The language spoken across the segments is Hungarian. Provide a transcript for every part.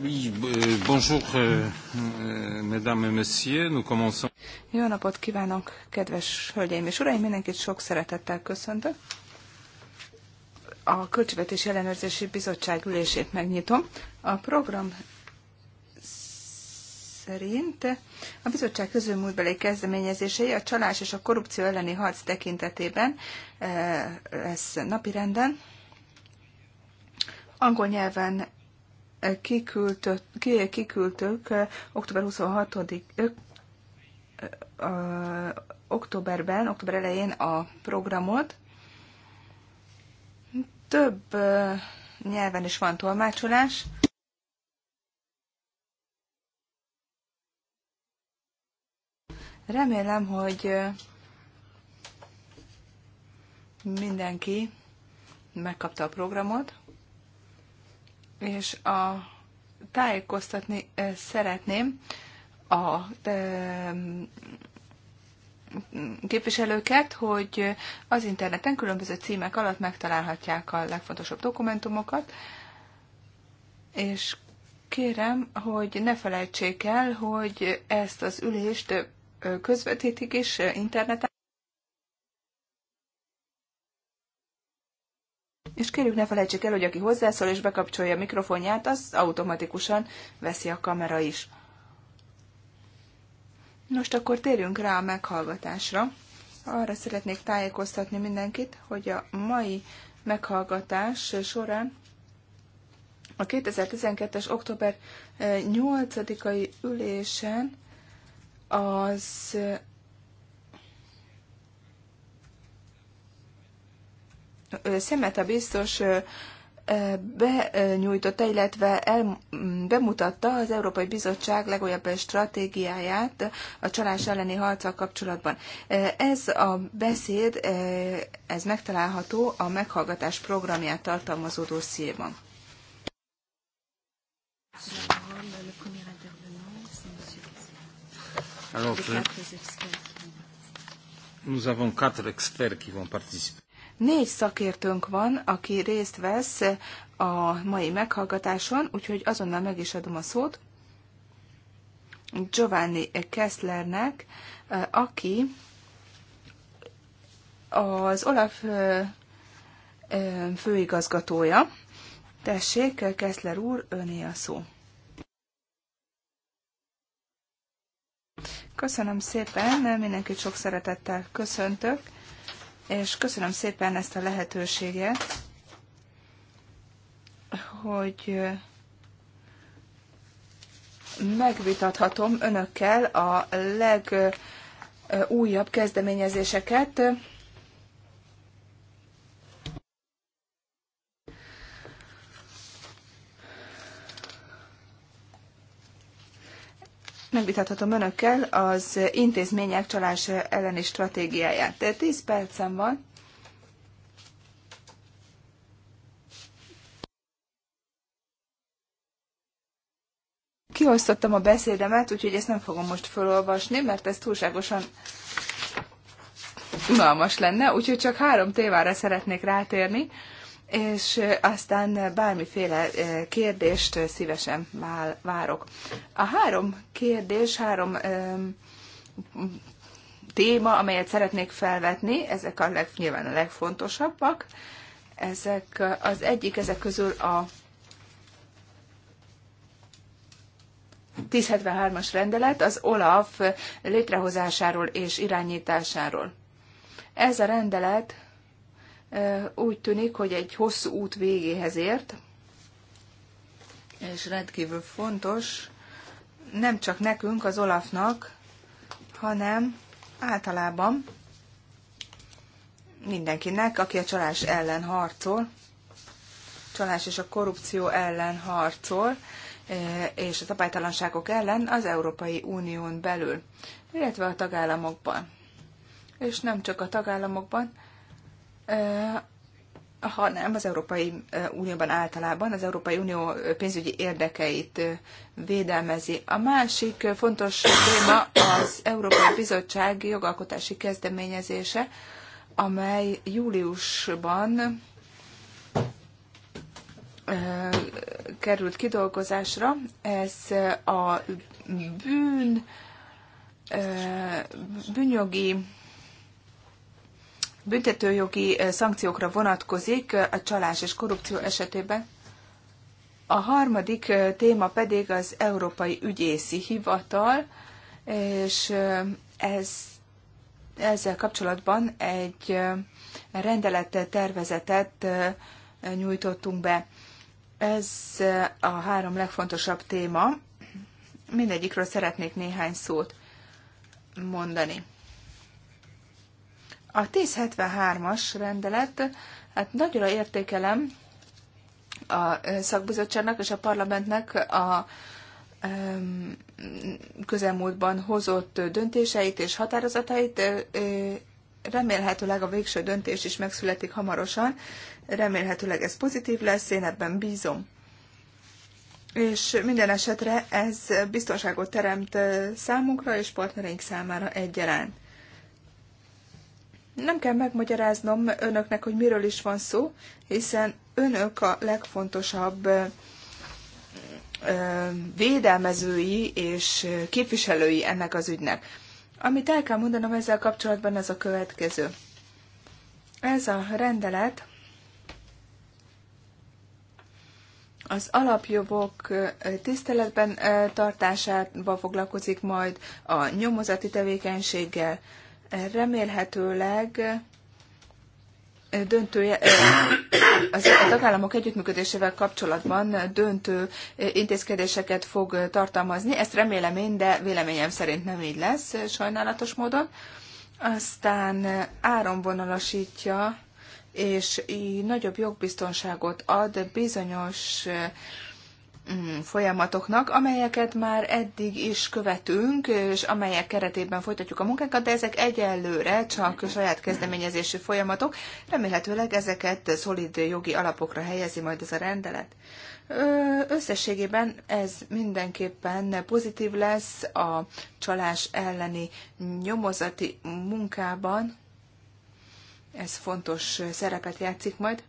Oui, euh, bonjour, euh, euh, mesdames et messieurs, nous commençons. Jó napot kívánok, kedves hölgyeim és uraim, mindenkit sok szeretettel köszöntök. A Költségvetési Ellenőrzési Bizottság ülését megnyitom. A program szerint a bizottság közülmúltbeli kezdeményezései a csalás és a korrupció elleni harc tekintetében lesz eh, napirenden. Angol nyelven eh, kiküldtök, kiküldtök eh, október 26 októberben, október elején a programot. Több nyelven is van tolmácsolás. Remélem, hogy mindenki megkapta a programot, és a tájékoztatni szeretném a képviselőket, hogy az interneten különböző címek alatt megtalálhatják a legfontosabb dokumentumokat, és kérem, hogy ne felejtsék el, hogy ezt az ülést közvetítik is eh, interneten. És kérjük, ne felejtsék el, hogy aki hozzászól és bekapcsolja a mikrofonját, az automatikusan veszi a kamera is. Most akkor térjünk rá a meghallgatásra. Arra szeretnék tájékoztatni mindenkit, hogy a mai meghallgatás során a 2012-es október 8-ai eh, ülésen az Szemet a biztos benyújtotta, illetve el, bemutatta az Európai Bizottság legújabb stratégiáját a csalás elleni harccal kapcsolatban. Ez a beszéd, ez megtalálható a meghallgatás programját tartalmazó dossziéban. Alors, je... Nous avons quatre experts qui vont participer. Négy szakértőnk van, aki részt vesz a mai meghallgatáson, úgyhogy azonnal meg is adom a szót Giovanni Kesslernek, aki az Olaf főigazgatója. Tessék, Kessler úr, öné a szó. Köszönöm szépen, mindenkit sok szeretettel köszöntök, és köszönöm szépen ezt a lehetőséget, hogy megvitathatom önökkel a legújabb kezdeményezéseket megvitathatom önökkel az intézmények csalás elleni stratégiáját. 10 percem van. Kihosszottam a beszédemet, úgyhogy ezt nem fogom most felolvasni, mert ez túlságosan unalmas lenne, úgyhogy csak három tévára szeretnék rátérni és aztán bármiféle kérdést szívesen várok. A három kérdés, három téma, amelyet szeretnék felvetni, ezek a leg, nyilván a legfontosabbak. Ezek az egyik ezek közül a 1073-as rendelet az OLAF létrehozásáról és irányításáról. Ez a rendelet úgy tűnik, hogy egy hosszú út végéhez ért, és rendkívül fontos nem csak nekünk, az Olafnak, hanem általában mindenkinek, aki a csalás ellen harcol, csalás és a korrupció ellen harcol, és a tapálytalanságok ellen az Európai Unión belül, illetve a tagállamokban. És nem csak a tagállamokban, ha nem az Európai Unióban általában az Európai Unió pénzügyi érdekeit védelmezi. A másik fontos téma az Európai Bizottság jogalkotási kezdeményezése, amely júliusban került kidolgozásra. Ez a bűn, bűnjogi büntetőjogi szankciókra vonatkozik a csalás és korrupció esetében. A harmadik téma pedig az Európai Ügyészi Hivatal, és ez, ezzel kapcsolatban egy rendelet tervezetet nyújtottunk be. Ez a három legfontosabb téma. Mindegyikről szeretnék néhány szót mondani. A 1073-as rendelet, hát nagyra értékelem a szakbizottságnak és a parlamentnek a közelmúltban hozott döntéseit és határozatait. Remélhetőleg a végső döntés is megszületik hamarosan. Remélhetőleg ez pozitív lesz, én ebben bízom. És minden esetre ez biztonságot teremt számunkra és partnereink számára egyaránt. Nem kell megmagyaráznom önöknek, hogy miről is van szó, hiszen önök a legfontosabb védelmezői és képviselői ennek az ügynek. Amit el kell mondanom ezzel kapcsolatban, ez a következő. Ez a rendelet az alapjogok tiszteletben tartásával foglalkozik majd a nyomozati tevékenységgel, remélhetőleg döntő, az a tagállamok együttműködésével kapcsolatban döntő intézkedéseket fog tartalmazni. Ezt remélem én, de véleményem szerint nem így lesz, sajnálatos módon. Aztán áramvonalasítja, és így nagyobb jogbiztonságot ad bizonyos Mm, folyamatoknak, amelyeket már eddig is követünk, és amelyek keretében folytatjuk a munkánkat, de ezek egyelőre csak saját kezdeményezésű folyamatok. Remélhetőleg ezeket szolid jogi alapokra helyezi majd ez a rendelet. Összességében ez mindenképpen pozitív lesz a csalás elleni nyomozati munkában. Ez fontos szerepet játszik majd.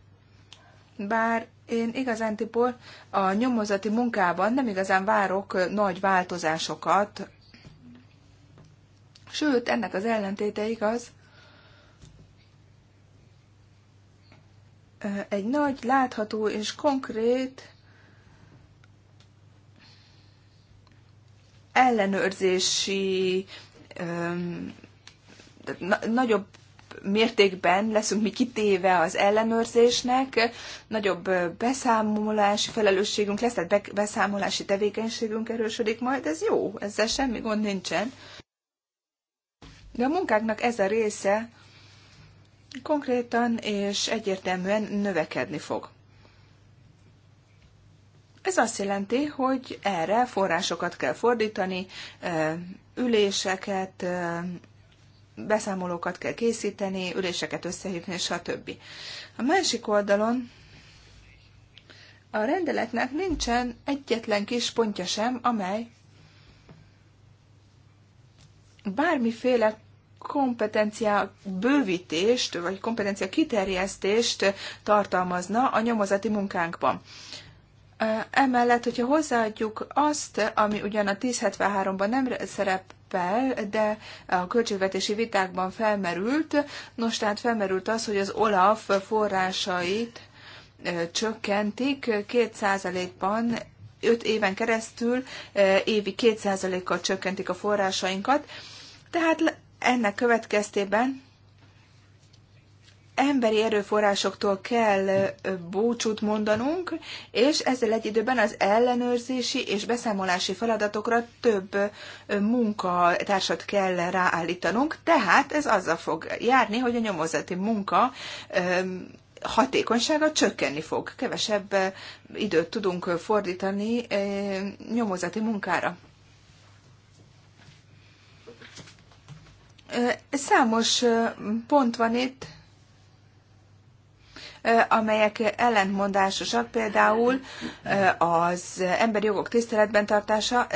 Bár én igazántiból a nyomozati munkában nem igazán várok nagy változásokat, sőt, ennek az ellentéte igaz. Egy nagy, látható és konkrét ellenőrzési nagyobb mértékben leszünk mi kitéve az ellenőrzésnek, nagyobb beszámolási felelősségünk lesz, tehát beszámolási tevékenységünk erősödik majd, ez jó, ezzel semmi gond nincsen. De a munkáknak ez a része konkrétan és egyértelműen növekedni fog. Ez azt jelenti, hogy erre forrásokat kell fordítani, üléseket, beszámolókat kell készíteni, üléseket összehívni, stb. A másik oldalon a rendeletnek nincsen egyetlen kis pontja sem, amely bármiféle kompetencia bővítést, vagy kompetencia kiterjesztést tartalmazna a nyomozati munkánkban. Emellett, hogyha hozzáadjuk azt, ami ugyan a 1073-ban nem szerep, szerepel, de a költségvetési vitákban felmerült. Nos, tehát felmerült az, hogy az OLAF forrásait csökkentik 2%-ban 5 éven keresztül évi 2%-kal csökkentik a forrásainkat. Tehát ennek következtében emberi erőforrásoktól kell búcsút mondanunk, és ezzel egy időben az ellenőrzési és beszámolási feladatokra több munkatársat kell ráállítanunk, tehát ez azzal fog járni, hogy a nyomozati munka hatékonysága csökkenni fog. Kevesebb időt tudunk fordítani nyomozati munkára. Számos pont van itt, amelyek ellentmondásosak, például az emberi jogok tiszteletben tartása,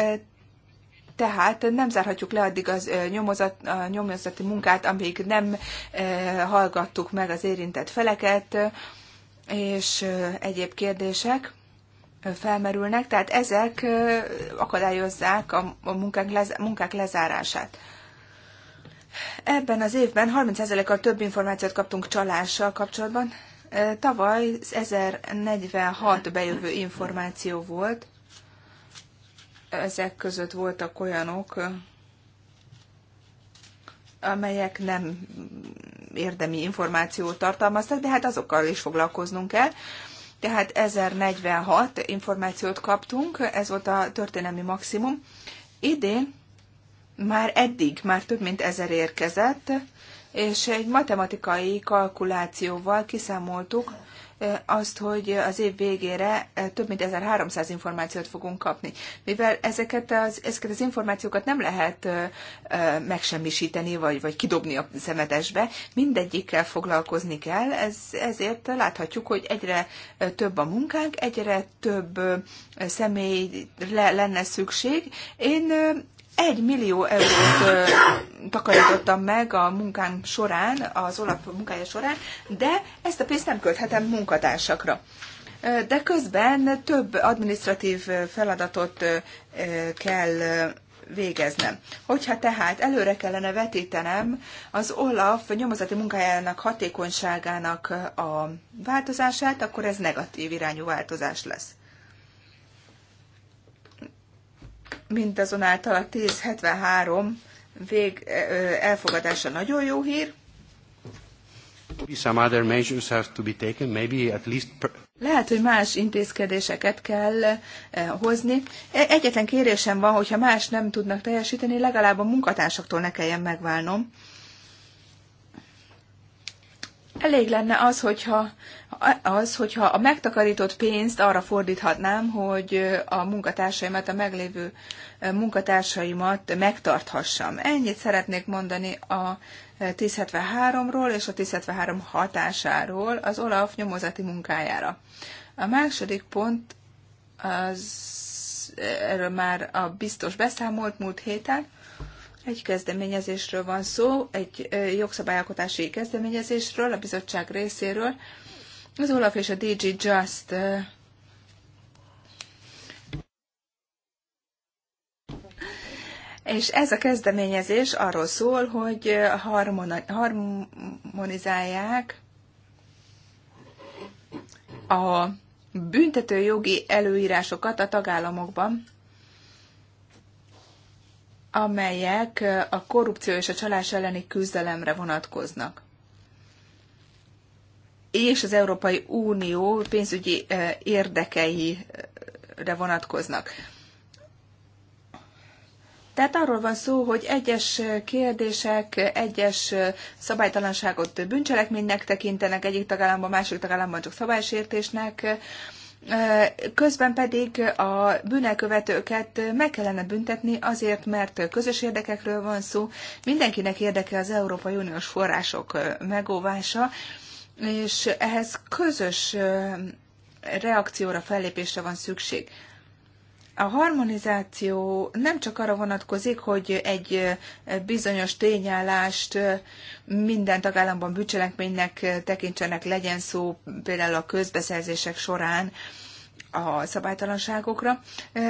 tehát nem zárhatjuk le addig az nyomozat, a nyomozati munkát, amíg nem hallgattuk meg az érintett feleket, és egyéb kérdések felmerülnek, tehát ezek akadályozzák a munkák, lez, munkák lezárását. Ebben az évben 30%-kal több információt kaptunk csalással kapcsolatban, Tavaly 1046 bejövő információ volt, ezek között voltak olyanok, amelyek nem érdemi információt tartalmaztak, de hát azokkal is foglalkoznunk kell. Tehát 1046 információt kaptunk, ez volt a történelmi maximum. Idén már eddig, már több mint ezer érkezett, és egy matematikai kalkulációval kiszámoltuk azt, hogy az év végére több mint 1300 információt fogunk kapni. Mivel ezeket az, ezeket az információkat nem lehet megsemmisíteni, vagy, vagy kidobni a szemetesbe, mindegyikkel foglalkozni kell, ez, ezért láthatjuk, hogy egyre több a munkánk, egyre több személy lenne szükség. Én egy millió eurót takarítottam meg a munkám során, az olap munkája során, de ezt a pénzt nem költhetem munkatársakra. De közben több administratív feladatot kell végeznem. Hogyha tehát előre kellene vetítenem az OLAF nyomozati munkájának hatékonyságának a változását, akkor ez negatív irányú változás lesz. Mindazonáltal a 1073 vég elfogadása nagyon jó hír. Some other measures have to be taken, maybe at least lehet, hogy más intézkedéseket kell hozni. E, egyetlen kérésem van, hogyha más nem tudnak teljesíteni, legalább a munkatársaktól ne kelljen megválnom. Elég lenne az, hogyha, az, hogyha a megtakarított pénzt arra fordíthatnám, hogy a munkatársaimat, a meglévő munkatársaimat megtarthassam. Ennyit szeretnék mondani a 1073-ról és a 1073 hatásáról az Olaf nyomozati munkájára. A második pont, az, erről már a biztos beszámolt múlt héten, egy kezdeményezésről van szó, egy jogszabályalkotási kezdeményezésről a bizottság részéről. Az Olaf és a DG Just És ez a kezdeményezés arról szól, hogy harmonizálják a büntetőjogi előírásokat a tagállamokban amelyek a korrupció és a csalás elleni küzdelemre vonatkoznak és az Európai Unió pénzügyi érdekeire vonatkoznak. Tehát arról van szó, hogy egyes kérdések, egyes szabálytalanságot bűncselekménynek tekintenek, egyik tagállamban, másik tagállamban csak szabálysértésnek, Közben pedig a bűnelkövetőket meg kellene büntetni azért, mert közös érdekekről van szó. Mindenkinek érdeke az Európai Uniós források megóvása, és ehhez közös reakcióra, fellépésre van szükség. A harmonizáció nem csak arra vonatkozik, hogy egy bizonyos tényállást minden tagállamban bűncselekménynek tekintsenek, legyen szó például a közbeszerzések során a szabálytalanságokra.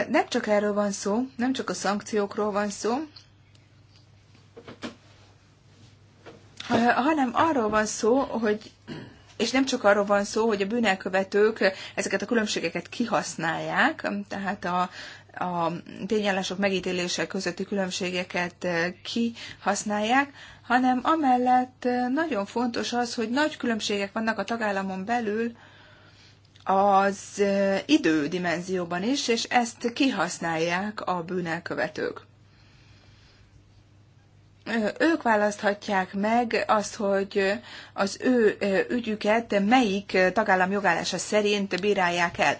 Nem csak erről van szó, nem csak a szankciókról van szó, hanem arról van szó, hogy és nem csak arról van szó, hogy a bűnelkövetők ezeket a különbségeket kihasználják, tehát a, a tényállások megítélése közötti különbségeket eh, kihasználják, hanem amellett eh, nagyon fontos az, hogy nagy különbségek vannak a tagállamon belül az eh, idődimenzióban is, és ezt kihasználják a bűnelkövetők ők választhatják meg azt, hogy az ő ügyüket melyik tagállam jogállása szerint bírálják el.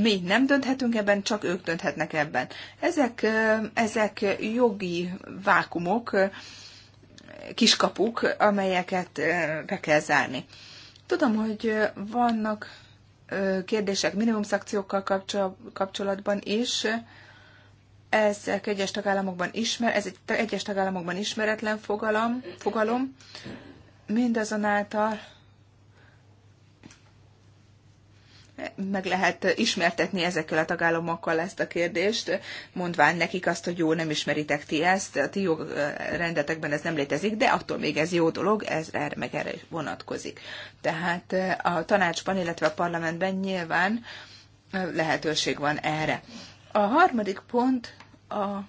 Mi nem dönthetünk ebben, csak ők dönthetnek ebben. Ezek, ezek jogi vákumok, kiskapuk, amelyeket be kell zárni. Tudom, hogy vannak kérdések minimum szakciókkal kapcsolatban is, ezek egyes tagállamokban ismer, ez egy egyes tagállamokban ismeretlen fogalom, fogalom. mindazonáltal meg lehet ismertetni ezekkel a tagállamokkal ezt a kérdést, mondván nekik azt, hogy jó, nem ismeritek ti ezt, a ti jogrendetekben ez nem létezik, de attól még ez jó dolog, ez erre meg erre vonatkozik. Tehát a tanácsban, illetve a parlamentben nyilván lehetőség van erre. A harmadik pont a,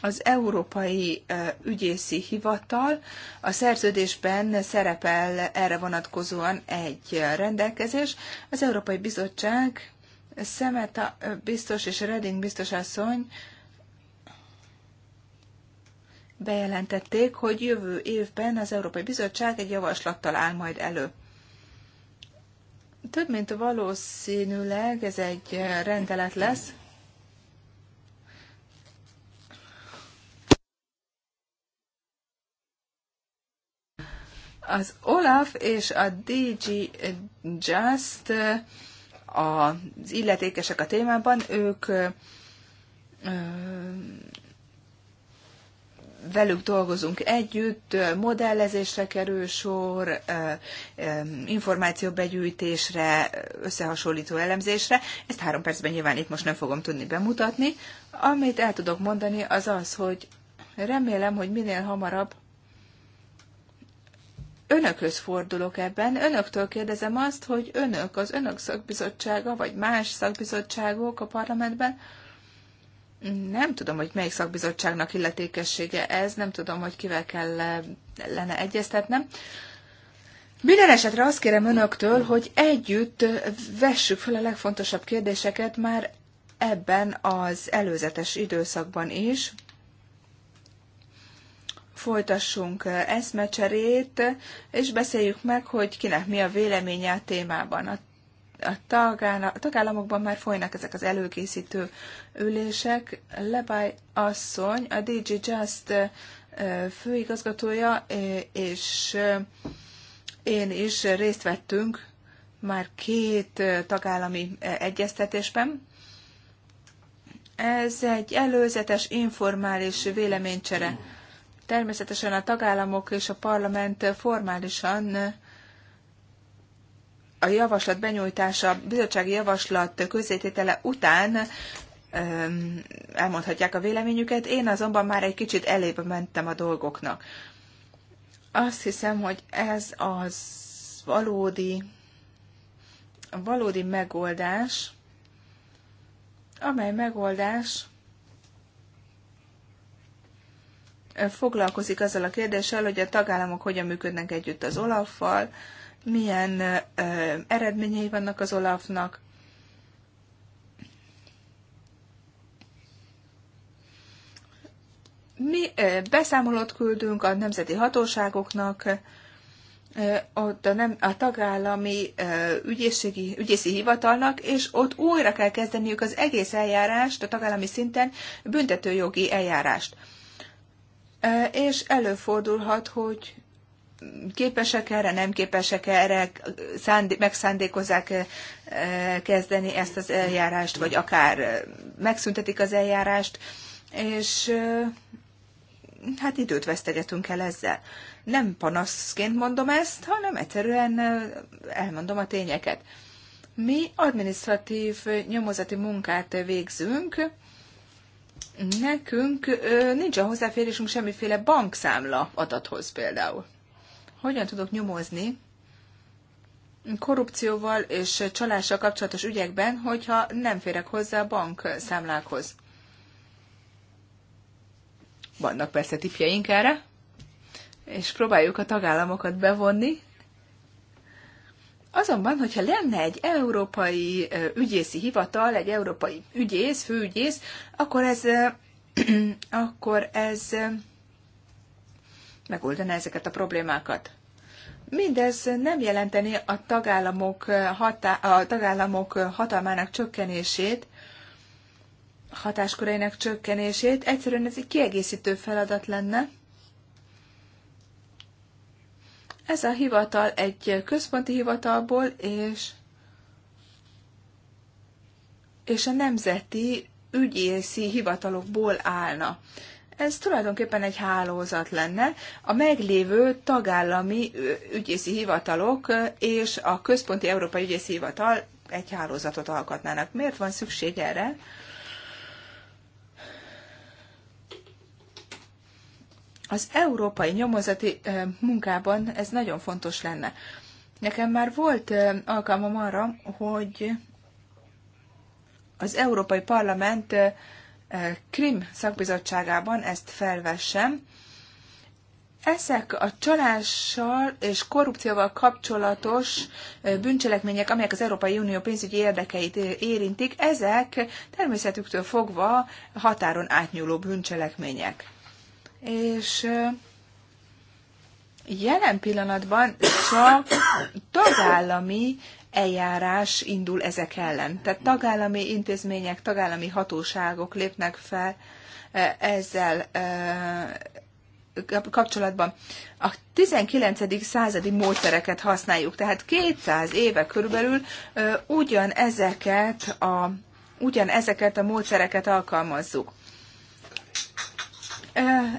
az Európai Ügyészi Hivatal a szerződésben szerepel erre vonatkozóan egy rendelkezés. Az Európai Bizottság Szemeta biztos és Reding biztos asszony bejelentették, hogy jövő évben az Európai Bizottság egy javaslattal áll majd elő. Több mint valószínűleg ez egy rendelet lesz, Az Olaf és a DG Just az illetékesek a témában, ők velük dolgozunk együtt, modellezésre kerül sor, információbegyűjtésre, összehasonlító elemzésre. Ezt három percben nyilván itt most nem fogom tudni bemutatni. Amit el tudok mondani, az az, hogy remélem, hogy minél hamarabb önökhöz fordulok ebben, önöktől kérdezem azt, hogy önök, az önök szakbizottsága, vagy más szakbizottságok a parlamentben, nem tudom, hogy melyik szakbizottságnak illetékessége ez, nem tudom, hogy kivel kellene egyeztetnem. Minden esetre azt kérem önöktől, hogy együtt vessük fel a legfontosabb kérdéseket már ebben az előzetes időszakban is, folytassunk eh, eszmecserét, és beszéljük meg, hogy kinek mi a véleménye a témában. A a tagállamokban már folynak ezek az előkészítő ülések. Lebaj asszony, a DJ Just eh, főigazgatója, eh, és én is részt vettünk már két tagállami egyeztetésben. Ez egy előzetes, informális véleménycsere. Természetesen a tagállamok és a parlament formálisan a javaslat benyújtása, a bizottsági javaslat közzététele után elmondhatják a véleményüket, én azonban már egy kicsit elébe mentem a dolgoknak. Azt hiszem, hogy ez az valódi, valódi megoldás, amely megoldás foglalkozik azzal a kérdéssel, hogy a tagállamok hogyan működnek együtt az Olaffal, milyen eredményei vannak az Olafnak, mi beszámolót küldünk a nemzeti hatóságoknak, ott a, nem, a tagállami ügyészségi, ügyészi hivatalnak, és ott újra kell kezdeniük az egész eljárást, a tagállami szinten büntetőjogi eljárást és előfordulhat, hogy képesek erre, nem képesek erre, megszándékozzák kezdeni ezt az eljárást, vagy akár megszüntetik az eljárást, és hát időt vesztegetünk el ezzel. Nem panaszként mondom ezt, hanem egyszerűen elmondom a tényeket. Mi administratív nyomozati munkát végzünk, Nekünk nincs a hozzáférésünk semmiféle bankszámla adathoz például. Hogyan tudok nyomozni korrupcióval és csalással kapcsolatos ügyekben, hogyha nem férek hozzá a bankszámlákhoz? Vannak persze tipjeink erre, és próbáljuk a tagállamokat bevonni Azonban, hogyha lenne egy európai ügyészi hivatal, egy európai ügyész, főügyész, akkor ez, akkor ez megoldaná ezeket a problémákat. Mindez nem jelenteni a tagállamok, hatá- a tagállamok hatalmának csökkenését, hatáskorainak csökkenését, egyszerűen ez egy kiegészítő feladat lenne, Ez a hivatal egy központi hivatalból, és, és a nemzeti ügyészi hivatalokból állna. Ez tulajdonképpen egy hálózat lenne. A meglévő tagállami ügyészi hivatalok és a központi európai ügyészi hivatal egy hálózatot alkotnának. Miért van szükség erre? Az európai nyomozati munkában ez nagyon fontos lenne. Nekem már volt alkalmam arra, hogy az Európai Parlament Krim szakbizottságában ezt felvessem. Ezek a csalással és korrupcióval kapcsolatos bűncselekmények, amelyek az Európai Unió pénzügyi érdekeit érintik, ezek természetüktől fogva határon átnyúló bűncselekmények és jelen pillanatban csak tagállami eljárás indul ezek ellen. Tehát tagállami intézmények, tagállami hatóságok lépnek fel ezzel kapcsolatban. A 19. századi módszereket használjuk, tehát 200 éve körülbelül ugyanezeket a, ugyanezeket a módszereket alkalmazzuk.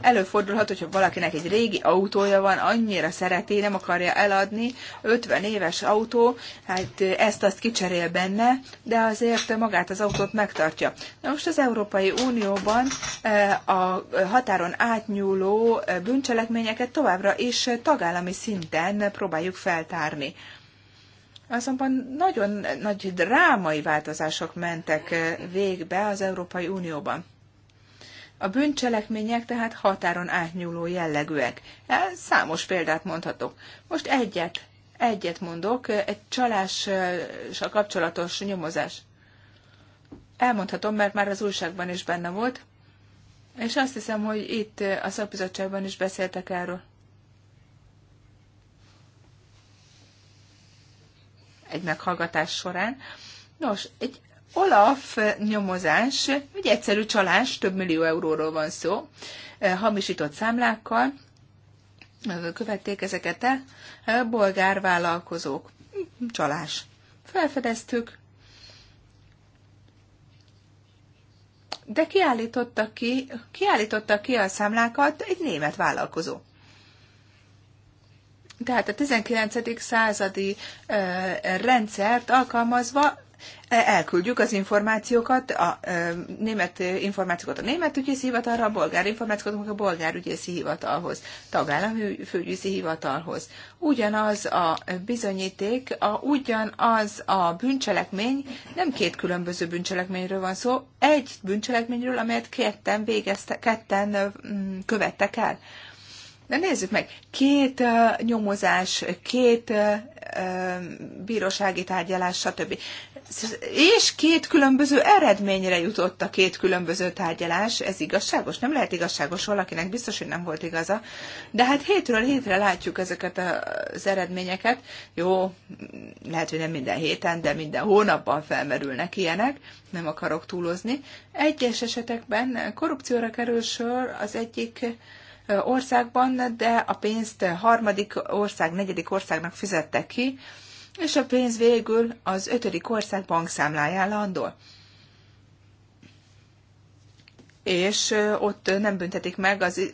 Előfordulhat, hogyha valakinek egy régi autója van, annyira szereti, nem akarja eladni, 50 éves autó, hát ezt-azt kicserél benne, de azért magát az autót megtartja. Na most az Európai Unióban a határon átnyúló bűncselekményeket továbbra is tagállami szinten próbáljuk feltárni. Azonban nagyon nagy drámai változások mentek végbe az Európai Unióban. A bűncselekmények tehát határon átnyúló jellegűek. Számos példát mondhatok. Most egyet, egyet mondok, egy csalással kapcsolatos nyomozás. Elmondhatom, mert már az újságban is benne volt, és azt hiszem, hogy itt a szakbizottságban is beszéltek erről. Egy meghallgatás során. Nos, egy Olaf nyomozás, egy egyszerű csalás, több millió euróról van szó, eh, hamisított számlákkal eh, követték ezeket el, eh, bolgár vállalkozók, csalás. Felfedeztük, de kiállította ki, kiállította ki a számlákat egy német vállalkozó. Tehát a 19. századi uh, rendszert alkalmazva elküldjük az információkat, a német információkat a német ügyészi hivatalra, a bolgár információkat a bolgár ügyészi hivatalhoz, tagállami főügyészi hivatalhoz. Ugyanaz a bizonyíték, a, ugyanaz a bűncselekmény, nem két különböző bűncselekményről van szó, egy bűncselekményről, amelyet ketten, végezte, ketten mm, követtek el. De nézzük meg, két uh, nyomozás, két uh, bírósági tárgyalás, stb és két különböző eredményre jutott a két különböző tárgyalás. Ez igazságos? Nem lehet igazságos valakinek, biztos, hogy nem volt igaza. De hát hétről hétre látjuk ezeket az eredményeket. Jó, lehet, hogy nem minden héten, de minden hónapban felmerülnek ilyenek. Nem akarok túlozni. Egyes esetekben korrupcióra kerül sor az egyik országban, de a pénzt harmadik ország, negyedik országnak fizettek ki és a pénz végül az ötödik ország bankszámláján landol. És ott nem büntetik meg az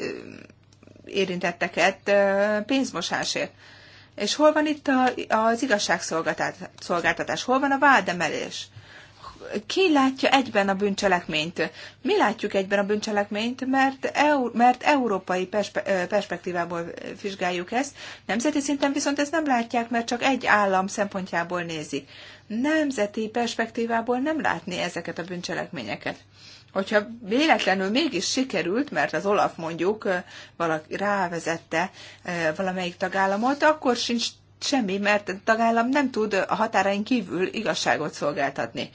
érintetteket pénzmosásért. És hol van itt az igazságszolgáltatás? Hol van a vádemelés? ki látja egyben a bűncselekményt? Mi látjuk egyben a bűncselekményt, mert, EU, mert európai perspe, perspektívából vizsgáljuk ezt, nemzeti szinten viszont ezt nem látják, mert csak egy állam szempontjából nézik. Nemzeti perspektívából nem látni ezeket a bűncselekményeket. Hogyha véletlenül mégis sikerült, mert az Olaf mondjuk valaki rávezette valamelyik tagállamot, akkor sincs semmi, mert a tagállam nem tud a határain kívül igazságot szolgáltatni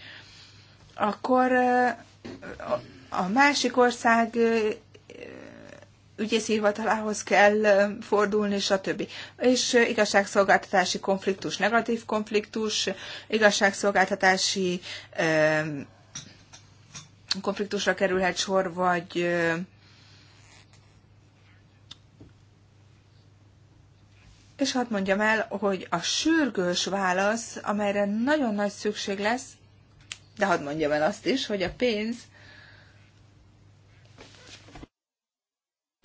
akkor a másik ország ügyész hivatalához kell fordulni, stb. És igazságszolgáltatási konfliktus, negatív konfliktus, igazságszolgáltatási konfliktusra kerülhet sor, vagy És hadd mondjam el, hogy a sürgős válasz, amelyre nagyon nagy szükség lesz, de hadd mondjam el azt is, hogy a pénz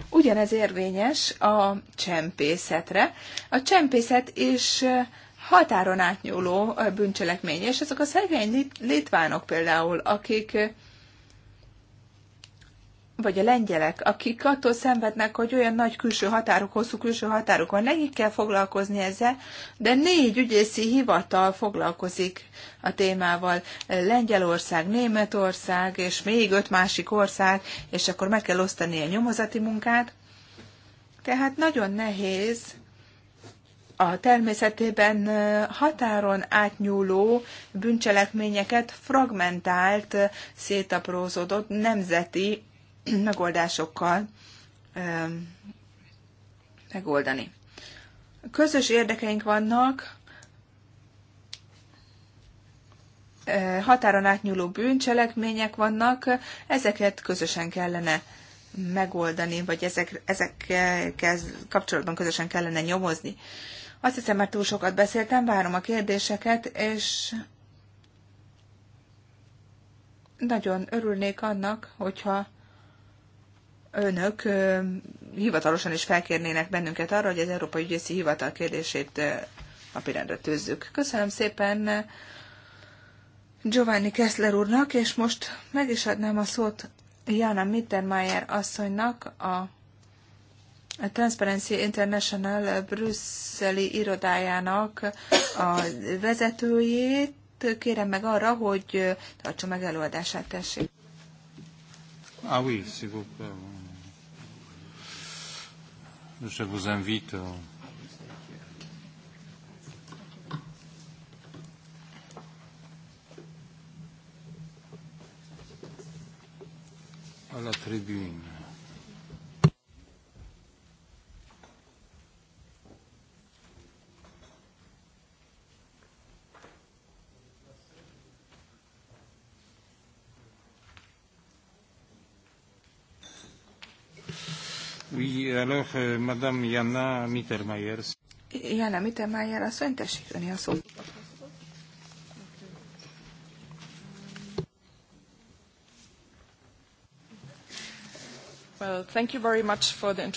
ugyanez érvényes a csempészetre. A csempészet is határon átnyúló bűncselekmény, és azok a szegény litvánok például, akik vagy a lengyelek, akik attól szenvednek, hogy olyan nagy külső határok, hosszú külső határok van, nekik kell foglalkozni ezzel, de négy ügyészi hivatal foglalkozik a témával. Lengyelország, Németország, és még öt másik ország, és akkor meg kell osztani a nyomozati munkát. Tehát nagyon nehéz a természetében határon átnyúló bűncselekményeket fragmentált, szétaprózódott nemzeti megoldásokkal megoldani. Közös érdekeink vannak, határon átnyúló bűncselekmények vannak, ezeket közösen kellene megoldani, vagy ezek, ezekkel kapcsolatban közösen kellene nyomozni. Azt hiszem, mert túl sokat beszéltem, várom a kérdéseket, és nagyon örülnék annak, hogyha önök hivatalosan is felkérnének bennünket arra, hogy az Európai Ügyészi Hivatal kérdését napirendre tűzzük. Köszönöm szépen Giovanni Kessler úrnak, és most meg is adnám a szót Jana Mittermeier asszonynak, a a Transparency International brüsszeli irodájának a vezetőjét kérem meg arra, hogy tartsa meg előadását, tessék. Ah oui, vous Je vous invite. Euh, à la tribune. alors, euh, Madame Jana Mittermeier. Jana Mittermeier, asszony, tessék öni a szót. Well, thank you very much for the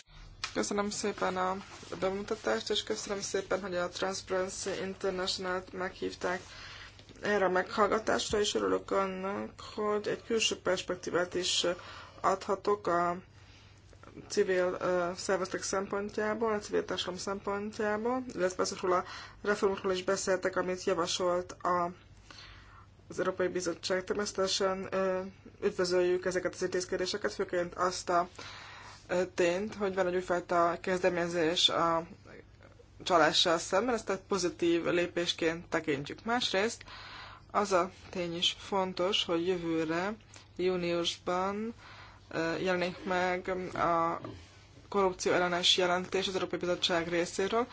Köszönöm szépen a bemutatást, és köszönöm szépen, hogy a Transparency International-t meghívták erre a meghallgatásra, és örülök annak, hogy egy külső perspektívát is adhatok a civil uh, szervezetek szempontjából, a civil társadalom szempontjából, illetve azokról a reformokról is beszéltek, amit javasolt a, az Európai Bizottság. Természetesen uh, üdvözöljük ezeket az intézkedéseket, főként azt a uh, tényt, hogy van egy újfajta kezdeményezés a csalással szemben, ezt tehát pozitív lépésként tekintjük. Másrészt az a tény is fontos, hogy jövőre, júniusban jelenik meg a korrupció ellenes jelentés az Európai Bizottság részéről.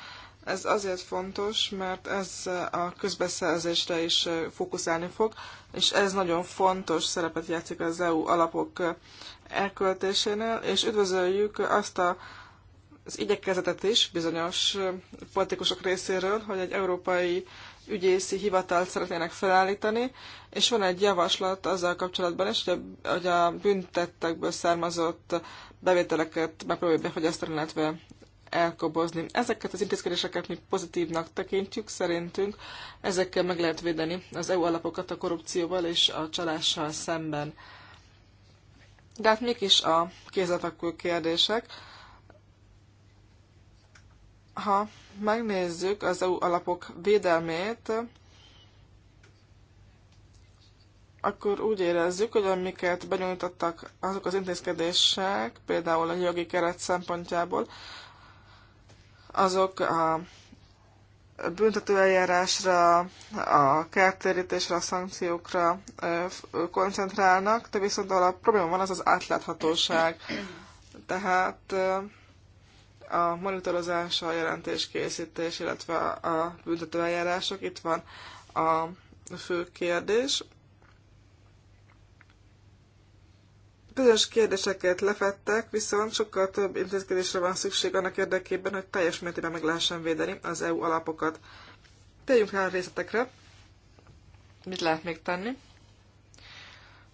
Ez azért fontos, mert ez a közbeszerzésre is fókuszálni fog, és ez nagyon fontos szerepet játszik az EU alapok elköltésénél, és üdvözöljük azt a, az igyekezetet is bizonyos politikusok részéről, hogy egy európai ügyészi hivatalt szeretnének felállítani, és van egy javaslat azzal kapcsolatban is, hogy a, hogy a büntettekből származott bevételeket megpróbáljuk befogyasztani, illetve elkobozni. Ezeket az intézkedéseket mi pozitívnak tekintjük, szerintünk ezekkel meg lehet védeni az EU alapokat a korrupcióval és a csalással szemben. De hát mik is a kézlefekvő kérdések? Ha megnézzük az EU alapok védelmét, akkor úgy érezzük, hogy amiket benyújtottak azok az intézkedések, például a jogi keret szempontjából, azok a büntetőeljárásra, a kártérítésre, a szankciókra koncentrálnak, de viszont a probléma van, az az átláthatóság. Tehát a monitorozás, a jelentéskészítés, illetve a büntetőeljárások. Itt van a fő kérdés. Bizonyos kérdéseket lefettek, viszont sokkal több intézkedésre van szükség annak érdekében, hogy teljes mértékben meg lehessen védeni az EU alapokat. Térjünk rá a részletekre. Mit lehet még tenni?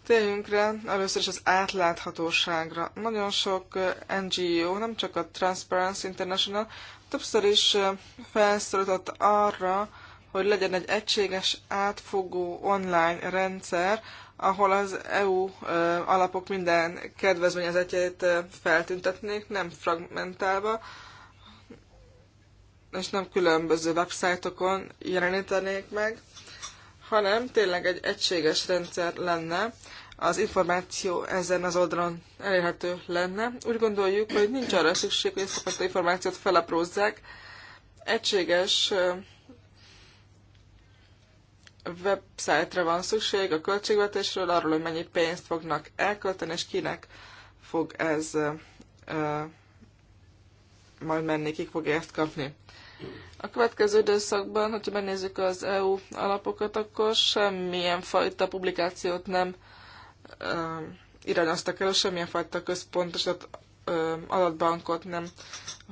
Térjünk először is az átláthatóságra. Nagyon sok NGO, nem csak a Transparency International, többször is felszólított arra, hogy legyen egy egységes, átfogó online rendszer, ahol az EU alapok minden kedvezményezetjét feltüntetnék, nem fragmentálva, és nem különböző websájtokon jelenítenék meg, hanem tényleg egy egységes rendszer lenne, az információ ezen az oldalon elérhető lenne. Úgy gondoljuk, hogy nincs arra szükség, hogy ezt a információt felaprózzák. Egységes websájtra van szükség a költségvetésről, arról, hogy mennyi pénzt fognak elkölteni, és kinek fog ez majd menni, kik fogja ezt kapni. A következő időszakban, hogyha megnézzük az EU alapokat, akkor semmilyen fajta publikációt nem irányoztak elő, semmilyen fajta központosított adatbankot nem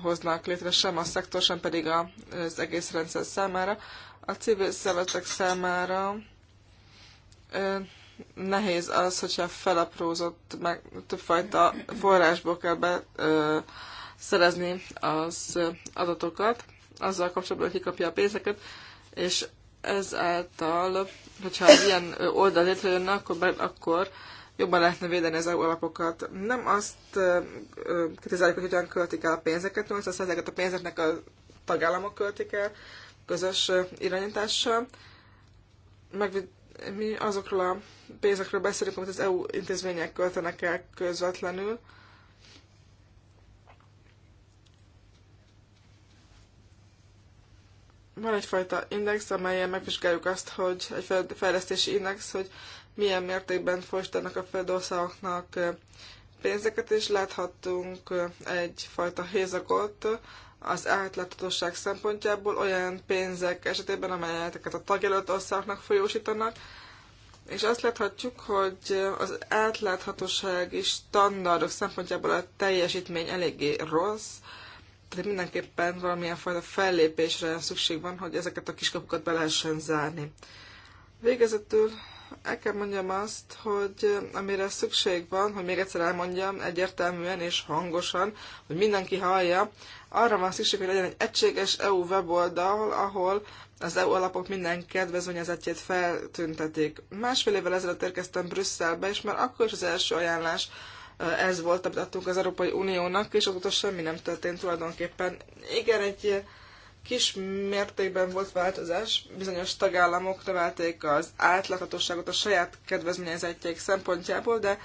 hoznak létre sem a szektor, sem pedig az egész rendszer számára. A civil szervezetek számára nehéz az, hogyha felaprózott, meg többfajta forrásból kell be ö, szerezni az adatokat, azzal kapcsolatban, hogy kapja a pénzeket, és ezáltal, hogyha ilyen oldal létrejönne, akkor, akkor jobban lehetne védeni az alapokat. Nem azt kritizáljuk, hogy hogyan költik el a pénzeket, hanem azt ezeket a pénzeknek a tagállamok költik el közös irányítással. Meg mi azokról a pénzekről beszélünk, amit az EU intézmények költenek el közvetlenül, van egyfajta index, amelyen megvizsgáljuk azt, hogy egy fejlesztési index, hogy milyen mértékben folytatnak a földországoknak pénzeket, és láthattunk egyfajta hézagot az átláthatóság szempontjából olyan pénzek esetében, amelyeket a tagjelölt országoknak folyósítanak, és azt láthatjuk, hogy az átláthatósági standardok szempontjából a teljesítmény eléggé rossz, de mindenképpen valamilyen fajta fellépésre szükség van, hogy ezeket a kiskapukat be lehessen zárni. Végezetül el kell mondjam azt, hogy amire szükség van, hogy még egyszer elmondjam egyértelműen és hangosan, hogy mindenki hallja, arra van szükség, hogy legyen egy egységes EU weboldal, ahol az EU alapok minden kedvezményezetjét feltüntetik. Másfél évvel ezelőtt érkeztem Brüsszelbe, és már akkor is az első ajánlás ez volt, amit adtunk az Európai Uniónak, és azóta semmi nem történt tulajdonképpen. Igen, egy kis mértékben volt változás, bizonyos tagállamok növelték az átláthatóságot a saját kedvezményezettjeik szempontjából, de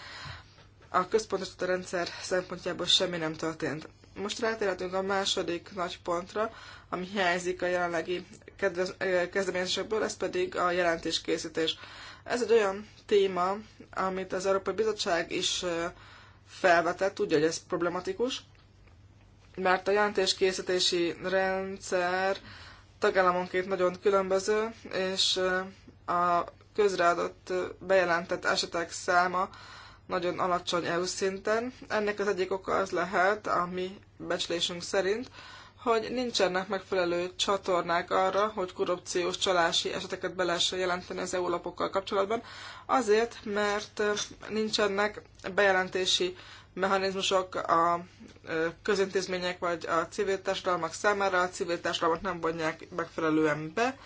a központosított rendszer szempontjából semmi nem történt. Most rátérhetünk a második nagy pontra, ami hiányzik a jelenlegi kedvez, kezdeményezésekből, ez pedig a jelentéskészítés. Ez egy olyan téma, amit az Európai Bizottság is felvetett, tudja, hogy ez problematikus, mert a jelentéskészítési rendszer tagállamonként nagyon különböző, és a közreadott bejelentett esetek száma nagyon alacsony EU szinten. Ennek az egyik oka az lehet, ami becslésünk szerint, hogy nincsenek megfelelő csatornák arra, hogy korrupciós csalási eseteket be lehessen jelenteni az EU lapokkal kapcsolatban, azért, mert nincsenek bejelentési mechanizmusok a közintézmények vagy a civil társadalmak számára, a civil társadalmat nem vonják megfelelően be.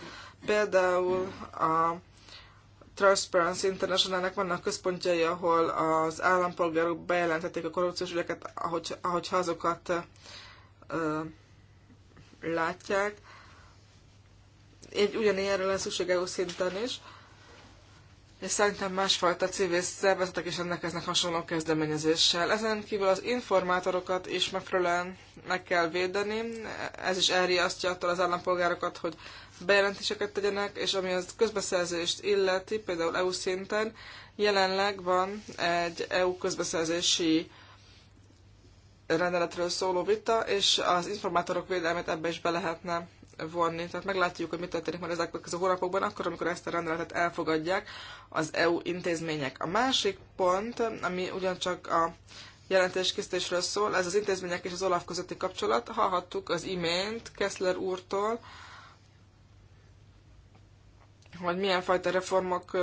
Például a Transparency Internationalnek vannak központjai, ahol az állampolgárok bejelentették a korrupciós ügyeket, ahogy, ahogyha azokat látják. Egy ugyanilyenről lesz szükség EU szinten is, és szerintem másfajta civil szervezetek is rendelkeznek hasonló kezdeményezéssel. Ezen kívül az informátorokat is megfelelően meg kell védeni, ez is elriasztja attól az állampolgárokat, hogy bejelentéseket tegyenek, és ami az közbeszerzést illeti, például EU szinten, jelenleg van egy EU közbeszerzési rendeletről szóló vita, és az informátorok védelmét ebbe is be lehetne vonni. Tehát meglátjuk, hogy mit történik majd ezekben a hónapokban, akkor, amikor ezt a rendeletet elfogadják az EU intézmények. A másik pont, ami ugyancsak a jelentéskészítésről szól, ez az intézmények és az OLAF közötti kapcsolat. Hallhattuk az imént Kessler úrtól, hogy milyen fajta reformok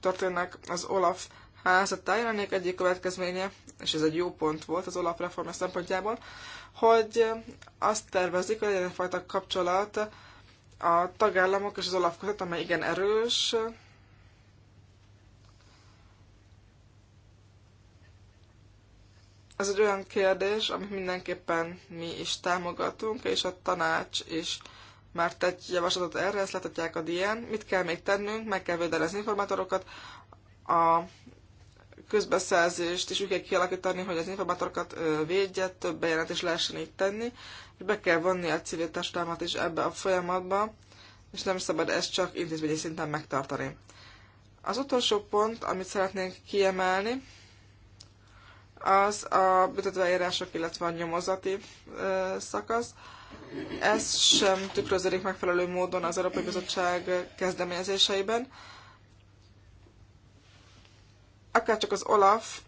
történnek az OLAF a lennék egyik következménye, és ez egy jó pont volt az Olaf reformja szempontjából, hogy azt tervezik, hogy legyen egyfajta kapcsolat a tagállamok és az Olaf között, amely igen erős, ez egy olyan kérdés, amit mindenképpen mi is támogatunk, és a tanács is már tett javaslatot erre, ezt letetják a DN. Mit kell még tennünk? Meg kell védelezni informátorokat, a közbeszerzést és úgy kell kialakítani, hogy az informátorokat védje, több bejelentést lehessen itt tenni, és be kell vonni a civil testámat is ebbe a folyamatba, és nem szabad ezt csak intézményi szinten megtartani. Az utolsó pont, amit szeretnénk kiemelni, az a büntetőeljárások, illetve a nyomozati ö, szakasz. Ez sem tükröződik megfelelő módon az Európai Bizottság kezdeményezéseiben. Ö, akárcsak az Olaf,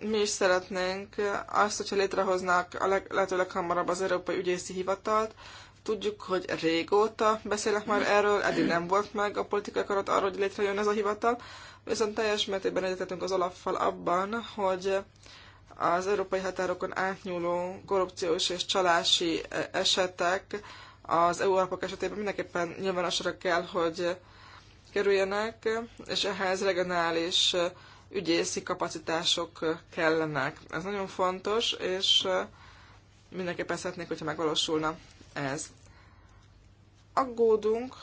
mi is szeretnénk azt, hogyha létrehoznák a leg, lehető leghamarabb az Európai Ügyészi Hivatalt. Tudjuk, hogy régóta beszélek már erről, eddig nem volt meg a politikai akarat arra, hogy létrejön ez a hivatal, viszont teljes mértékben egyetetünk az Olaffal abban, hogy az európai határokon átnyúló korrupciós és csalási e, esetek az EU alapok esetében mindenképpen nyilvánosra kell, hogy kerüljenek, és ehhez regionális ügyészi kapacitások kellenek. Ez nagyon fontos, és mindenképpen szeretnék, hogyha megvalósulna ez. Aggódunk,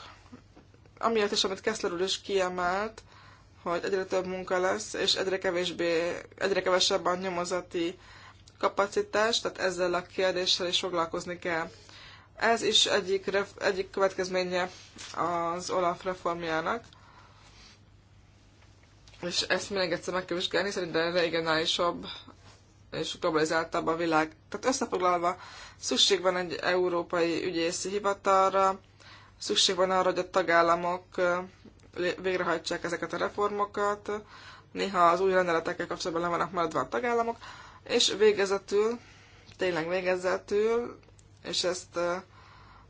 amiatt is, amit Kessler úr is kiemelt, hogy egyre több munka lesz, és egyre, kevésbé, egyre kevesebb a nyomozati kapacitás, tehát ezzel a kérdéssel is foglalkozni kell. Ez is egyik, egyik következménye az Olaf reformjának és ezt még egyszer meg kell vizsgálni, szerintem regionálisabb és globalizáltabb a világ. Tehát összefoglalva, szükség van egy európai ügyészi hivatalra, szükség van arra, hogy a tagállamok végrehajtsák ezeket a reformokat, néha az új rendeletekkel kapcsolatban le vannak maradva a tagállamok, és végezetül, tényleg végezetül, és ezt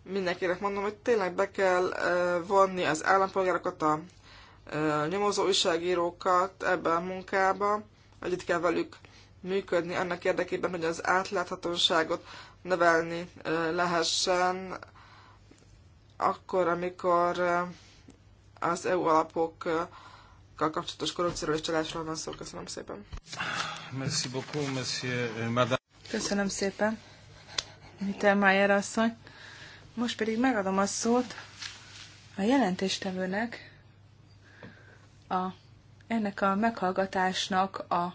mindenkinek mondom, hogy tényleg be kell vonni az állampolgárokat, a nyomozó újságírókat ebbe a munkába, együtt kell velük működni annak érdekében, hogy az átláthatóságot növelni lehessen akkor, amikor az EU alapokkal kapcsolatos korrupcióról és csalásról van szó. Köszönöm szépen. Merci beaucoup, monsieur, euh, madame. Köszönöm szépen, Mittermeier asszony. Most pedig megadom a szót a jelentéstevőnek, a, ennek a meghallgatásnak a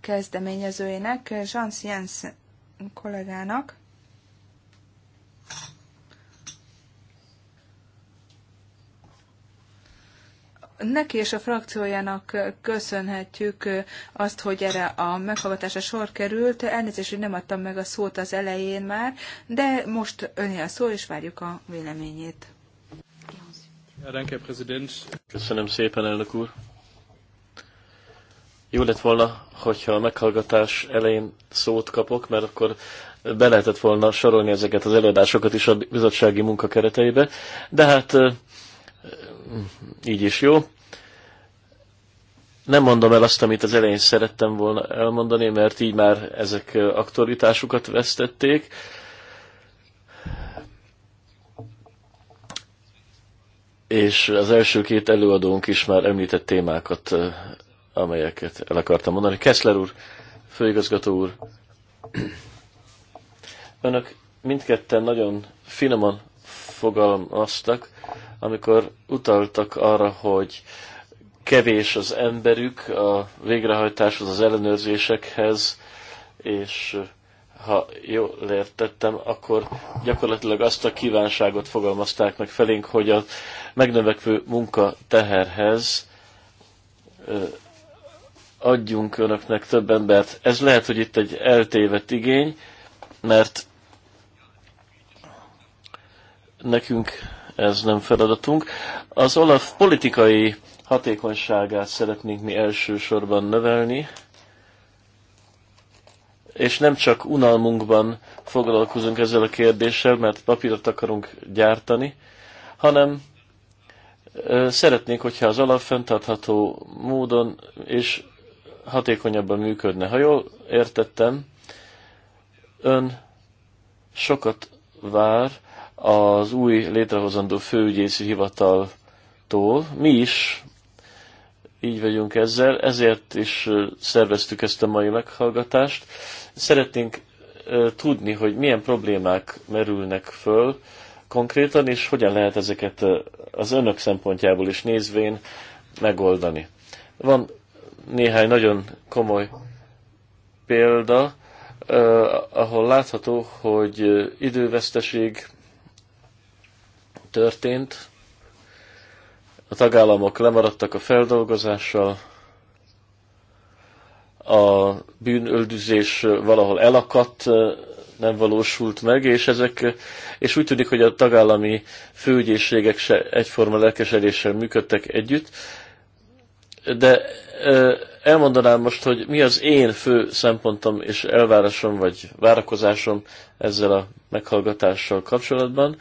kezdeményezőjének, Jean Sienz kollégának. Neki és a frakciójának köszönhetjük azt, hogy erre a meghallgatásra sor került. Elnézést, hogy nem adtam meg a szót az elején már, de most öné a szó, és várjuk a véleményét. Köszönöm szépen, elnök úr. Jó lett volna, hogyha a meghallgatás elején szót kapok, mert akkor be lehetett volna sorolni ezeket az előadásokat is a bizottsági munka kereteibe, de hát így is jó. Nem mondom el azt, amit az elején szerettem volna elmondani, mert így már ezek aktualitásukat vesztették és az első két előadónk is már említett témákat, amelyeket el akartam mondani. Kessler úr, főigazgató úr, önök mindketten nagyon finoman fogalmaztak, amikor utaltak arra, hogy kevés az emberük a végrehajtáshoz, az ellenőrzésekhez, és ha jól értettem, akkor gyakorlatilag azt a kívánságot fogalmazták meg felénk, hogy a megnövekvő munka teherhez adjunk önöknek több embert. Ez lehet, hogy itt egy eltévedt igény, mert nekünk ez nem feladatunk. Az Olaf politikai hatékonyságát szeretnénk mi elsősorban növelni, és nem csak unalmunkban foglalkozunk ezzel a kérdéssel, mert papírt akarunk gyártani, hanem szeretnénk, hogyha az alap fenntartható módon és hatékonyabban működne. Ha jól értettem, ön sokat vár az új létrehozandó főügyészi hivataltól. Mi is így vagyunk ezzel, ezért is szerveztük ezt a mai meghallgatást, Szeretnénk tudni, hogy milyen problémák merülnek föl konkrétan, és hogyan lehet ezeket az önök szempontjából is nézvén megoldani. Van néhány nagyon komoly példa, ahol látható, hogy időveszteség történt, a tagállamok lemaradtak a feldolgozással, a bűnöldözés valahol elakadt, nem valósult meg, és ezek, és úgy tűnik, hogy a tagállami főügyészségek se egyforma lelkesedéssel működtek együtt, de elmondanám most, hogy mi az én fő szempontom és elvárásom, vagy várakozásom ezzel a meghallgatással kapcsolatban,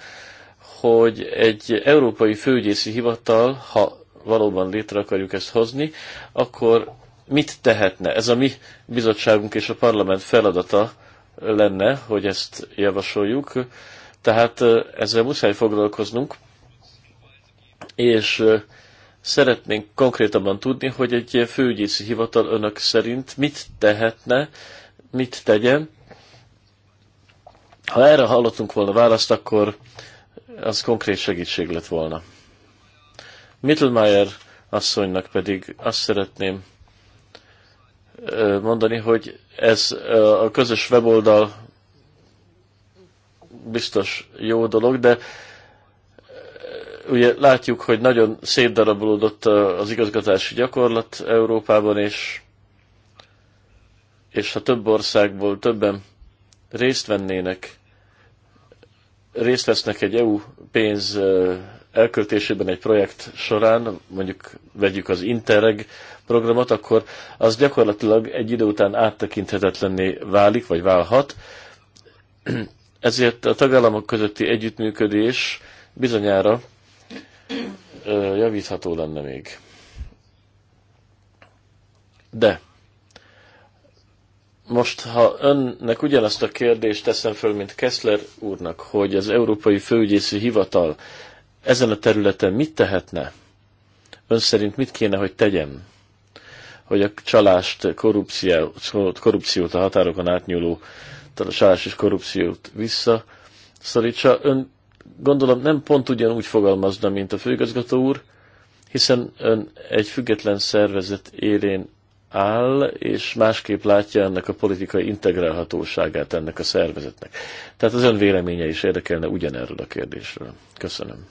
hogy egy európai főügyészi hivatal, ha valóban létre akarjuk ezt hozni, akkor mit tehetne? Ez a mi bizottságunk és a parlament feladata lenne, hogy ezt javasoljuk. Tehát ezzel muszáj foglalkoznunk, és szeretnénk konkrétabban tudni, hogy egy főügyészi hivatal önök szerint mit tehetne, mit tegyen. Ha erre hallottunk volna választ, akkor az konkrét segítség lett volna. Mittelmeier asszonynak pedig azt szeretném mondani, hogy ez a közös weboldal biztos jó dolog, de ugye látjuk, hogy nagyon szétdarabolódott az igazgatási gyakorlat Európában, és, és ha több országból többen részt vennének, részt vesznek egy EU pénz elköltésében egy projekt során, mondjuk vegyük az Interreg programot, akkor az gyakorlatilag egy idő után áttekinthetetlenné válik, vagy válhat. Ezért a tagállamok közötti együttműködés bizonyára javítható lenne még. De most, ha önnek ugyanazt a kérdést teszem föl, mint Kessler úrnak, hogy az Európai Főügyészi Hivatal ezen a területen mit tehetne? Ön szerint mit kéne, hogy tegyem? Hogy a csalást, korrupciót, korrupciót a határokon átnyúló a csalás és korrupciót visszaszorítsa. Ön gondolom nem pont ugyanúgy fogalmazna, mint a főigazgató úr, hiszen ön egy független szervezet élén áll, és másképp látja ennek a politikai integrálhatóságát ennek a szervezetnek. Tehát az ön véleménye is érdekelne ugyanerről a kérdésről. Köszönöm.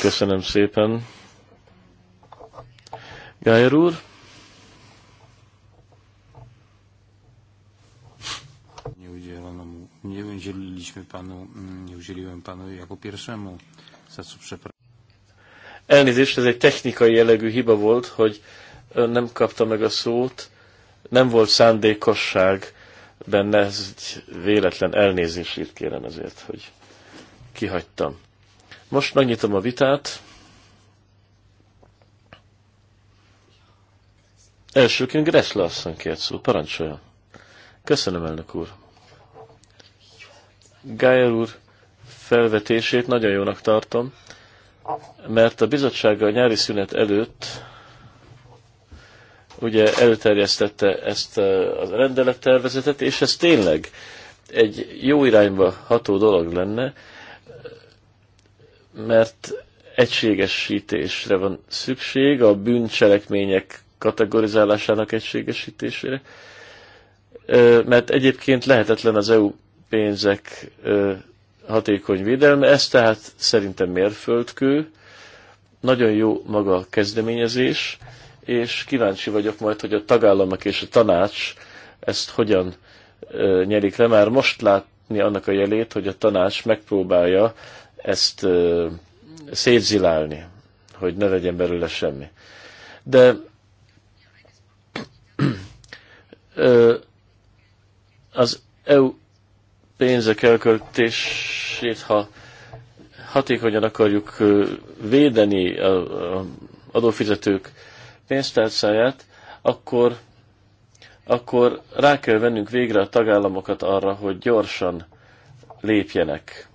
Köszönöm szépen. Gájer úr. panu, Elnézést, ez egy technikai jellegű hiba volt, hogy nem kapta meg a szót, nem volt szándékosság benne, ez egy véletlen elnézést kérem ezért, hogy kihagytam. Most megnyitom a vitát. Elsőként Gressle asszony kért szó, parancsolja. Köszönöm, elnök úr. Gájer úr felvetését nagyon jónak tartom, mert a bizottsága a nyári szünet előtt ugye előterjesztette ezt a rendelettervezetet, és ez tényleg egy jó irányba ható dolog lenne, mert egységesítésre van szükség, a bűncselekmények kategorizálásának egységesítésére, mert egyébként lehetetlen az EU pénzek hatékony védelme, ez tehát szerintem mérföldkő, nagyon jó maga a kezdeményezés, és kíváncsi vagyok majd, hogy a tagállamok és a tanács ezt hogyan nyerik le. Már most látni annak a jelét, hogy a tanács megpróbálja ezt szétzilálni, hogy ne legyen belőle semmi. De az EU pénzek elköltését, ha hatékonyan akarjuk védeni az adófizetők pénztárcáját, akkor, akkor rá kell vennünk végre a tagállamokat arra, hogy gyorsan lépjenek.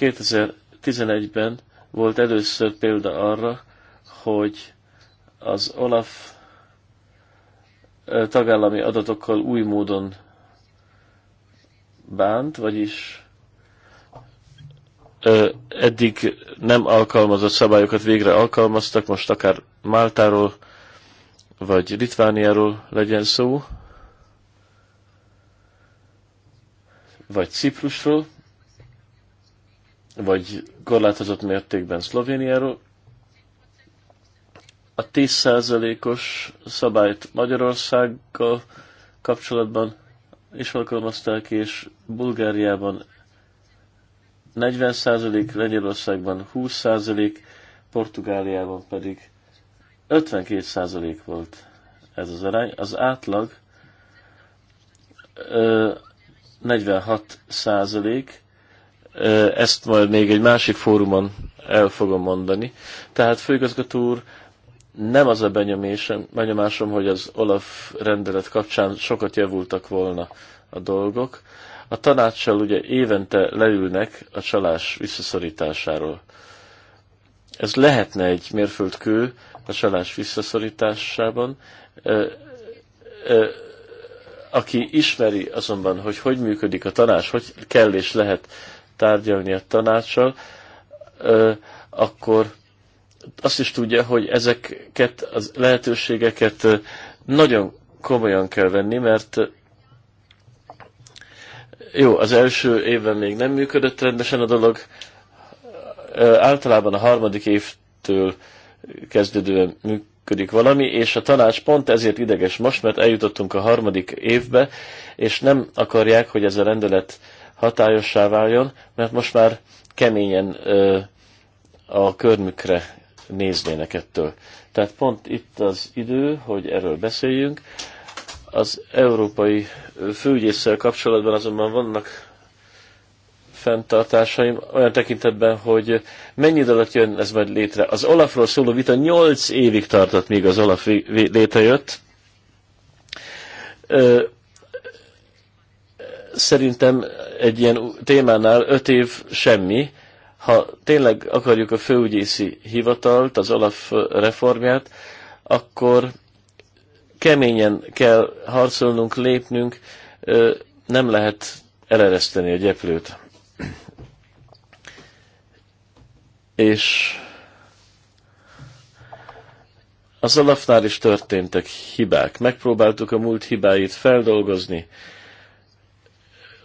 2011-ben volt először példa arra, hogy az OLAF tagállami adatokkal új módon bánt, vagyis eddig nem alkalmazott szabályokat végre alkalmaztak, most akár Máltáról vagy Litvániáról legyen szó, vagy Ciprusról vagy korlátozott mértékben Szlovéniáról. A 10%-os szabályt Magyarországgal kapcsolatban is alkalmazták, és Bulgáriában 40%, Lengyelországban 20%, Portugáliában pedig 52% volt ez az arány. Az átlag 46 százalék, ezt majd még egy másik fórumon el fogom mondani. Tehát főigazgató úr, nem az a benyomásom, benyomásom, hogy az Olaf rendelet kapcsán sokat javultak volna a dolgok. A tanácssal ugye évente leülnek a csalás visszaszorításáról. Ez lehetne egy mérföldkő a csalás visszaszorításában. Aki ismeri azonban, hogy hogy működik a tanács, hogy kell és lehet tárgyalni a tanácssal, akkor azt is tudja, hogy ezeket a lehetőségeket nagyon komolyan kell venni, mert jó, az első évben még nem működött rendesen a dolog, általában a harmadik évtől kezdődően működik valami, és a tanács pont ezért ideges most, mert eljutottunk a harmadik évbe, és nem akarják, hogy ez a rendelet hatályossá váljon, mert most már keményen ö, a körmükre néznének ettől. Tehát pont itt az idő, hogy erről beszéljünk. Az európai főügyészsel kapcsolatban azonban vannak fenntartásaim olyan tekintetben, hogy mennyi idő alatt jön ez majd létre. Az Olafról szóló vita 8 évig tartott, míg az Olaf létrejött. Ö, szerintem egy ilyen témánál öt év semmi. Ha tényleg akarjuk a főügyészi hivatalt, az alap reformját, akkor keményen kell harcolnunk, lépnünk, nem lehet elereszteni a gyeplőt. És az alapnál is történtek hibák. Megpróbáltuk a múlt hibáit feldolgozni,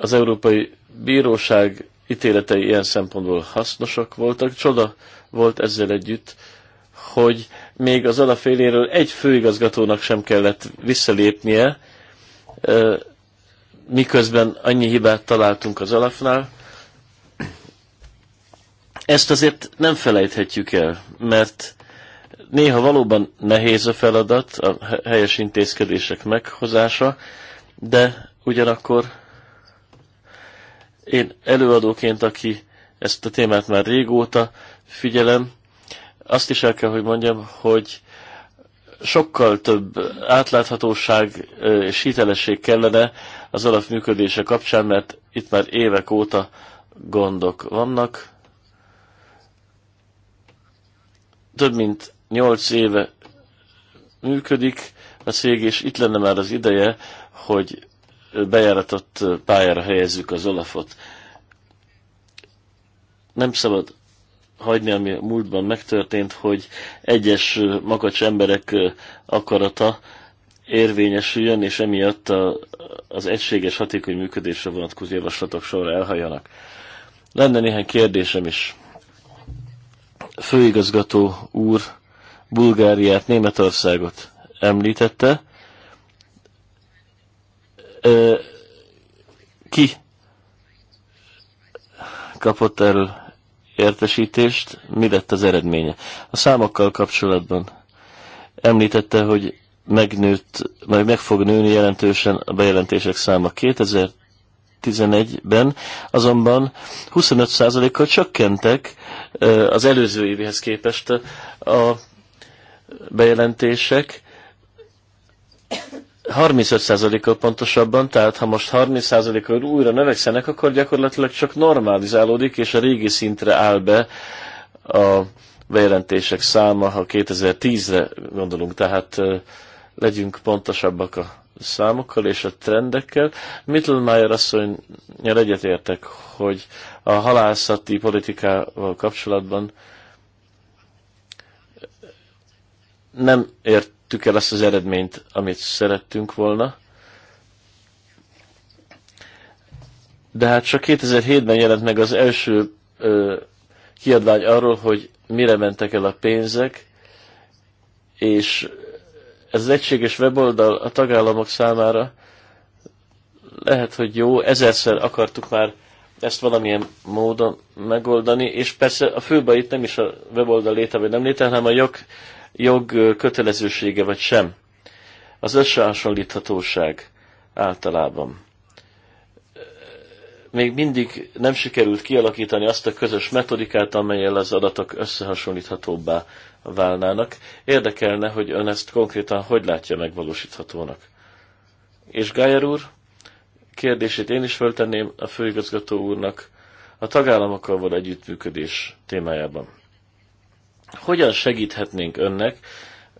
az Európai Bíróság ítéletei ilyen szempontból hasznosak voltak. Csoda volt ezzel együtt, hogy még az alaféléről egy főigazgatónak sem kellett visszalépnie, miközben annyi hibát találtunk az alapnál. Ezt azért nem felejthetjük el, mert néha valóban nehéz a feladat, a helyes intézkedések meghozása, de ugyanakkor én előadóként, aki ezt a témát már régóta figyelem, azt is el kell, hogy mondjam, hogy sokkal több átláthatóság és hitelesség kellene az alap működése kapcsán, mert itt már évek óta gondok vannak. Több mint nyolc éve működik a cég, és itt lenne már az ideje, hogy bejáratott pályára helyezzük az Olafot. Nem szabad hagyni, ami a múltban megtörtént, hogy egyes makacs emberek akarata érvényesüljön, és emiatt a, az egységes hatékony működésre vonatkozó javaslatok sorra elhajjanak. Lenne néhány kérdésem is. Főigazgató úr Bulgáriát, Németországot említette ki kapott erről értesítést, mi lett az eredménye. A számokkal kapcsolatban említette, hogy megnőtt, majd meg fog nőni jelentősen a bejelentések száma 2011-ben, azonban 25%-kal csökkentek az előző évihez képest a bejelentések, 35%-kal pontosabban, tehát ha most 30%-kal újra növekszenek, akkor gyakorlatilag csak normalizálódik, és a régi szintre áll be a bejelentések száma, ha 2010-re gondolunk, tehát legyünk pontosabbak a számokkal és a trendekkel. Mittelmeier asszonynal egyetértek, hogy a halászati politikával kapcsolatban nem ért értük el azt az eredményt, amit szerettünk volna. De hát csak 2007-ben jelent meg az első ö, kiadvány arról, hogy mire mentek el a pénzek, és ez az egységes weboldal a tagállamok számára lehet, hogy jó, ezerszer akartuk már ezt valamilyen módon megoldani, és persze a főbe itt nem is a weboldal léte vagy nem léte, hanem a jog jog kötelezősége vagy sem. Az összehasonlíthatóság általában. Még mindig nem sikerült kialakítani azt a közös metodikát, amelyel az adatok összehasonlíthatóbbá válnának. Érdekelne, hogy ön ezt konkrétan hogy látja megvalósíthatónak. És Gájer úr, kérdését én is föltenném a főigazgató úrnak a tagállamokkal való együttműködés témájában. Hogyan segíthetnénk önnek,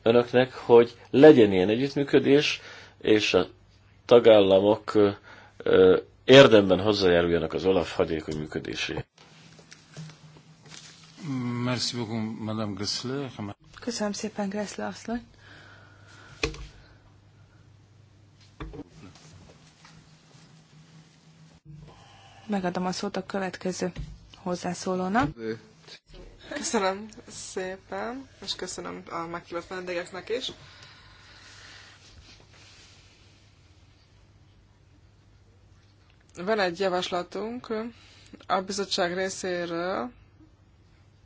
önöknek, hogy legyen ilyen együttműködés, és a tagállamok érdemben hozzájáruljanak az OLAF hagyékony működéséhez? Madame Köszönöm szépen, Gressler asszony. Megadom a szót a következő hozzászólónak. Köszönöm szépen, és köszönöm a meghívott vendégeknek is. Van egy javaslatunk a bizottság részéről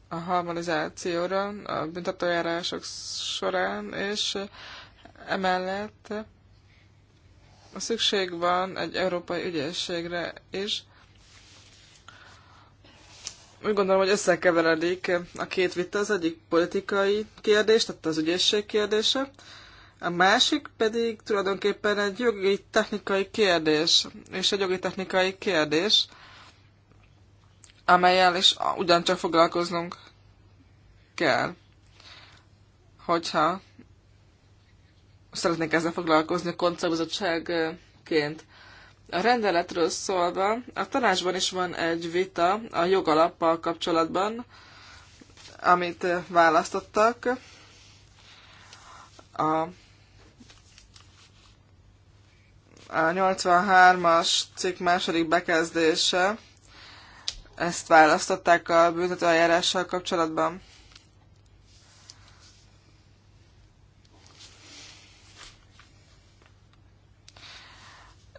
a harmonizációra, a büntetőjárások során, és emellett szükség van egy európai ügyészségre is, úgy gondolom, hogy összekeveredik a két vita. Az egyik politikai kérdés, tehát az ügyészség kérdése, a másik pedig tulajdonképpen egy jogi technikai kérdés, és egy jogi technikai kérdés, amelyel is ugyancsak foglalkoznunk kell. Hogyha szeretnék ezzel foglalkozni a koncertbizottságként. A rendeletről szólva, a tanácsban is van egy vita a jogalappal kapcsolatban, amit eh, választottak. A, a 83-as cikk második bekezdése, ezt választották a büntetőeljárással kapcsolatban.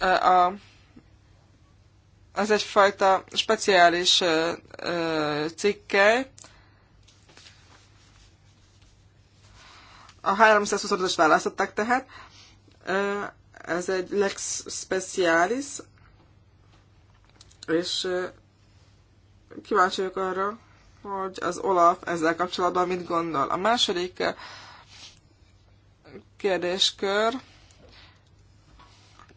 a, az egyfajta speciális cikke. a 325-ös választották tehát. Ez egy lex specialis, és kíváncsi vagyok arra, hogy az Olaf ezzel kapcsolatban mit gondol. A második kérdéskör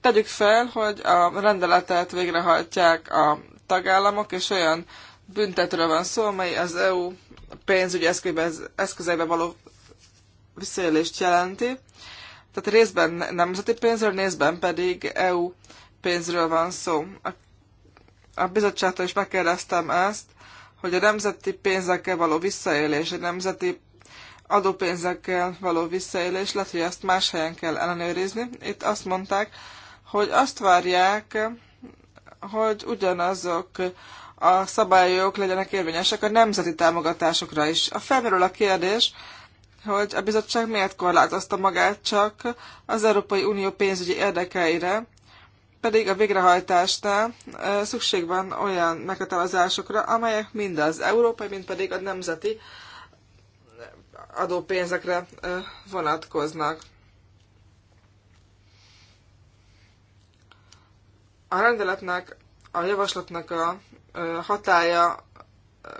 Tegyük fel, hogy a rendeletet végrehajtják a tagállamok, és olyan büntetről van szó, amely az EU pénzügyi eszközeibe való visszaélést jelenti. Tehát részben nemzeti pénzről, részben pedig EU pénzről van szó. A, a bizottságtól is megkérdeztem ezt, hogy a nemzeti pénzekkel való visszaélés, a nemzeti adópénzekkel való visszaélés, lehet, hogy ezt más helyen kell ellenőrizni. Itt azt mondták, hogy azt várják, hogy ugyanazok a szabályok legyenek érvényesek a nemzeti támogatásokra is. A felmerül a kérdés, hogy a bizottság miért korlátozta magát csak az Európai Unió pénzügyi érdekeire, pedig a végrehajtásnál szükség van olyan meghatározásokra, amelyek mind az európai, mind pedig a nemzeti adópénzekre vonatkoznak. A rendeletnek, a javaslatnak a hatája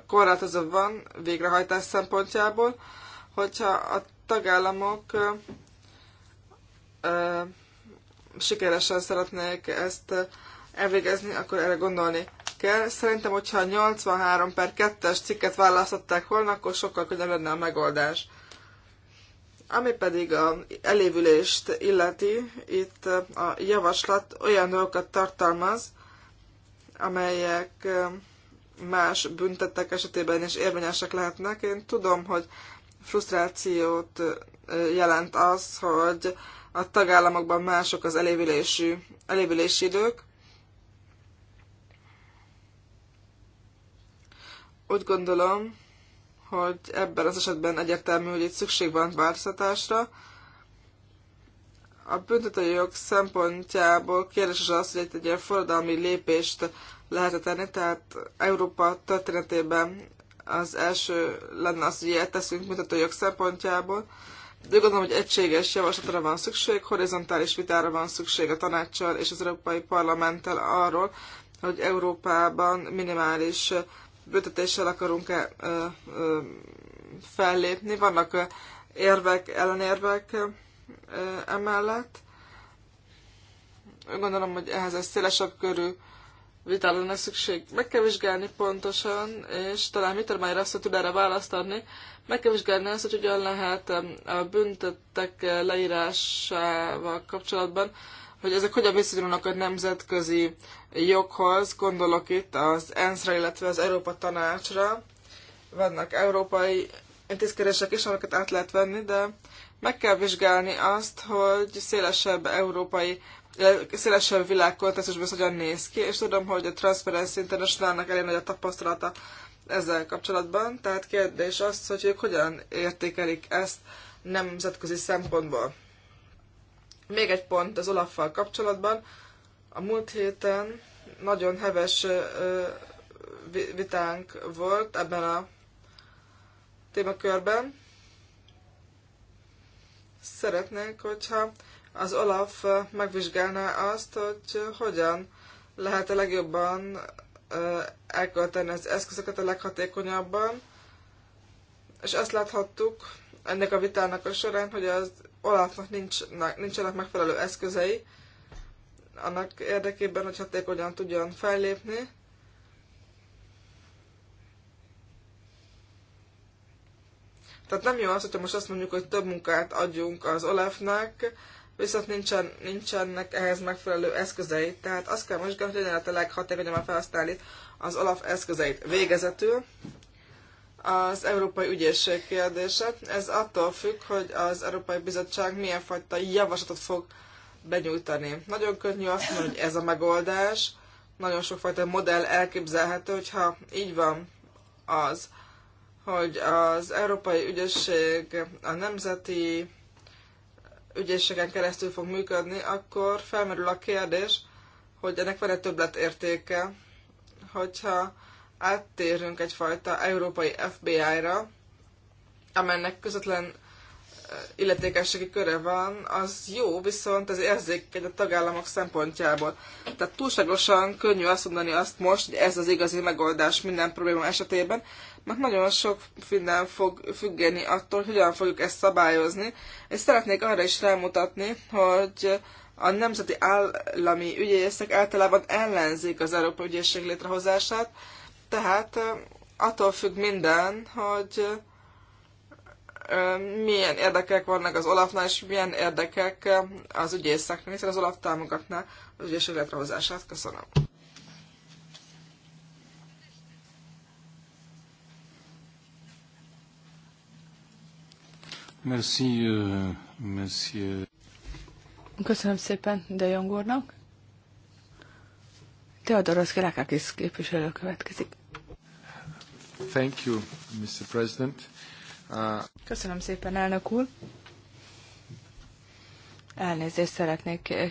korlátozó van végrehajtás szempontjából, hogyha a tagállamok sikeresen szeretnék ezt elvégezni, akkor erre gondolni kell. Szerintem, hogyha 83 per 2-es cikket választották volna, akkor sokkal könnyebb lenne a megoldás. Ami pedig a elévülést illeti, itt a javaslat olyan dolgokat tartalmaz, amelyek más büntettek esetében is érvényesek lehetnek. Én tudom, hogy frusztrációt jelent az, hogy a tagállamokban mások az elévülési, elévülési idők. Úgy gondolom, hogy ebben az esetben egyértelmű, hogy itt szükség van változtatásra. A büntetőjog szempontjából kérdéses az, hogy itt egy ilyen forradalmi lépést lehet tenni, tehát Európa történetében az első lenne az, hogy ilyet teszünk büntetőjog szempontjából. De úgy gondolom, hogy egységes javaslatra van szükség, horizontális vitára van szükség a tanácssal és az Európai Parlamenttel arról, hogy Európában minimális büntetéssel akarunk-e fellépni. Vannak érvek, ellenérvek emellett. Gondolom, hogy ehhez egy szélesebb körű vitára lenne szükség. Meg kell vizsgálni pontosan, és talán Mittermeier azt, hogy tud erre választ adni, meg kell vizsgálni azt, hogy hogyan lehet a büntettek leírásával kapcsolatban, hogy ezek hogyan viszonyulnak a nemzetközi joghoz, gondolok itt az ENSZ-re, illetve az Európa Tanácsra. Vannak európai intézkedések is, amiket át lehet venni, de meg kell vizsgálni azt, hogy szélesebb európai, szélesebb világkontextusban ez hogyan néz ki, és tudom, hogy a Transparency International-nak elég nagy a tapasztalata ezzel kapcsolatban, tehát kérdés az, hogy ők hogyan értékelik ezt nemzetközi szempontból. Még egy pont az olaf kapcsolatban, a múlt héten nagyon heves vitánk volt ebben a témakörben. Szeretnénk, hogyha az Olaf megvizsgálná azt, hogy hogyan lehet a legjobban elkölteni az eszközöket a leghatékonyabban, és azt láthattuk ennek a vitának a során, hogy az Olafnak nincs, nincsenek megfelelő eszközei, annak érdekében, hogy hatékonyan tudjon fellépni. Tehát nem jó az, hogyha most azt mondjuk, hogy több munkát adjunk az Olafnak, viszont nincsen, nincsenek ehhez megfelelő eszközei. Tehát azt kell most hogy lehet a leghatékonyabban felhasználni az Olaf eszközeit. Végezetül az Európai Ügyészség kérdése. Ez attól függ, hogy az Európai Bizottság milyen fajta javaslatot fog benyújtani. Nagyon könnyű azt mondani, hogy ez a megoldás, nagyon sokfajta modell elképzelhető, hogyha így van az, hogy az Európai Ügyesség a nemzeti ügyészségen keresztül fog működni, akkor felmerül a kérdés, hogy ennek van-e többletértéke, hogyha áttérünk egyfajta európai FBI-ra, amelynek közvetlen illetékességi köre van, az jó, viszont ez érzékeny a tagállamok szempontjából. Tehát túlságosan könnyű azt mondani azt most, hogy ez az igazi megoldás minden probléma esetében, mert nagyon sok minden fog függeni attól, hogy hogyan fogjuk ezt szabályozni, és szeretnék arra is rámutatni, hogy a nemzeti állami ügyészek általában ellenzik az Európai Ügyészség létrehozását, tehát attól függ minden, hogy milyen érdekek vannak az Olafnál, és milyen érdekek az ügyészeknek, hiszen az Olaf támogatná az ügyészség létrehozását. Köszönöm. Merci, euh, monsieur. Köszönöm szépen De Jong úrnak. Teodoros Kerakakis képviselő következik. Thank you, Mr. President. Köszönöm szépen, elnök úr. Elnézést szeretnék eh,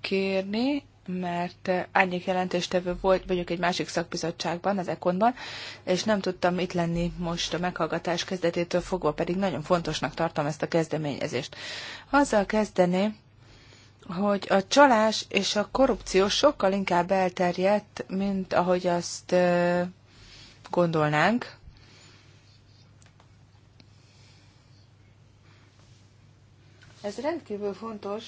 kérni, mert eh, árnyék jelentéstevő volt, vagyok egy másik szakbizottságban, az Ekonban, és nem tudtam itt lenni most a meghallgatás kezdetétől fogva, pedig nagyon fontosnak tartom ezt a kezdeményezést. Azzal kezdeni, hogy a csalás és a korrupció sokkal inkább elterjedt, mint ahogy azt eh, gondolnánk. Ez rendkívül fontos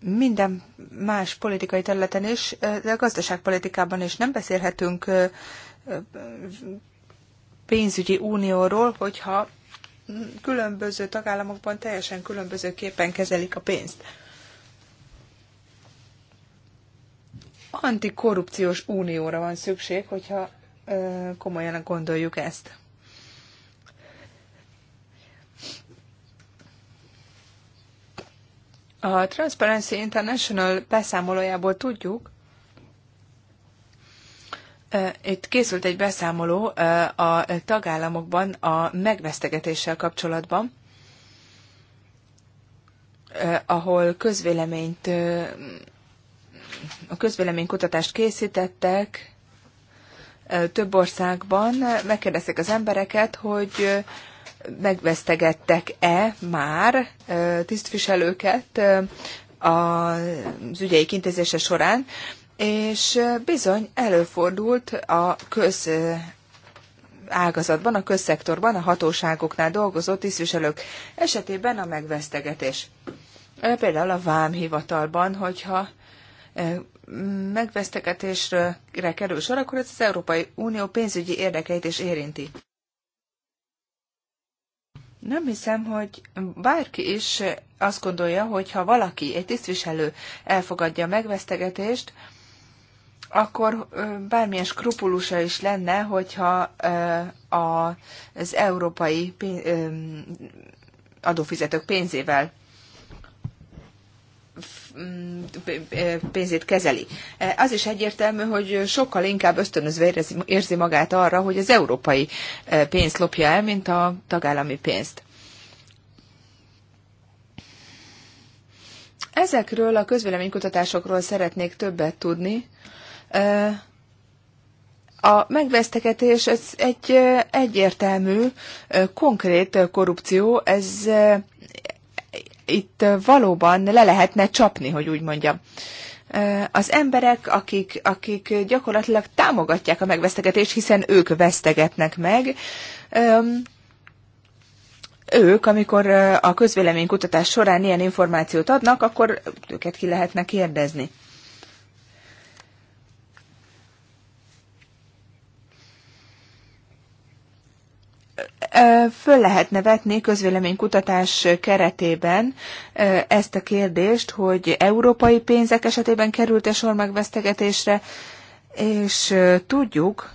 minden más politikai területen is, de a gazdaságpolitikában is nem beszélhetünk pénzügyi unióról, hogyha különböző tagállamokban teljesen különbözőképpen kezelik a pénzt. Antikorrupciós unióra van szükség, hogyha komolyan gondoljuk ezt. A Transparency International beszámolójából tudjuk, itt készült egy beszámoló a tagállamokban a megvesztegetéssel kapcsolatban, ahol közvéleményt, a közvéleménykutatást készítettek több országban, megkérdezték az embereket, hogy megvesztegettek-e már tisztviselőket az ügyeik intézése során, és bizony előfordult a köz ágazatban, a közszektorban, a hatóságoknál dolgozó tisztviselők esetében a megvesztegetés. Például a vámhivatalban, hogyha megvesztegetésre kerül sor, akkor ez az Európai Unió pénzügyi érdekeit is érinti. Nem hiszem, hogy bárki is azt gondolja, hogy ha valaki, egy tisztviselő elfogadja a megvesztegetést, akkor bármilyen skrupulusa is lenne, hogyha az európai adófizetők pénzével Mm, pénzét kezeli. Eh, az is egyértelmű, hogy sokkal inkább ösztönözve érzi magát arra, hogy az európai eh, pénzt lopja el, mint a tagállami pénzt. Ezekről a közvéleménykutatásokról szeretnék többet tudni. Eh, a megvesztegetés ez egy egyértelmű, konkrét korrupció, ez itt valóban le lehetne csapni, hogy úgy mondjam. Az emberek, akik, akik gyakorlatilag támogatják a megvesztegetést, hiszen ők vesztegetnek meg, ők, amikor a közvéleménykutatás során ilyen információt adnak, akkor őket ki lehetne kérdezni. föl lehetne vetni közvéleménykutatás keretében ezt a kérdést, hogy európai pénzek esetében került-e sor megvesztegetésre, és tudjuk,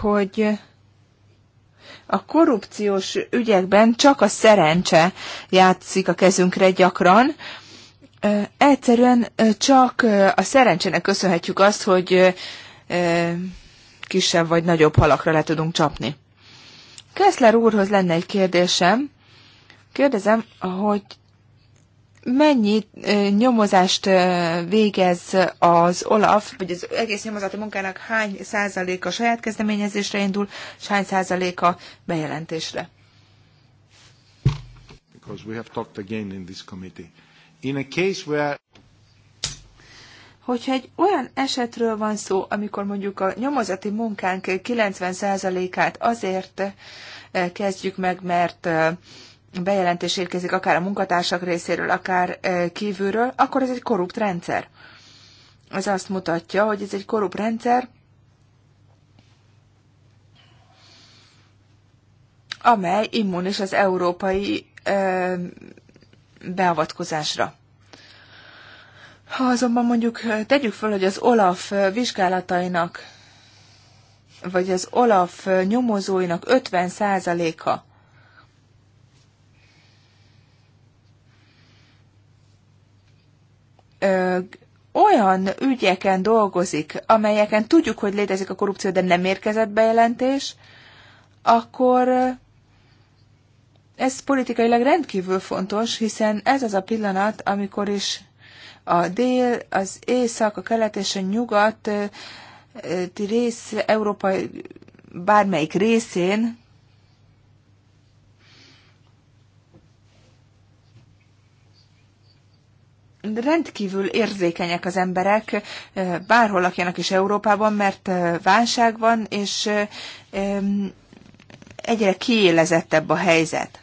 hogy a korrupciós ügyekben csak a szerencse játszik a kezünkre gyakran. Egyszerűen csak a szerencsének köszönhetjük azt, hogy kisebb vagy nagyobb halakra le tudunk csapni. Kessler úrhoz lenne egy kérdésem. Kérdezem, hogy mennyi nyomozást végez az OLAF, vagy az egész nyomozati munkának hány százaléka saját kezdeményezésre indul, és hány százaléka bejelentésre? Because we have talked again in this committee. In a case where hogyha egy olyan esetről van szó, amikor mondjuk a nyomozati munkánk 90%-át azért eh, kezdjük meg, mert eh, bejelentés érkezik akár a munkatársak részéről, akár eh, kívülről, akkor ez egy korrupt rendszer. Ez azt mutatja, hogy ez egy korrupt rendszer, amely immunis az európai beavatkozásra. Ha azonban mondjuk tegyük föl, hogy az Olaf vizsgálatainak, vagy az Olaf nyomozóinak 50%-a olyan ügyeken dolgozik, amelyeken tudjuk, hogy létezik a korrupció, de nem érkezett bejelentés, akkor ez politikailag rendkívül fontos, hiszen ez az a pillanat, amikor is a dél, az észak, a kelet és a nyugat rész, Európa bármelyik részén rendkívül érzékenyek az emberek, bárhol lakjanak is Európában, mert válság van, és egyre kiélezettebb a helyzet.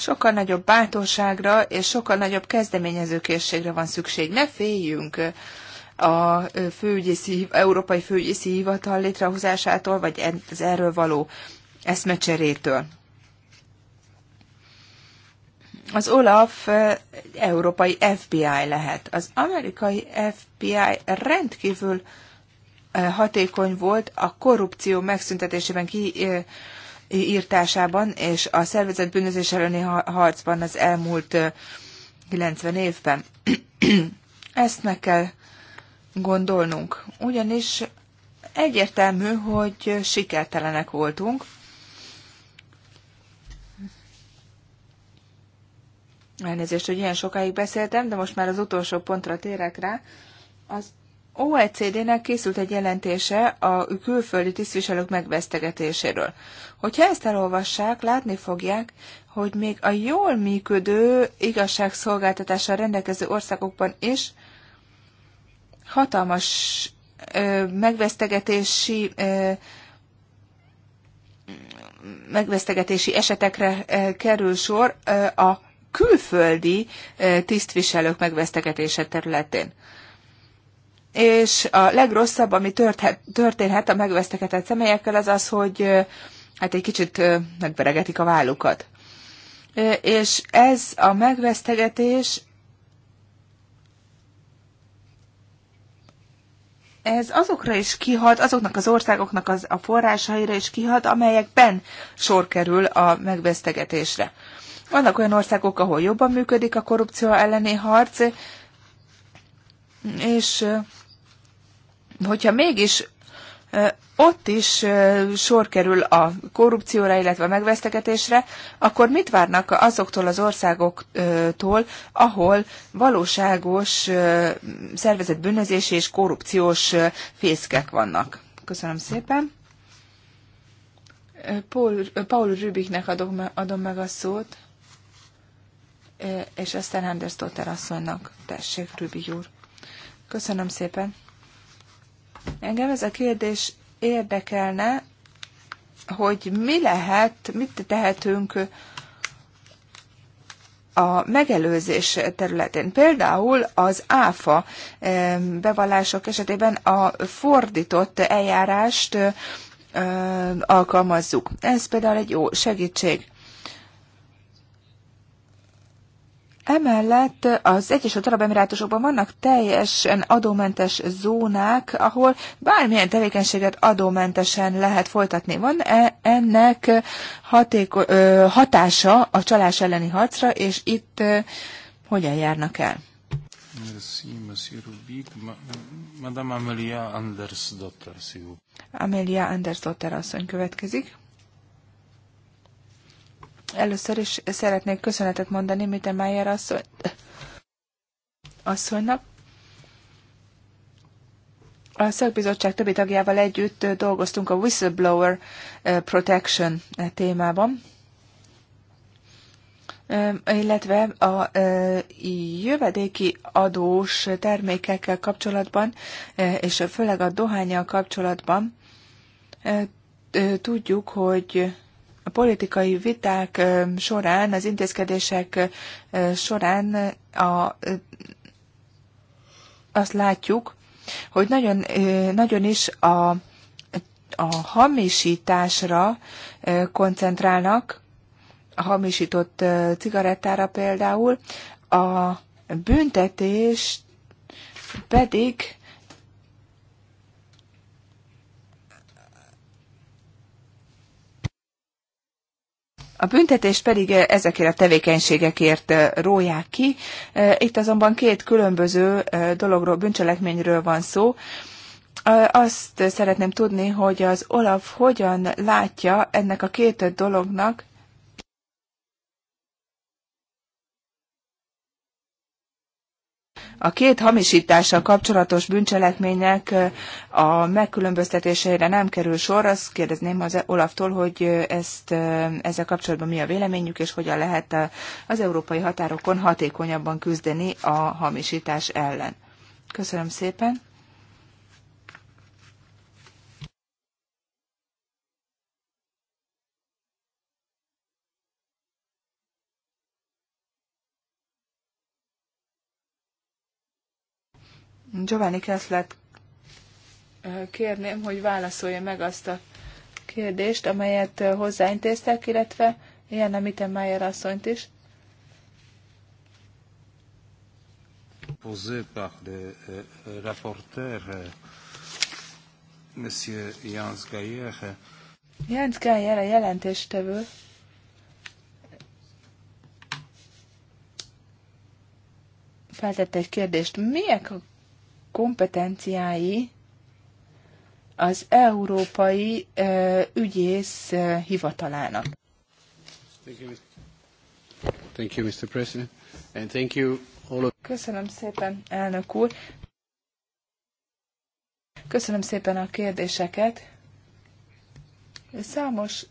sokkal nagyobb bátorságra és sokkal nagyobb kezdeményezőkészségre van szükség. Ne féljünk a főügyészi, Európai Főügyészi Hivatal létrehozásától, vagy az erről való eszmecserétől. Az Olaf európai FBI lehet. Az amerikai FBI rendkívül hatékony volt a korrupció megszüntetésében, ki írtásában és a szervezett bűnözés elleni harcban az elmúlt 90 évben. Ezt meg kell gondolnunk, ugyanis egyértelmű, hogy sikertelenek voltunk. Elnézést, hogy ilyen sokáig beszéltem, de most már az utolsó pontra térek rá. Az OECD-nek készült egy jelentése a külföldi tisztviselők megvesztegetéséről. Hogyha ezt elolvassák, látni fogják, hogy még a jól működő igazságszolgáltatással rendelkező országokban is hatalmas ö, megvesztegetési ö, megvesztegetési esetekre ö, kerül sor ö, a külföldi ö, tisztviselők megvesztegetése területén. Ö, és a legrosszabb, ami történhet, történhet a megvesztegetett személyekkel, az az, hogy hát egy kicsit megberegetik a vállukat. És ez a megvesztegetés, ez azokra is kihat, azoknak az országoknak az, a forrásaira is kihat, amelyekben sor kerül a megvesztegetésre. Vannak olyan országok, ahol jobban működik a korrupció elleni harc, és hogyha mégis ott is sor kerül a korrupcióra, illetve a megvesztegetésre, akkor mit várnak azoktól az országoktól, ahol valóságos szervezetbűnözési és korrupciós fészkek vannak? Köszönöm szépen. Paul, Paul Rübiknek adom, adom meg a szót, és aztán Anders Dotter asszonynak. Tessék, Rübik úr. Köszönöm szépen. Engem ez a kérdés érdekelne, hogy mi lehet, mit tehetünk a megelőzés területén. Például az áfa bevallások esetében a fordított eljárást alkalmazzuk. Ez például egy jó segítség. Emellett az Egyesült Arab Emirátusokban vannak teljesen adómentes zónák, ahol bármilyen tevékenységet adómentesen lehet folytatni. Van -e ennek hatása a csalás elleni harcra, és itt hogyan járnak el? Merci, Monsieur Rubik. Madame Amelia Anders Dotter, Amelia Anders Dotter asszony következik. Először is szeretnék köszönetet mondani Mittemeyer asszony, asszonynak. A szakbizottság többi tagjával együtt dolgoztunk a whistleblower eh, protection eh, témában, illetve a eh, jövedéki adós termékekkel kapcsolatban, és főleg a dohányjal kapcsolatban tudjuk, hogy politikai viták során, az intézkedések során a, azt látjuk, hogy nagyon, nagyon is a, a hamisításra koncentrálnak, a hamisított cigarettára például, a büntetés pedig A büntetést pedig eh, ezekért a tevékenységekért eh, róják ki. Eh, itt azonban két különböző dologról, bűncselekményről van szó. Azt szeretném tudni, hogy az Olaf hogyan látja ennek a két dolognak A két hamisítással kapcsolatos bűncselekmények a megkülönböztetésére nem kerül sor. Azt kérdezném az Olaftól, hogy ezt, ezzel kapcsolatban mi a véleményük, és hogyan lehet az európai határokon hatékonyabban küzdeni a hamisítás ellen. Köszönöm szépen. Giovanni Kesslet kérném, hogy válaszolja meg azt a kérdést, amelyet hozzáintéztek, illetve Jana Mittenmeier asszonyt is. posé par le euh, euh rapporteur, euh, Monsieur Jans Gaier Jans a jelentéstevő. Feltette egy kérdést. Miek a kompetenciái az Európai Ügyész Hivatalának. Thank you, Mr. President, and thank you all of... Köszönöm szépen, elnök úr. Köszönöm szépen a kérdéseket. Számos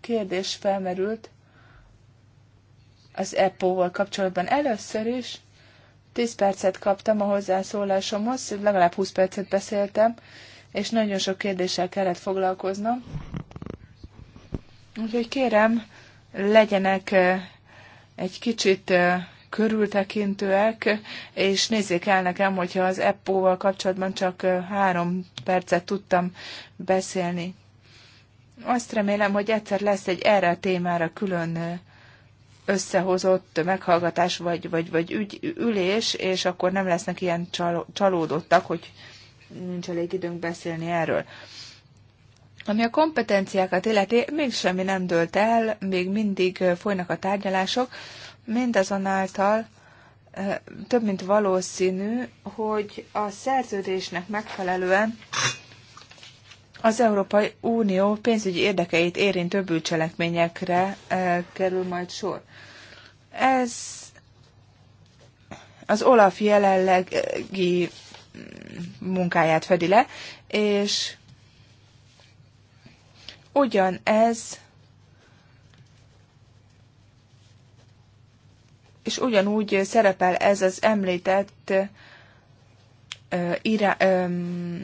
kérdés felmerült az EPO-val kapcsolatban. Először is 10 percet kaptam a hozzászólásomhoz, legalább 20 percet beszéltem, és nagyon sok kérdéssel kellett foglalkoznom. Úgyhogy kérem, legyenek egy kicsit körültekintőek, és nézzék el nekem, hogyha az Eppóval kapcsolatban csak három percet tudtam beszélni. Azt remélem, hogy egyszer lesz egy erre a témára külön összehozott meghallgatás vagy, vagy, vagy ügy, ülés, és akkor nem lesznek ilyen csalódottak, hogy nincs elég időnk beszélni erről. Ami a kompetenciákat illeti, még semmi nem dőlt el, még mindig folynak a tárgyalások, mindazonáltal több mint valószínű, hogy a szerződésnek megfelelően az Európai Unió pénzügyi érdekeit érintő bűncselekményekre eh, kerül majd sor. Ez az Olaf jelenlegi mm, munkáját fedi le, és ugyanez és ugyanúgy szerepel ez az említett eh,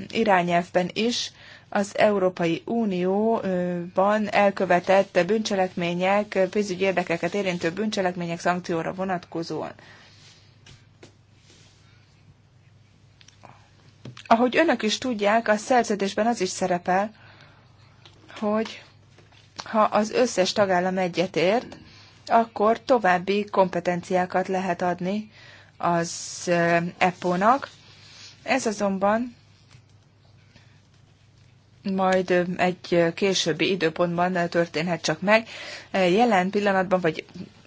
irányelvben is, az Európai Unióban elkövetett bűncselekmények, pénzügyi érdekeket érintő bűncselekmények szankcióra vonatkozóan. Ahogy önök is tudják, a szerződésben az is szerepel, hogy ha az összes tagállam egyetért, akkor további kompetenciákat lehet adni az EPO-nak. Eh, Ez azonban majd egy későbbi időpontban történhet csak meg. Jelen pillanatban, vagy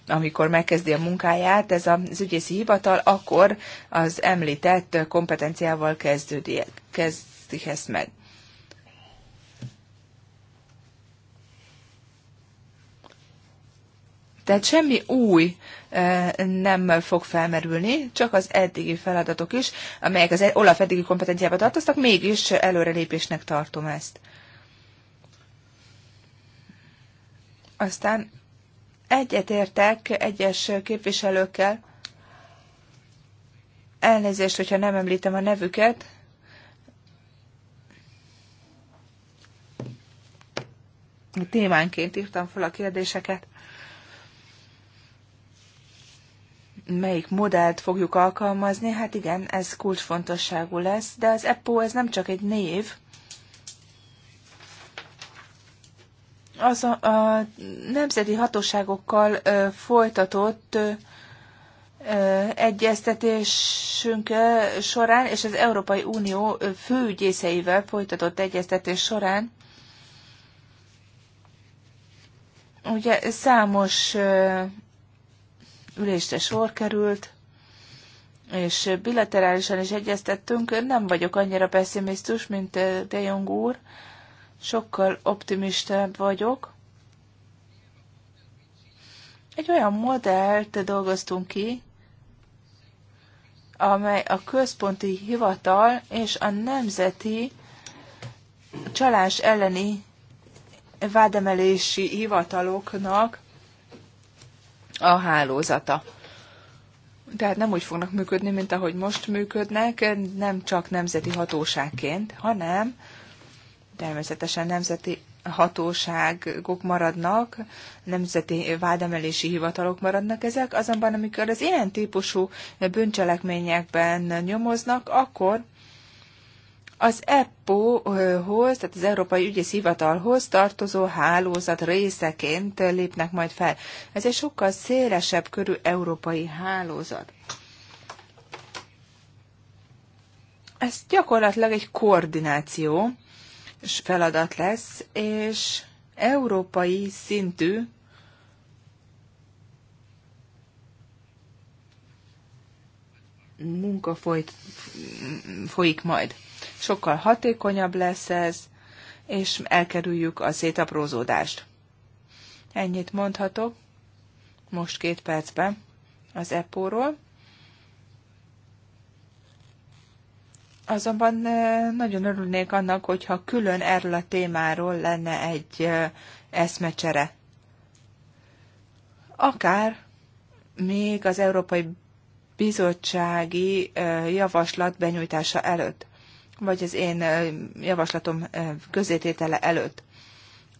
amikor megkezdi a munkáját ez az ügyészi hivatal, akkor az említett kompetenciával kezdődik, kezdik ezt meg. Tehát semmi új nem fog felmerülni, csak az eddigi feladatok is, amelyek az Olaf eddigi kompetenciába tartoztak, mégis előrelépésnek tartom ezt. Aztán egyetértek egyes képviselőkkel, elnézést, hogyha nem említem a nevüket, témánként írtam fel a kérdéseket. melyik modellt fogjuk alkalmazni, hát igen, ez kulcsfontosságú lesz, de az EPO ez nem csak egy név, az a, a nemzeti hatóságokkal ö, folytatott ö, egyeztetésünk során, és az Európai Unió főügyészeivel folytatott egyeztetés során, ugye számos ülésre sor került, és bilaterálisan is egyeztettünk. Nem vagyok annyira pessimisztus, mint eh, De Jong úr, sokkal optimistább vagyok. Egy olyan modellt dolgoztunk ki, amely a központi hivatal és a nemzeti csalás elleni vádemelési hivataloknak a hálózata. Tehát nem úgy fognak működni, mint ahogy most működnek, nem csak nemzeti hatóságként, hanem természetesen nemzeti hatóságok maradnak, nemzeti vádemelési hivatalok maradnak ezek, azonban amikor az ilyen típusú bűncselekményekben nyomoznak, akkor az EPPO-hoz, tehát az Európai Ügyész Hivatalhoz tartozó hálózat részeként lépnek majd fel. Ez egy sokkal szélesebb körű európai hálózat. Ez gyakorlatilag egy koordináció és feladat lesz, és európai szintű munka folyt, folyik majd sokkal hatékonyabb lesz ez, és elkerüljük a szétaprózódást. Ennyit mondhatok most két percben az EPO-ról. Azonban nagyon örülnék annak, hogyha külön erről a témáról lenne egy eszmecsere. Akár még az Európai Bizottsági Javaslat benyújtása előtt vagy az én javaslatom közététele előtt.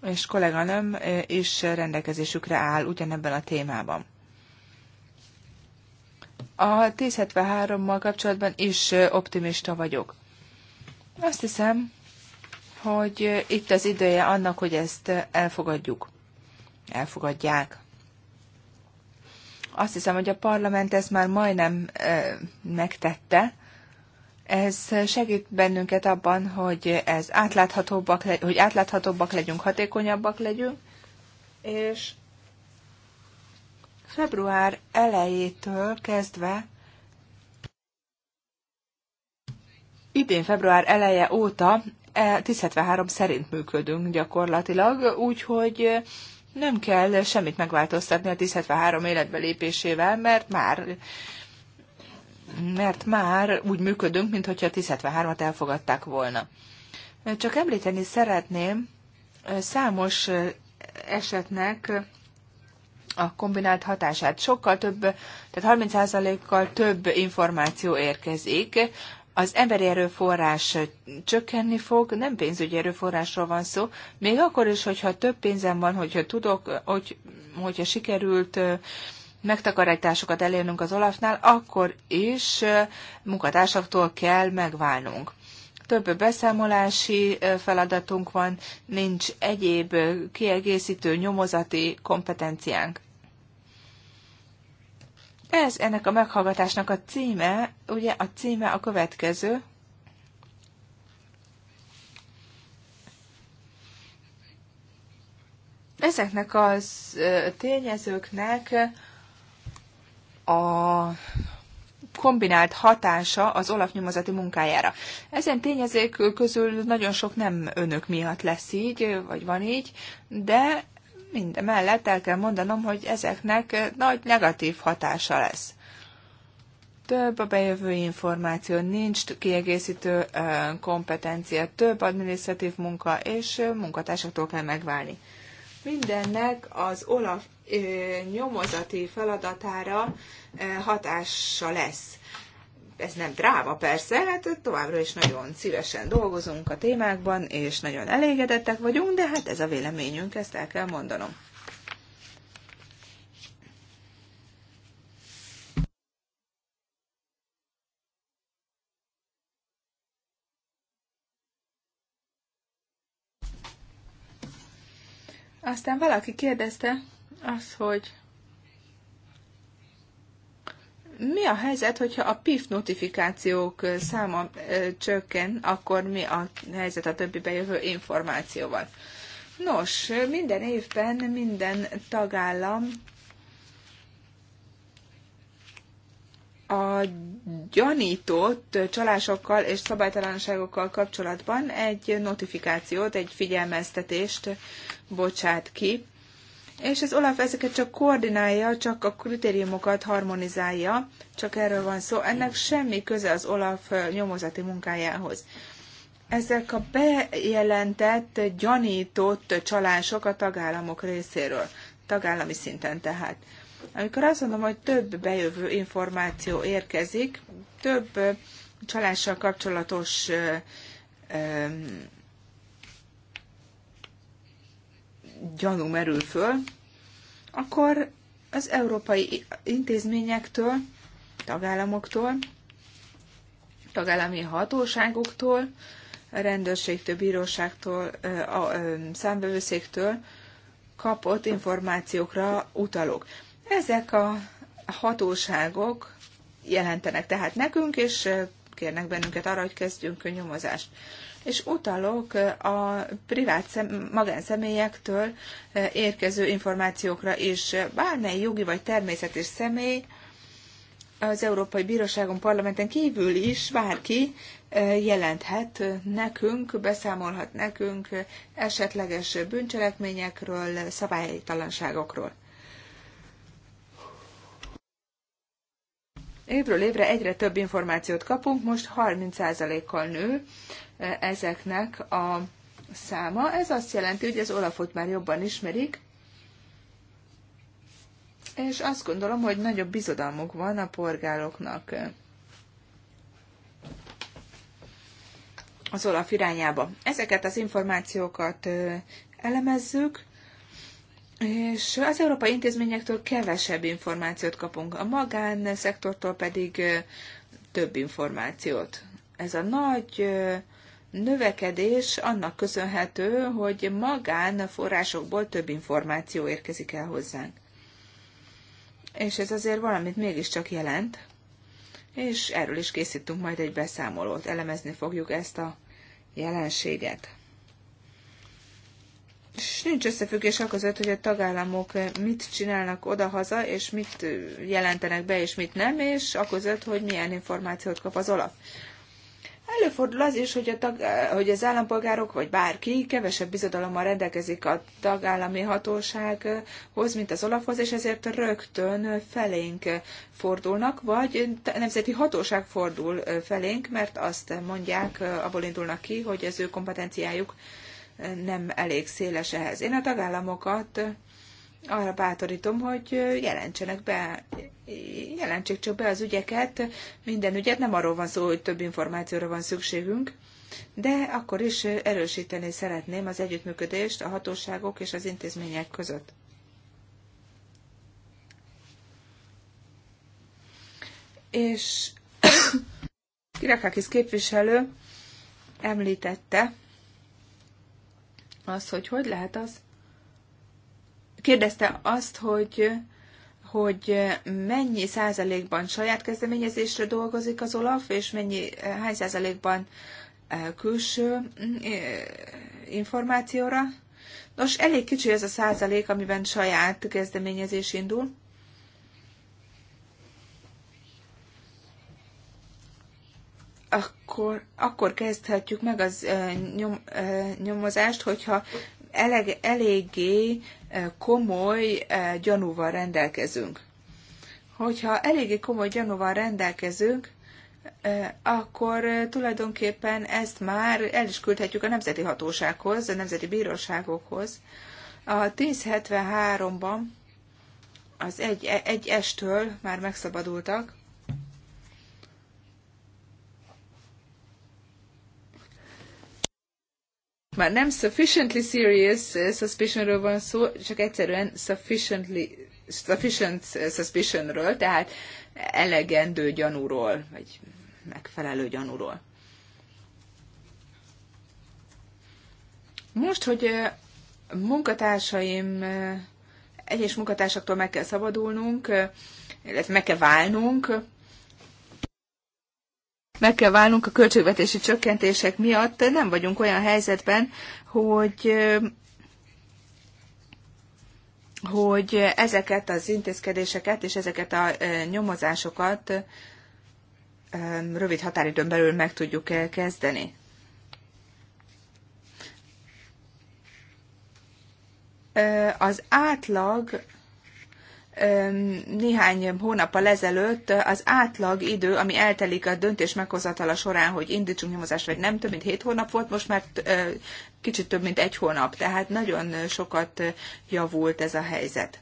És kolléganőm is rendelkezésükre áll ugyanebben a témában. A 1073-mal kapcsolatban is optimista vagyok. Azt hiszem, hogy itt az ideje annak, hogy ezt elfogadjuk. Elfogadják. Azt hiszem, hogy a parlament ezt már majdnem e, megtette, ez segít bennünket abban, hogy, ez átláthatóbbak, hogy átláthatóbbak legyünk, hatékonyabbak legyünk, és február elejétől kezdve, idén február eleje óta 173 e, szerint működünk gyakorlatilag, úgyhogy nem kell semmit megváltoztatni a 173 életbe lépésével, mert már mert már úgy működünk, mintha a 1073-at elfogadták volna. Csak említeni szeretném számos esetnek a kombinált hatását. Sokkal több, tehát 30%-kal több információ érkezik, az emberi erőforrás csökkenni fog, nem pénzügyi erőforrásról van szó, még akkor is, hogyha több pénzem van, hogyha tudok, hogy, hogyha sikerült megtakarításokat elérnünk az Olafnál, akkor is munkatársaktól kell megválnunk. Több beszámolási feladatunk van, nincs egyéb kiegészítő nyomozati kompetenciánk. Ez ennek a meghallgatásnak a címe, ugye a címe a következő. Ezeknek az tényezőknek a kombinált hatása az Olaf nyomozati munkájára. Ezen tényezők közül nagyon sok nem önök miatt lesz így, vagy van így, de minden mellett el kell mondanom, hogy ezeknek nagy negatív hatása lesz. Több a bejövő információ, nincs kiegészítő kompetencia, több adminisztratív munka, és munkatársaktól kell megválni. Mindennek az Olaf nyomozati feladatára hatása lesz. Ez nem dráma persze, hát továbbra is nagyon szívesen dolgozunk a témákban, és nagyon elégedettek vagyunk, de hát ez a véleményünk, ezt el kell mondanom. Aztán valaki kérdezte, az, hogy mi a helyzet, hogyha a PIF notifikációk száma csökken, akkor mi a helyzet a többi bejövő információval? Nos, minden évben minden tagállam a gyanított csalásokkal és szabálytalanságokkal kapcsolatban egy notifikációt, egy figyelmeztetést bocsát ki és az Olaf ezeket csak koordinálja, csak a kritériumokat harmonizálja, csak erről van szó. Ennek semmi köze az Olaf nyomozati munkájához. Ezek a bejelentett, gyanított csalások a tagállamok részéről, tagállami szinten tehát. Amikor azt mondom, hogy több bejövő információ érkezik, több csalással kapcsolatos gyanú merül föl, akkor az európai intézményektől, tagállamoktól, tagállami hatóságoktól, rendőrségtől, bíróságtól, a számbevőszéktől kapott információkra utalok. Ezek a hatóságok jelentenek tehát nekünk, és kérnek bennünket arra, hogy kezdjünk nyomozást és utalok a privát szem, magánszemélyektől eh, érkező információkra is. Bármely jogi vagy természetes személy az Európai Bíróságon, Parlamenten kívül is bárki eh, jelenthet eh, nekünk, beszámolhat nekünk esetleges bűncselekményekről, szabálytalanságokról. évről évre egyre több információt kapunk, most 30%-kal nő e, ezeknek a száma. Ez azt jelenti, hogy az Olafot már jobban ismerik, és azt gondolom, hogy nagyobb bizodalmuk van a polgároknak az Olaf irányába. Ezeket az információkat elemezzük, és az európai intézményektől kevesebb információt kapunk, a magánszektortól pedig több információt. Ez a nagy növekedés annak köszönhető, hogy magán forrásokból több információ érkezik el hozzánk. És ez azért valamit mégiscsak jelent, és erről is készítünk majd egy beszámolót, elemezni fogjuk ezt a jelenséget. És nincs összefüggés a között, hogy a tagállamok mit csinálnak odahaza, és mit jelentenek be, és mit nem, és a között, hogy milyen információt kap az olaf. Előfordul az is, hogy, a tag, hogy az állampolgárok, vagy bárki kevesebb bizodalommal rendelkezik a tagállami hatósághoz, mint az olaf és ezért rögtön felénk fordulnak, vagy nemzeti hatóság fordul felénk, mert azt mondják, abból indulnak ki, hogy az ő kompetenciájuk nem elég széles ehhez. Én a tagállamokat arra bátorítom, hogy jelentsenek be, jelentsék csak be az ügyeket, minden ügyet, nem arról van szó, hogy több információra van szükségünk, de akkor is erősíteni szeretném az együttműködést a hatóságok és az intézmények között. És Kirakakis képviselő említette az, hogy hogy lehet az, kérdezte azt, hogy hogy mennyi százalékban saját kezdeményezésre dolgozik az Olaf, és mennyi, hány százalékban e, külső e, információra. Nos, elég kicsi ez a százalék, amiben saját kezdeményezés indul. akkor, akkor kezdhetjük meg az nyom, nyomozást, hogyha eleg, eléggé komoly gyanúval rendelkezünk. Hogyha eléggé komoly gyanúval rendelkezünk, akkor tulajdonképpen ezt már el is küldhetjük a nemzeti hatósághoz, a nemzeti bíróságokhoz. A 1073-ban az egy, egy estől már megszabadultak, már nem sufficiently serious eh, suspicionről van szó, csak egyszerűen sufficiently sufficient eh, suspicionről, tehát elegendő gyanúról, vagy megfelelő gyanúról. Most, hogy eh, munkatársaim, egyes munkatársaktól meg kell szabadulnunk, illetve meg kell válnunk, meg kell válnunk a költségvetési csökkentések miatt. Nem vagyunk olyan helyzetben, hogy hogy ezeket az intézkedéseket és ezeket a nyomozásokat rövid határidőn belül meg tudjuk kezdeni. Az átlag néhány hónap ezelőtt az átlag idő, ami eltelik a döntés meghozatala során, hogy indítsunk nyomozást, vagy nem, több mint hét hónap volt, most már kicsit több mint egy hónap, tehát nagyon sokat javult ez a helyzet.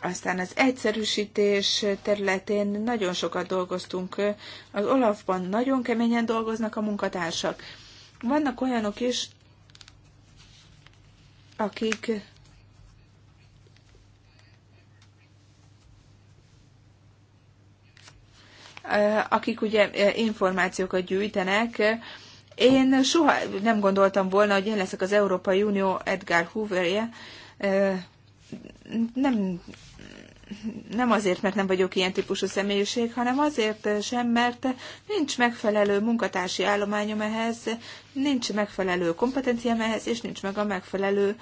Aztán az egyszerűsítés területén nagyon sokat dolgoztunk. Az Olafban nagyon keményen dolgoznak a munkatársak. Vannak olyanok is, akik Eh, akik ugye eh, információkat gyűjtenek. Én soha nem gondoltam volna, hogy én leszek az Európai Unió Edgar Hooverje. Eh, nem, nem azért, mert nem vagyok ilyen típusú személyiség, hanem azért sem, mert nincs megfelelő munkatársi állományom ehhez, nincs megfelelő kompetenciám ehhez, és nincs meg a megfelelő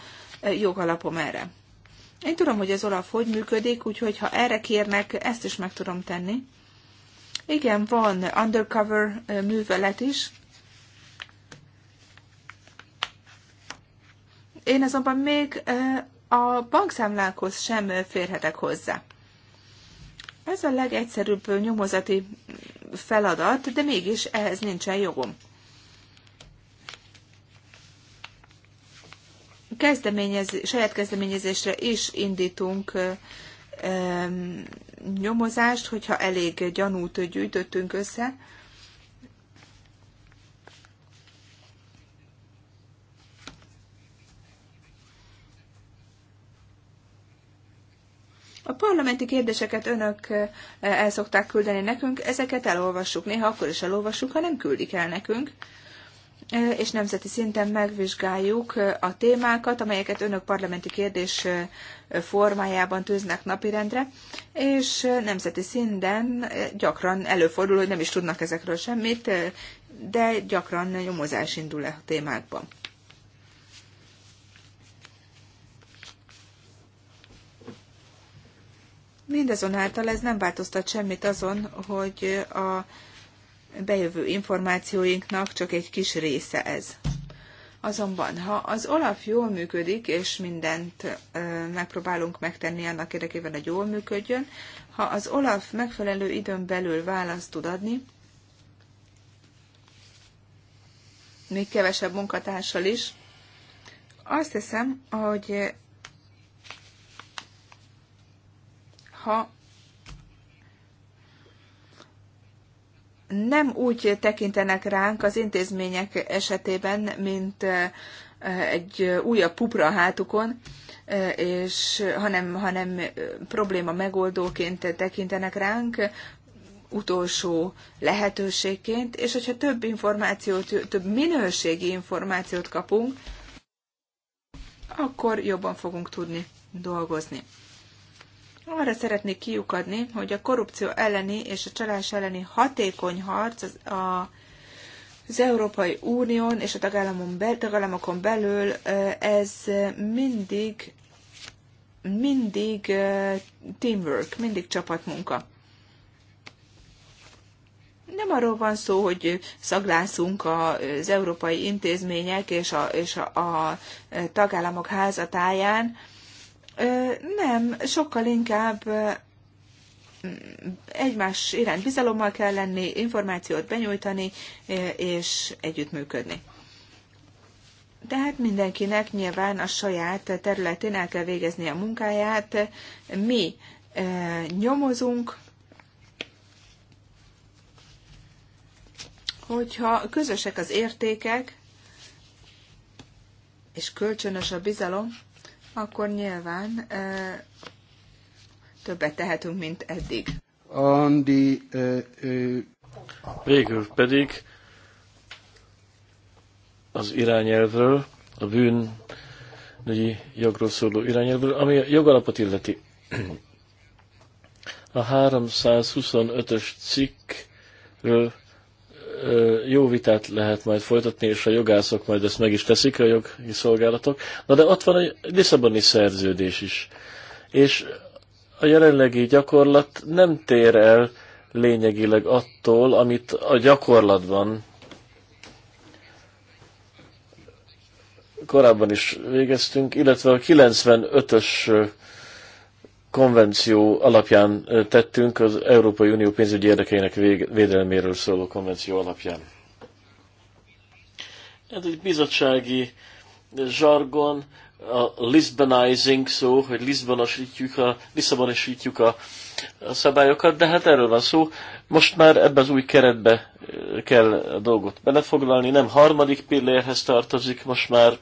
jogalapom erre. Én tudom, hogy az Olaf hogy működik, úgyhogy ha erre kérnek, ezt is meg tudom tenni. Igen, van undercover művelet is. Én azonban még a bankszámlákhoz sem férhetek hozzá. Ez a legegyszerűbb nyomozati feladat, de mégis ehhez nincsen jogom. Kezdeményez, saját kezdeményezésre is indítunk nyomozást, hogyha elég gyanút gyűjtöttünk össze. A parlamenti kérdéseket önök eh, el szokták küldeni nekünk, ezeket elolvassuk. Néha akkor is elolvassuk, ha nem küldik el nekünk és nemzeti szinten megvizsgáljuk a témákat, amelyeket önök parlamenti kérdés formájában tűznek napirendre, és nemzeti szinten gyakran előfordul, hogy nem is tudnak ezekről semmit, de gyakran nyomozás indul a e témákban. Mindazonáltal ez nem változtat semmit azon, hogy a bejövő információinknak csak egy kis része ez. Azonban, ha az Olaf jól működik, és mindent ö, megpróbálunk megtenni annak érdekében, hogy jól működjön, ha az Olaf megfelelő időn belül választ tud adni, még kevesebb munkatársal is, azt hiszem, hogy ha nem úgy tekintenek ránk az intézmények esetében, mint egy újabb pupra a hátukon, és hanem, hanem probléma megoldóként tekintenek ránk, utolsó lehetőségként, és hogyha több információt, több minőségi információt kapunk, akkor jobban fogunk tudni dolgozni. Arra szeretnék kiukadni, hogy a korrupció elleni és a csalás elleni hatékony harc az, a, az Európai Unión és a tagállamon bel, tagállamokon belül ez mindig, mindig teamwork, mindig csapatmunka. Nem arról van szó, hogy szaglászunk az európai intézmények és a, és a, a tagállamok házatáján, nem, sokkal inkább egymás iránt bizalommal kell lenni, információt benyújtani és együttműködni. Tehát mindenkinek nyilván a saját területén el kell végezni a munkáját. Mi nyomozunk, hogyha közösek az értékek, és kölcsönös a bizalom, akkor nyilván többet tehetünk, mint eddig. Andi e, e... Végül pedig az irányelvről, a bűn jogról szóló irányelvről, ami a jogalapot illeti. A 325-ös cikkről jó vitát lehet majd folytatni, és a jogászok majd ezt meg is teszik, a jogi szolgálatok. Na de ott van egy Lisszaboni szerződés is. És a jelenlegi gyakorlat nem tér el lényegileg attól, amit a gyakorlatban korábban is végeztünk, illetve a 95-ös konvenció alapján tettünk, az Európai Unió pénzügyi érdekeinek védelméről szóló konvenció alapján. Ez egy bizottsági zsargon, a Lisbonizing szó, hogy Lisbonosítjuk a, Lisszabonosítjuk a, a szabályokat, de hát erről van szó. Most már ebbe az új keretbe kell a dolgot belefoglalni, nem harmadik pillérhez tartozik most már,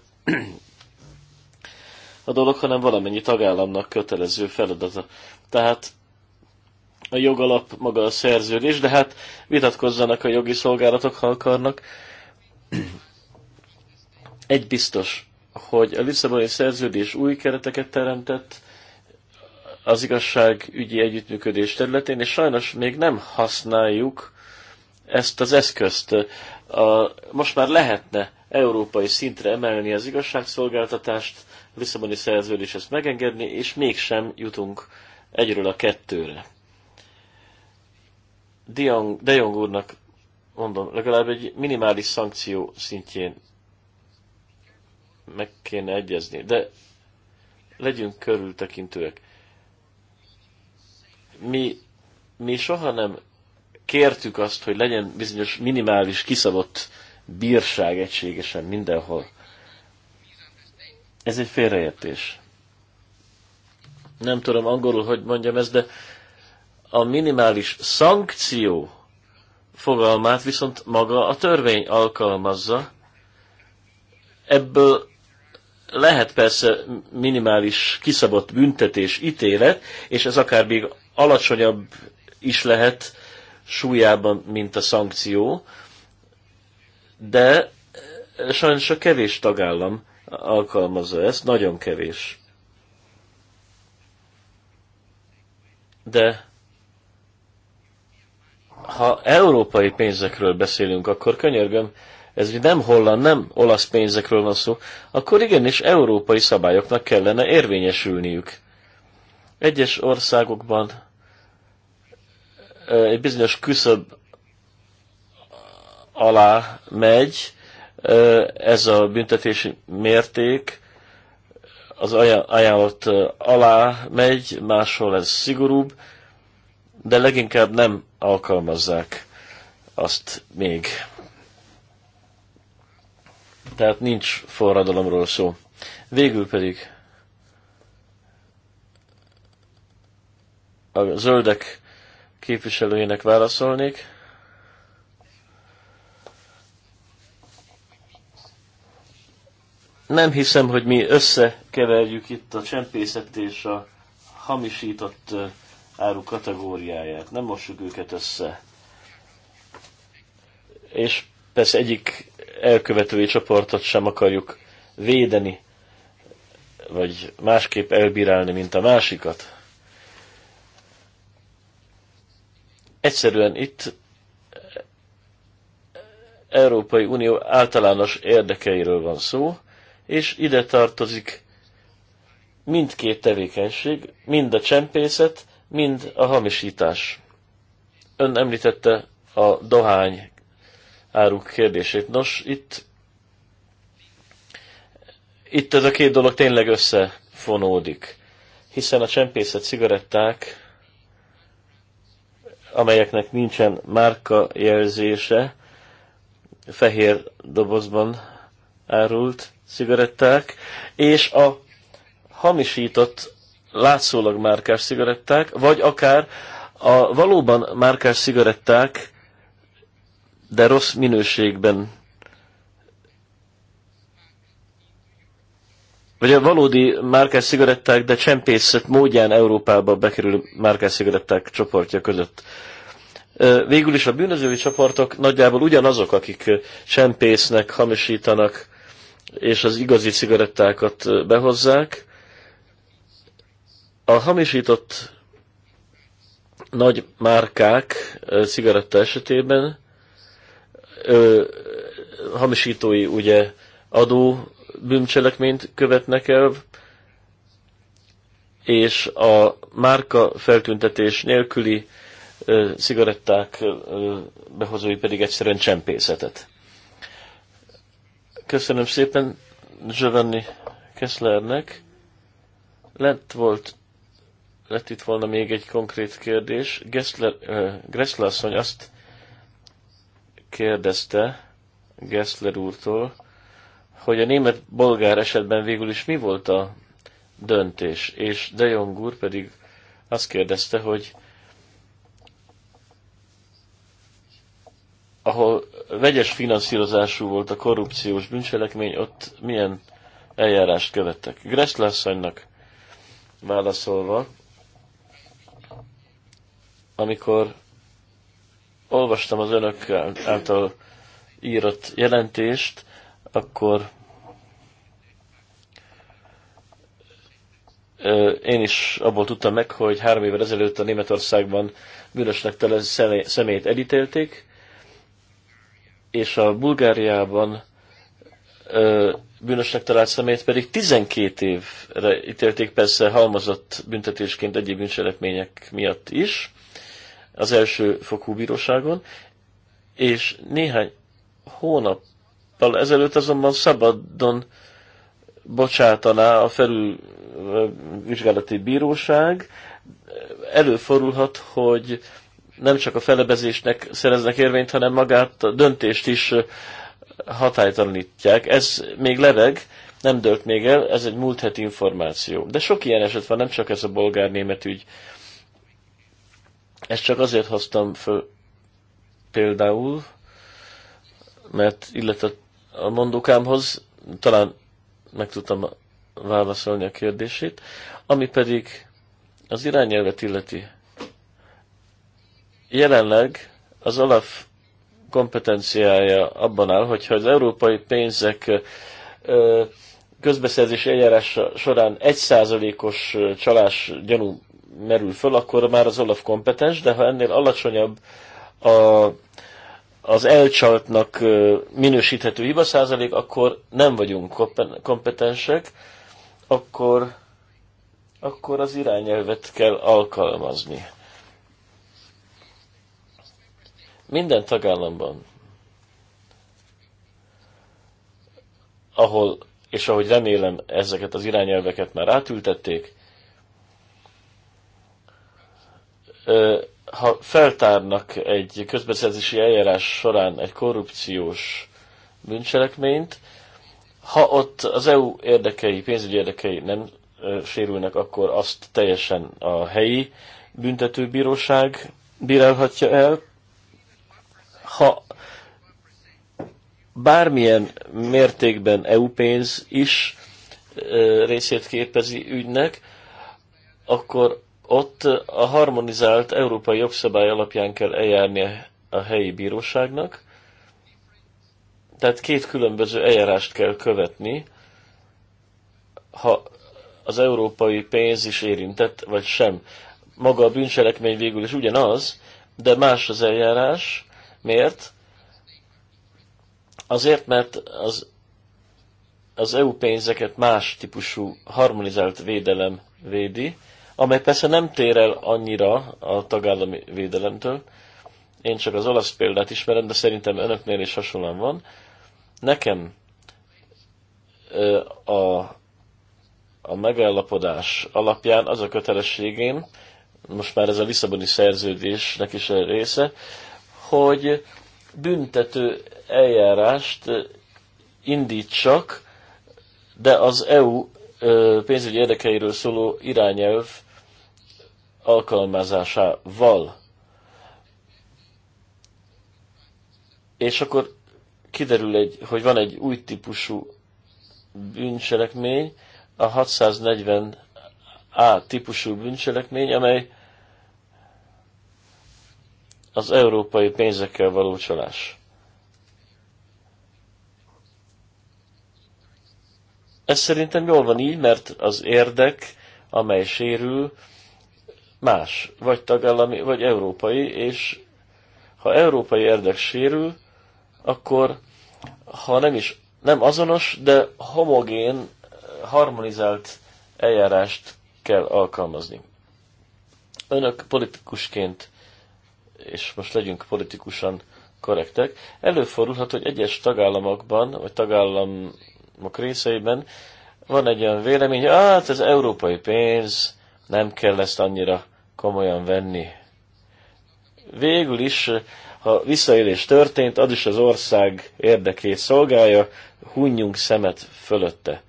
a dolog, hanem valamennyi tagállamnak kötelező feladata. Tehát a jogalap maga a szerződés, de hát vitatkozzanak a jogi szolgálatok, ha akarnak. Egy biztos, hogy a Lisszaboni szerződés új kereteket teremtett az igazságügyi együttműködés területén, és sajnos még nem használjuk ezt az eszközt. A, most már lehetne európai szintre emelni az igazságszolgáltatást, a Lisszaboni szerződés ezt megengedni, és mégsem jutunk egyről a kettőre. Dion, De Jong úrnak mondom, legalább egy minimális szankció szintjén meg kéne egyezni, de legyünk körültekintőek. Mi, mi soha nem kértük azt, hogy legyen bizonyos minimális kiszabott bírság egységesen mindenhol. Ez egy félreértés. Nem tudom angolul, hogy mondjam ezt, de a minimális szankció fogalmát viszont maga a törvény alkalmazza. Ebből lehet persze minimális kiszabott büntetés, ítélet, és ez akár még alacsonyabb is lehet súlyában, mint a szankció, de sajnos a kevés tagállam alkalmazza ezt, nagyon kevés. De ha európai pénzekről beszélünk, akkor könyörgöm, ez nem holland, nem olasz pénzekről van szó, akkor igenis európai szabályoknak kellene érvényesülniük. Egyes országokban egy bizonyos küszöb alá megy ez a büntetési mérték az ajánlott alá megy, máshol ez szigorúbb, de leginkább nem alkalmazzák azt még. Tehát nincs forradalomról szó. Végül pedig a zöldek képviselőjének válaszolnék. nem hiszem, hogy mi összekeverjük itt a csempészet és a hamisított áru kategóriáját. Nem mossuk őket össze. És persze egyik elkövetői csoportot sem akarjuk védeni, vagy másképp elbírálni, mint a másikat. Egyszerűen itt Európai Unió általános érdekeiről van szó, és ide tartozik mindkét tevékenység, mind a csempészet, mind a hamisítás. Ön említette a dohány áruk kérdését. Nos, itt, itt ez a két dolog tényleg összefonódik, hiszen a csempészet cigaretták, amelyeknek nincsen márka jelzése, fehér dobozban árult, cigaretták, és a hamisított látszólag márkás cigaretták, vagy akár a valóban márkás cigaretták, de rossz minőségben, vagy a valódi márkás cigaretták, de csempészet módján Európába bekerül márkás cigaretták csoportja között. Végül is a bűnözői csoportok nagyjából ugyanazok, akik csempésznek, hamisítanak, és az igazi cigarettákat behozzák. A hamisított nagy márkák cigaretta esetében ö, hamisítói ugye adó bűncselekményt követnek el, és a márka feltüntetés nélküli ö, cigaretták ö, behozói pedig egyszerűen csempészetet. Köszönöm szépen Giovanni Kesslernek. Lent volt, lett itt volna még egy konkrét kérdés. Gessler, uh, Gressler asszony azt kérdezte Gessler úrtól, hogy a német-bolgár esetben végül is mi volt a döntés, és De Jong úr pedig azt kérdezte, hogy ahol vegyes finanszírozású volt a korrupciós bűncselekmény, ott milyen eljárást követtek. Greszlászanynak válaszolva, amikor olvastam az önök által írott jelentést, akkor én is abból tudtam meg, hogy három évvel ezelőtt a Németországban bűnösnek tele személyt elítélték, és a Bulgáriában ö, bűnösnek talált szemét pedig 12 évre ítélték, persze halmozott büntetésként egyéb bűncselekmények miatt is, az első fokú bíróságon, és néhány hónappal ezelőtt azonban szabadon bocsátaná a felülvizsgálati bíróság. Előfordulhat, hogy nem csak a felebezésnek szereznek érvényt, hanem magát a döntést is hatálytalanítják. Ez még leveg, nem dölt még el, ez egy múlt heti információ. De sok ilyen eset van, nem csak ez a bolgár-német ügy. Ezt csak azért hoztam föl például, mert illetve a mondókámhoz talán meg tudtam válaszolni a kérdését, ami pedig az irányelvet illeti. Jelenleg az alap kompetenciája abban áll, hogyha az európai pénzek közbeszerzési eljárás során egy százalékos csalás gyanú merül föl, akkor már az Olaf kompetens, de ha ennél alacsonyabb a, az elcsaltnak minősíthető hiba százalék, akkor nem vagyunk kompetensek, akkor, akkor az irányelvet kell alkalmazni. Minden tagállamban, ahol, és ahogy remélem, ezeket az irányelveket már átültették, ha feltárnak egy közbeszerzési eljárás során egy korrupciós bűncselekményt, ha ott az EU érdekei, pénzügyi érdekei nem sérülnek, akkor azt teljesen a helyi büntetőbíróság bírálhatja el, ha bármilyen mértékben EU pénz is részét képezi ügynek, akkor ott a harmonizált európai jogszabály alapján kell eljárni a helyi bíróságnak, tehát két különböző eljárást kell követni, ha az európai pénz is érintett, vagy sem. Maga a bűncselekmény végül is ugyanaz, de más az eljárás, Miért? Azért, mert az, az EU pénzeket más típusú harmonizált védelem védi, amely persze nem tér el annyira a tagállami védelemtől. Én csak az olasz példát ismerem, de szerintem önöknél is hasonlóan van. Nekem a, a megállapodás alapján az a kötelességém, most már ez a Lisszaboni szerződésnek is a része, hogy büntető eljárást indítsak, de az EU pénzügyi érdekeiről szóló irányelv alkalmazásával. És akkor kiderül, egy, hogy van egy új típusú bűncselekmény, a 640A típusú bűncselekmény, amely az európai pénzekkel való csalás. Ez szerintem jól van így, mert az érdek, amely sérül, más, vagy tagállami, vagy európai, és ha európai érdek sérül, akkor ha nem is nem azonos, de homogén, harmonizált eljárást kell alkalmazni. Önök politikusként és most legyünk politikusan korrektek, előfordulhat, hogy egyes tagállamokban, vagy tagállamok részeiben van egy olyan vélemény, hogy hát ez európai pénz, nem kell ezt annyira komolyan venni. Végül is, ha visszaélés történt, az is az ország érdekét szolgálja, hunjunk szemet fölötte.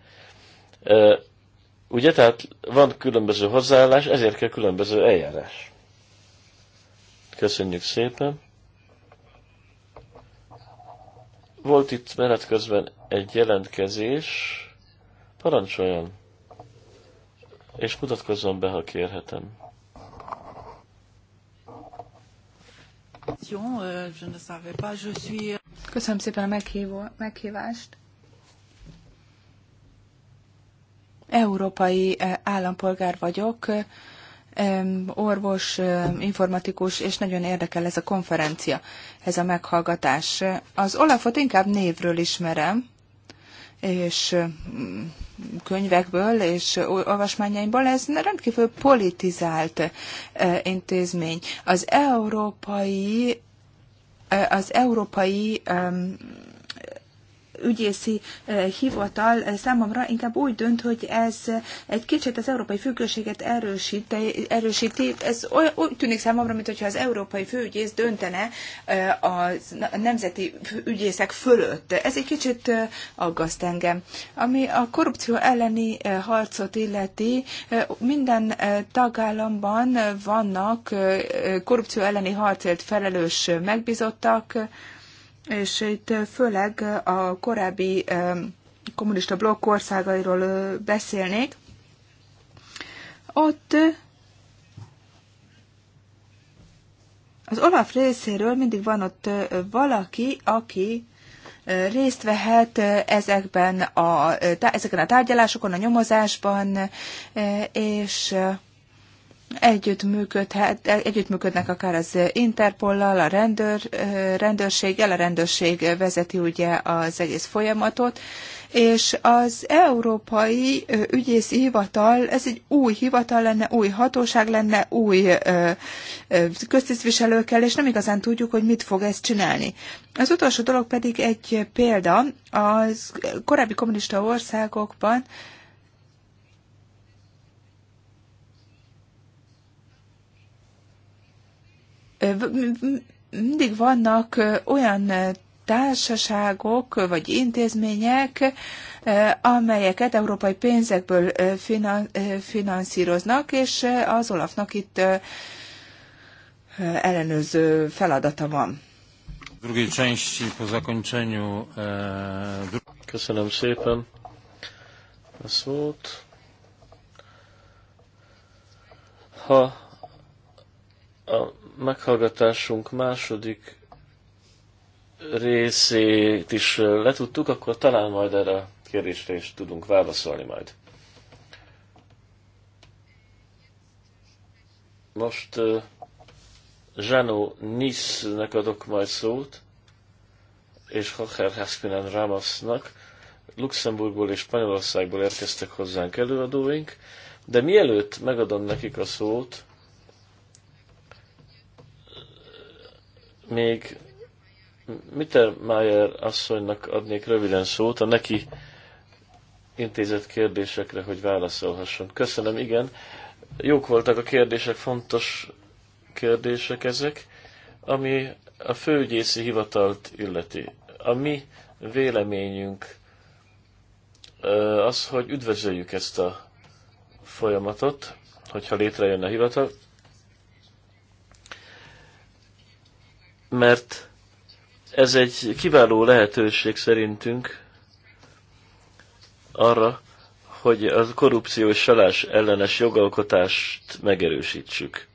Ugye, tehát van különböző hozzáállás, ezért kell különböző eljárás. Köszönjük szépen. Volt itt menet közben egy jelentkezés. Parancsoljon! És mutatkozzon be, ha kérhetem. Köszönöm szépen a meghívó, meghívást. Európai eh, állampolgár vagyok, orvos, informatikus, és nagyon érdekel ez a konferencia, ez a meghallgatás. Az Olafot inkább névről ismerem, és mm, könyvekből és olvasmányaimból, ez rendkívül politizált e, intézmény. Az európai e, az európai ügyészi eh, hivatal eh, számomra inkább úgy dönt, hogy ez eh, egy kicsit az európai függőséget erősíti. erősíti. Ez úgy tűnik számomra, mintha az európai főügyész döntene a nemzeti ügyészek fölött. Ez egy kicsit aggaszt engem. Ami a korrupció elleni harcot illeti, minden tagállamban vannak korrupció elleni harcért felelős megbizottak, és itt főleg a korábbi kommunista blokk országairól beszélnék. Ott az Olaf részéről mindig van ott valaki, aki részt vehet ezekben a, ezeken a tárgyalásokon, a nyomozásban, és együtt együttműködnek akár az Interpollal, a rendőr, rendőrséggel, a rendőrség vezeti ugye az egész folyamatot, és az Európai Ügyész Hivatal, ez egy új hivatal lenne, új hatóság lenne, új köztisztviselőkkel, és nem igazán tudjuk, hogy mit fog ezt csinálni. Az utolsó dolog pedig egy példa, az korábbi kommunista országokban mindig vannak olyan társaságok vagy intézmények, amelyeket európai pénzekből finanszíroznak, és az Olafnak itt ellenőrző feladata van. E, Köszönöm szépen a szót. Ha a meghallgatásunk második részét is letudtuk, akkor talán majd erre a kérdésre is tudunk válaszolni majd. Most Zsánó Nisznek adok majd szót, és Hacher Haskinen Ramasznak. Luxemburgból és Spanyolországból érkeztek hozzánk előadóink, de mielőtt megadom nekik a szót, még Mittermeier asszonynak adnék röviden szót a neki intézett kérdésekre, hogy válaszolhasson. Köszönöm, igen. Jók voltak a kérdések, fontos kérdések ezek, ami a főügyészi hivatalt illeti. A mi véleményünk az, hogy üdvözöljük ezt a folyamatot, hogyha létrejön a hivatal. mert ez egy kiváló lehetőség szerintünk arra, hogy a korrupció és salás ellenes jogalkotást megerősítsük.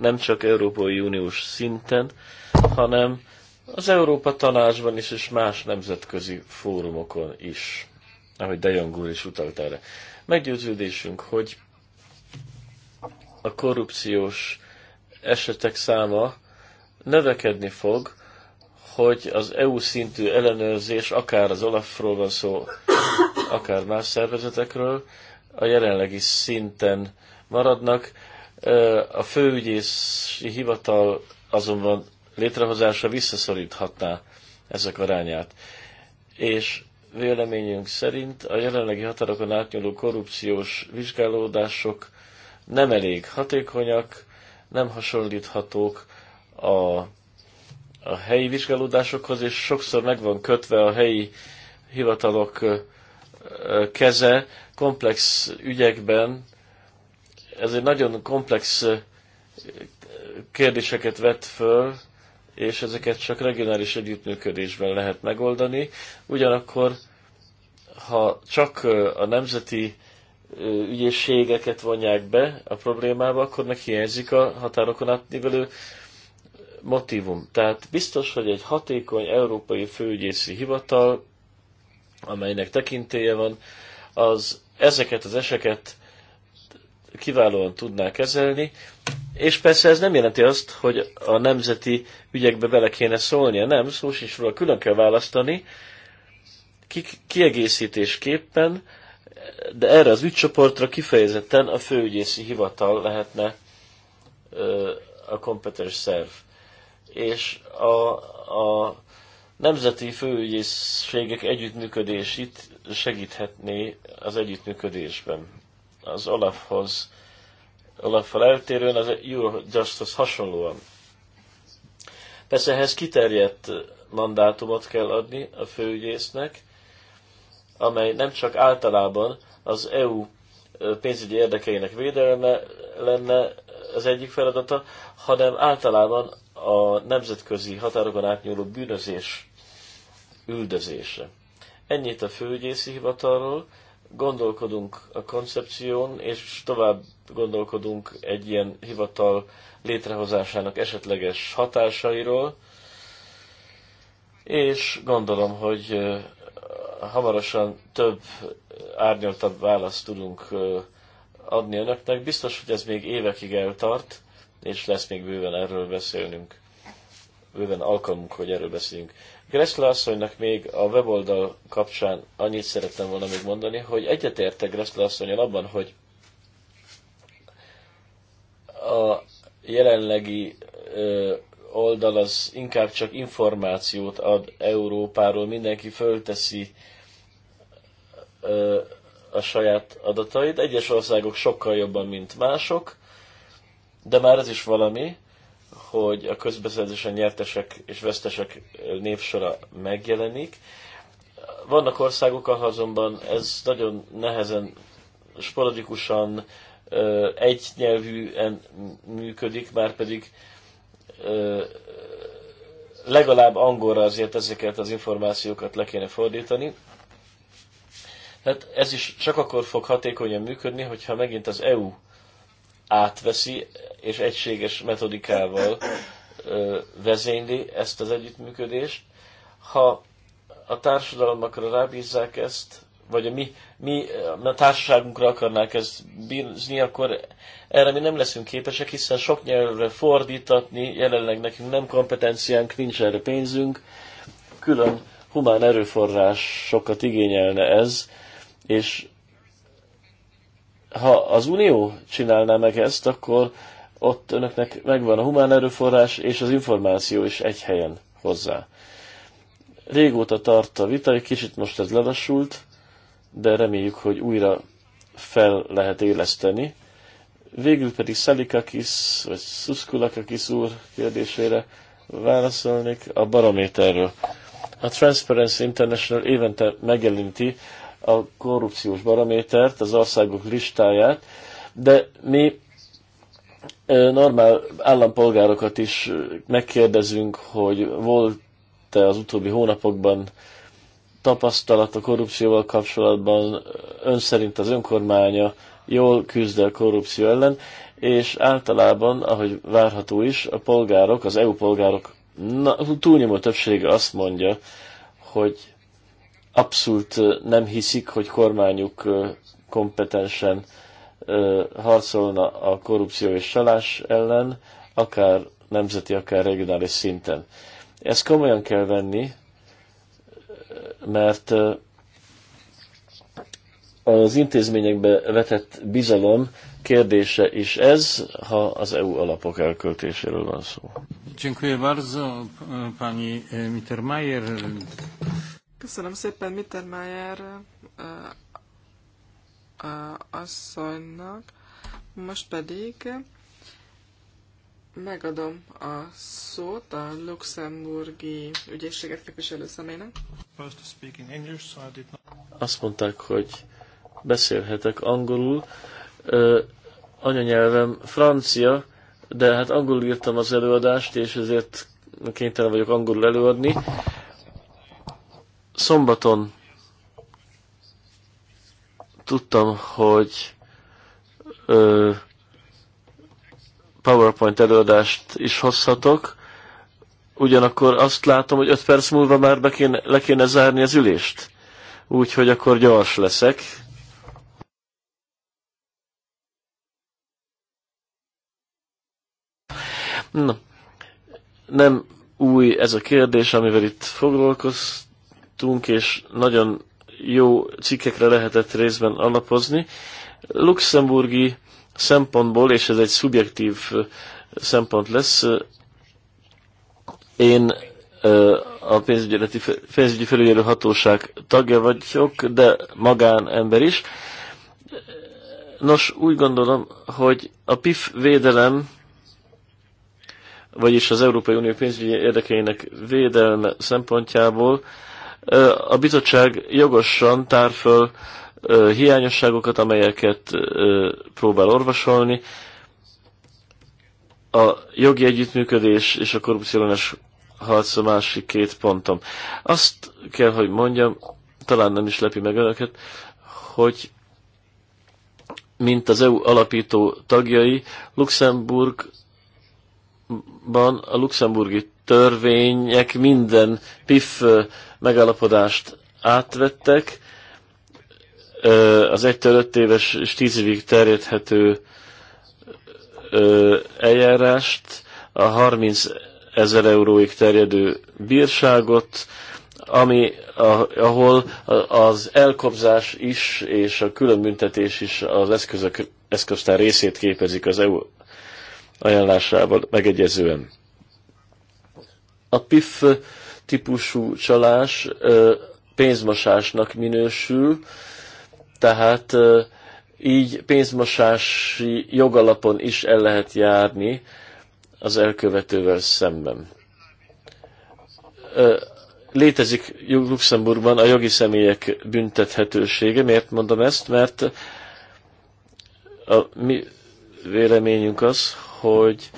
Nem csak Európai Uniós szinten, hanem az Európa Tanácsban is, és más nemzetközi fórumokon is, ahogy De Jong úr is utalt erre. Meggyőződésünk, hogy a korrupciós esetek száma növekedni fog, hogy az EU szintű ellenőrzés, akár az Olafról van szó, akár más szervezetekről, a jelenlegi szinten maradnak. A főügyészi hivatal azonban létrehozása visszaszoríthatná ezek arányát. És véleményünk szerint a jelenlegi határokon átnyúló korrupciós vizsgálódások nem elég hatékonyak, nem hasonlíthatók a, a helyi vizsgálódásokhoz, és sokszor meg van kötve a helyi hivatalok keze komplex ügyekben. Ez egy nagyon komplex kérdéseket vet föl, és ezeket csak regionális együttműködésben lehet megoldani. Ugyanakkor, ha csak a nemzeti ügyészségeket vonják be a problémába, akkor meg hiányzik a határokon átnyvelő motivum. Tehát biztos, hogy egy hatékony európai főügyészi hivatal, amelynek tekintéje van, az ezeket az eseket kiválóan tudná kezelni, és persze ez nem jelenti azt, hogy a nemzeti ügyekbe bele kéne szólnia, nem, szó sincs róla, külön kell választani, kiegészítésképpen, de erre az ügycsoportra kifejezetten a főügyészi hivatal lehetne a kompetens szerv és a, a nemzeti főügyészségek együttműködését segíthetné az együttműködésben. Az Olafhoz, Olaffal eltérően az Justice hasonlóan. Persze ehhez kiterjedt mandátumot kell adni a főügyésznek, amely nem csak általában az EU pénzügyi érdekeinek védelme lenne az egyik feladata, hanem általában a nemzetközi határokon átnyúló bűnözés üldözése. Ennyit a főügyészi hivatalról, gondolkodunk a koncepción, és tovább gondolkodunk egy ilyen hivatal létrehozásának esetleges hatásairól, és gondolom, hogy hamarosan több árnyaltabb választ tudunk adni önöknek. Biztos, hogy ez még évekig eltart, és lesz még bőven erről beszélnünk, bőven alkalmunk, hogy erről beszéljünk. Gressler asszonynak még a weboldal kapcsán annyit szerettem volna még mondani, hogy egyetértek Gressler asszonyon abban, hogy a jelenlegi oldal az inkább csak információt ad Európáról, mindenki fölteszi a saját adatait. Egyes országok sokkal jobban, mint mások, de már az is valami, hogy a közbeszerzésen nyertesek és vesztesek névsora megjelenik. Vannak országok, ahol azonban ez nagyon nehezen, sporadikusan egynyelvűen működik, már pedig legalább angolra azért ezeket az információkat le kéne fordítani. Tehát ez is csak akkor fog hatékonyan működni, hogyha megint az EU átveszi, és egységes metodikával vezényli ezt az együttműködést. Ha a társadalmakra rábízzák ezt, vagy a mi, mi a társaságunkra akarnák ezt bízni, akkor erre mi nem leszünk képesek, hiszen sok nyelvre fordítatni jelenleg nekünk nem kompetenciánk, nincs erre pénzünk, külön humán erőforrásokat igényelne ez, és ha az Unió csinálná meg ezt, akkor ott önöknek megvan a humán erőforrás és az információ is egy helyen hozzá. Régóta tart a vita, egy kicsit most ez lelassult, de reméljük, hogy újra fel lehet éleszteni. Végül pedig Szelikakis, vagy Szuszkulakakis úr kérdésére válaszolnék a barométerről. A Transparency International évente megjeleníti a korrupciós barométert, az országok listáját, de mi normál állampolgárokat is megkérdezünk, hogy volt-e az utóbbi hónapokban tapasztalat a korrupcióval kapcsolatban, ön szerint az önkormánya jól küzd el korrupció ellen, és általában, ahogy várható is, a polgárok, az EU polgárok na, túlnyomó többsége azt mondja, hogy abszolút nem hiszik, hogy kormányuk kompetensen harcolna a korrupció és csalás ellen, akár nemzeti, akár regionális szinten. Ezt komolyan kell venni, mert az intézményekbe vetett bizalom kérdése is ez, ha az EU alapok elköltéséről van szó. Dziękuję bardzo, pani Mittermeier. Köszönöm szépen Mittermeier asszonynak. Most pedig megadom a szót a luxemburgi ügyészséget képviselő személynek. Azt mondták, hogy beszélhetek angolul. anyanyelvem francia, de hát angolul írtam az előadást, és ezért kénytelen vagyok angolul előadni. Szombaton tudtam, hogy ö, PowerPoint előadást is hozhatok, ugyanakkor azt látom, hogy öt perc múlva már be kéne, le kéne zárni az ülést. Úgyhogy akkor gyors leszek. Na, nem új ez a kérdés, amivel itt foglalkoztam tudtunk, és nagyon jó cikkekre lehetett részben alapozni. Luxemburgi szempontból, és ez egy szubjektív szempont lesz, én a pénzügyi, pénzügyi felügyelő hatóság tagja vagyok, de magánember is. Nos, úgy gondolom, hogy a PIF védelem, vagyis az Európai Unió pénzügyi érdekeinek védelme szempontjából a bizottság jogosan tár föl hiányosságokat, amelyeket próbál orvosolni. A jogi együttműködés és a korrupciós harc a másik két pontom. Azt kell, hogy mondjam, talán nem is lepi meg önöket, hogy mint az EU alapító tagjai, Luxemburg ban a luxemburgi törvények minden PIF megállapodást átvettek, az 1-től éves és 10 évig terjedhető eljárást, a 30 ezer euróig terjedő bírságot, ami, ahol az elkobzás is és a különbüntetés is az eszközök, eszköztár részét képezik az EU ajánlásával megegyezően. A PIF típusú csalás pénzmosásnak minősül, tehát így pénzmosási jogalapon is el lehet járni az elkövetővel szemben. Létezik Luxemburgban a jogi személyek büntethetősége. Miért mondom ezt? Mert a mi véleményünk az, hogy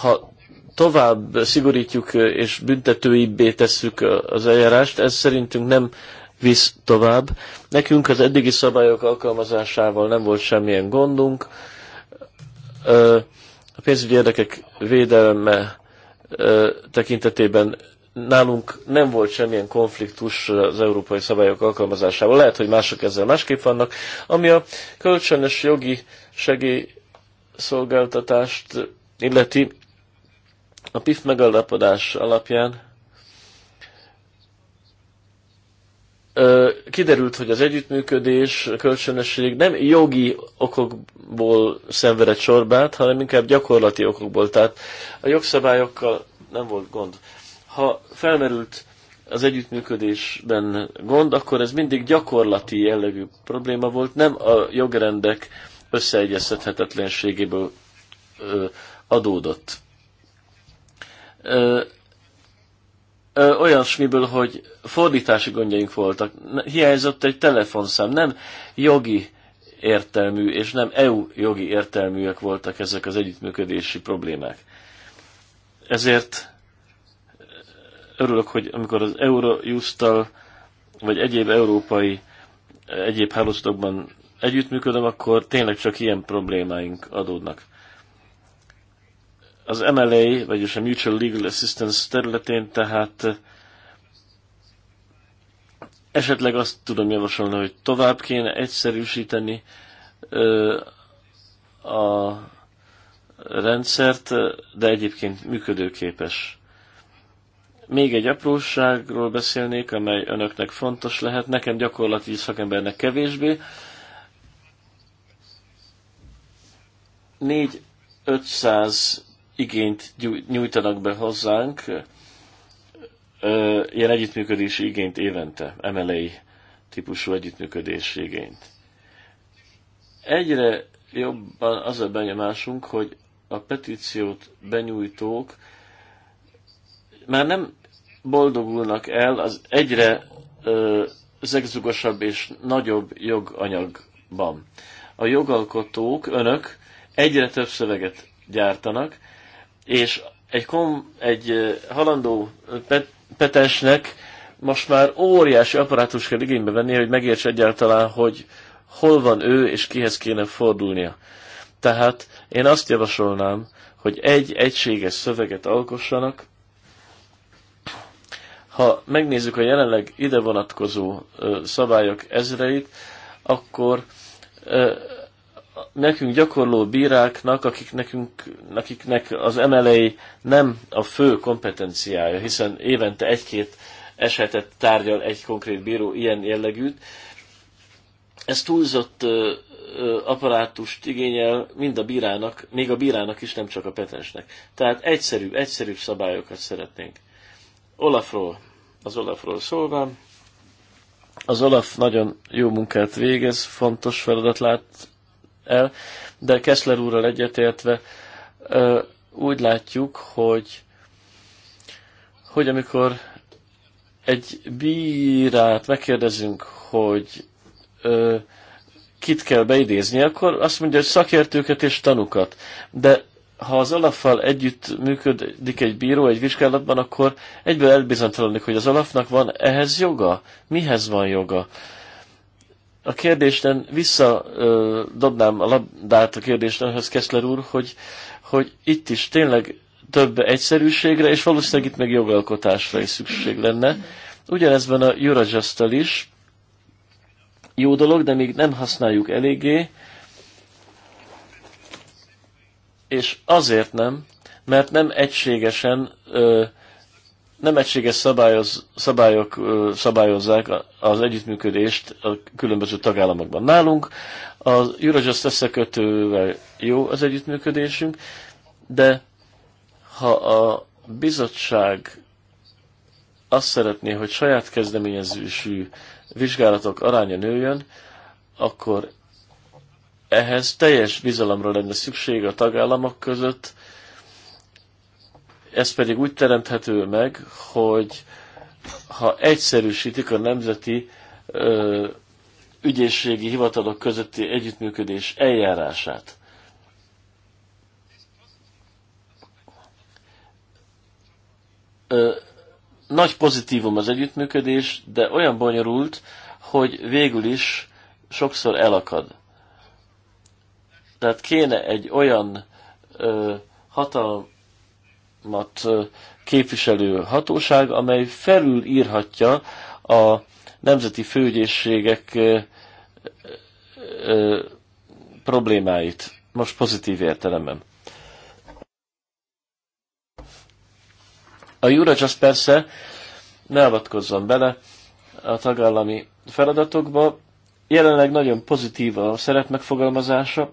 ha tovább szigorítjuk és büntetőibbé tesszük az eljárást, ez szerintünk nem visz tovább. Nekünk az eddigi szabályok alkalmazásával nem volt semmilyen gondunk. A pénzügyi érdekek védelme tekintetében nálunk nem volt semmilyen konfliktus az európai szabályok alkalmazásával. Lehet, hogy mások ezzel másképp vannak. Ami a kölcsönös jogi segély szolgáltatást illeti, a PIF megalapodás alapján kiderült, hogy az együttműködés, a kölcsönösség nem jogi okokból szenvedett sorbát, hanem inkább gyakorlati okokból. Tehát a jogszabályokkal nem volt gond. Ha felmerült az együttműködésben gond, akkor ez mindig gyakorlati jellegű probléma volt, nem a jogrendek összeegyeztethetetlenségéből adódott. Olyasmiből, hogy fordítási gondjaink voltak, hiányzott egy telefonszám, nem jogi értelmű és nem EU jogi értelműek voltak ezek az együttműködési problémák. Ezért örülök, hogy amikor az Eurojust-tal vagy egyéb európai, egyéb hálózatokban együttműködöm, akkor tényleg csak ilyen problémáink adódnak. Az MLA, vagyis a Mutual Legal Assistance területén tehát eh, esetleg azt tudom javasolni, hogy tovább kéne egyszerűsíteni eh, a rendszert, de egyébként működőképes. Még egy apróságról beszélnék, amely önöknek fontos lehet, nekem gyakorlati szakembernek kevésbé. 4-500 igényt nyújtanak be hozzánk, ilyen együttműködési igényt évente, emelei típusú együttműködési igényt. Egyre jobban az a benyomásunk, hogy a petíciót benyújtók már nem boldogulnak el az egyre zegzugosabb és nagyobb joganyagban. A jogalkotók, önök Egyre több szöveget gyártanak, és egy, kom, egy halandó pet, petesnek most már óriási apparátus kell igénybe venni, hogy megérts egyáltalán, hogy hol van ő, és kihez kéne fordulnia. Tehát én azt javasolnám, hogy egy egységes szöveget alkossanak. Ha megnézzük a jelenleg ide vonatkozó szabályok ezreit, akkor nekünk gyakorló bíráknak, akik nekünk, akiknek az MLA nem a fő kompetenciája, hiszen évente egy-két esetet tárgyal egy konkrét bíró ilyen jellegűt, ez túlzott apparátust igényel mind a bírának, még a bírának is, nem csak a petensnek. Tehát egyszerűbb, egyszerűbb szabályokat szeretnénk. Olafról, az Olafról szólva, az Olaf nagyon jó munkát végez, fontos feladat lát el, de Kessler úrral egyetértve úgy látjuk, hogy, hogy amikor egy bírát megkérdezünk, hogy ö, kit kell beidézni, akkor azt mondja, hogy szakértőket és tanukat. De ha az alaffal együtt működik egy bíró egy vizsgálatban, akkor egyből elbizonytalanodik, hogy az alapnak van ehhez joga, mihez van joga. Ö, a kérdésten dobnám a labdát a kérdéstenhez, Keszler úr, hogy, hogy itt is tényleg több egyszerűségre, és valószínűleg itt meg jogalkotásra is szükség lenne. Ugyanez van a eurojust is jó dolog, de még nem használjuk eléggé, és azért nem, mert nem egységesen ö, nem egységes szabályoz, szabályok szabályozzák az együttműködést a különböző tagállamokban. Nálunk az Eurojust összekötővel jó az együttműködésünk, de ha a bizottság azt szeretné, hogy saját kezdeményezésű vizsgálatok aránya nőjön, akkor ehhez teljes bizalomra lenne szükség a tagállamok között, ez pedig úgy teremthető meg, hogy ha egyszerűsítik a nemzeti ö, ügyészségi hivatalok közötti együttműködés eljárását, ö, nagy pozitívum az együttműködés, de olyan bonyolult, hogy végül is sokszor elakad. Tehát kéne egy olyan ö, államot képviselő hatóság, amely felülírhatja a nemzeti főügyészségek problémáit, most pozitív értelemben. A Eurojust persze ne avatkozzon bele a tagállami feladatokba. Jelenleg nagyon pozitív a szerep megfogalmazása. A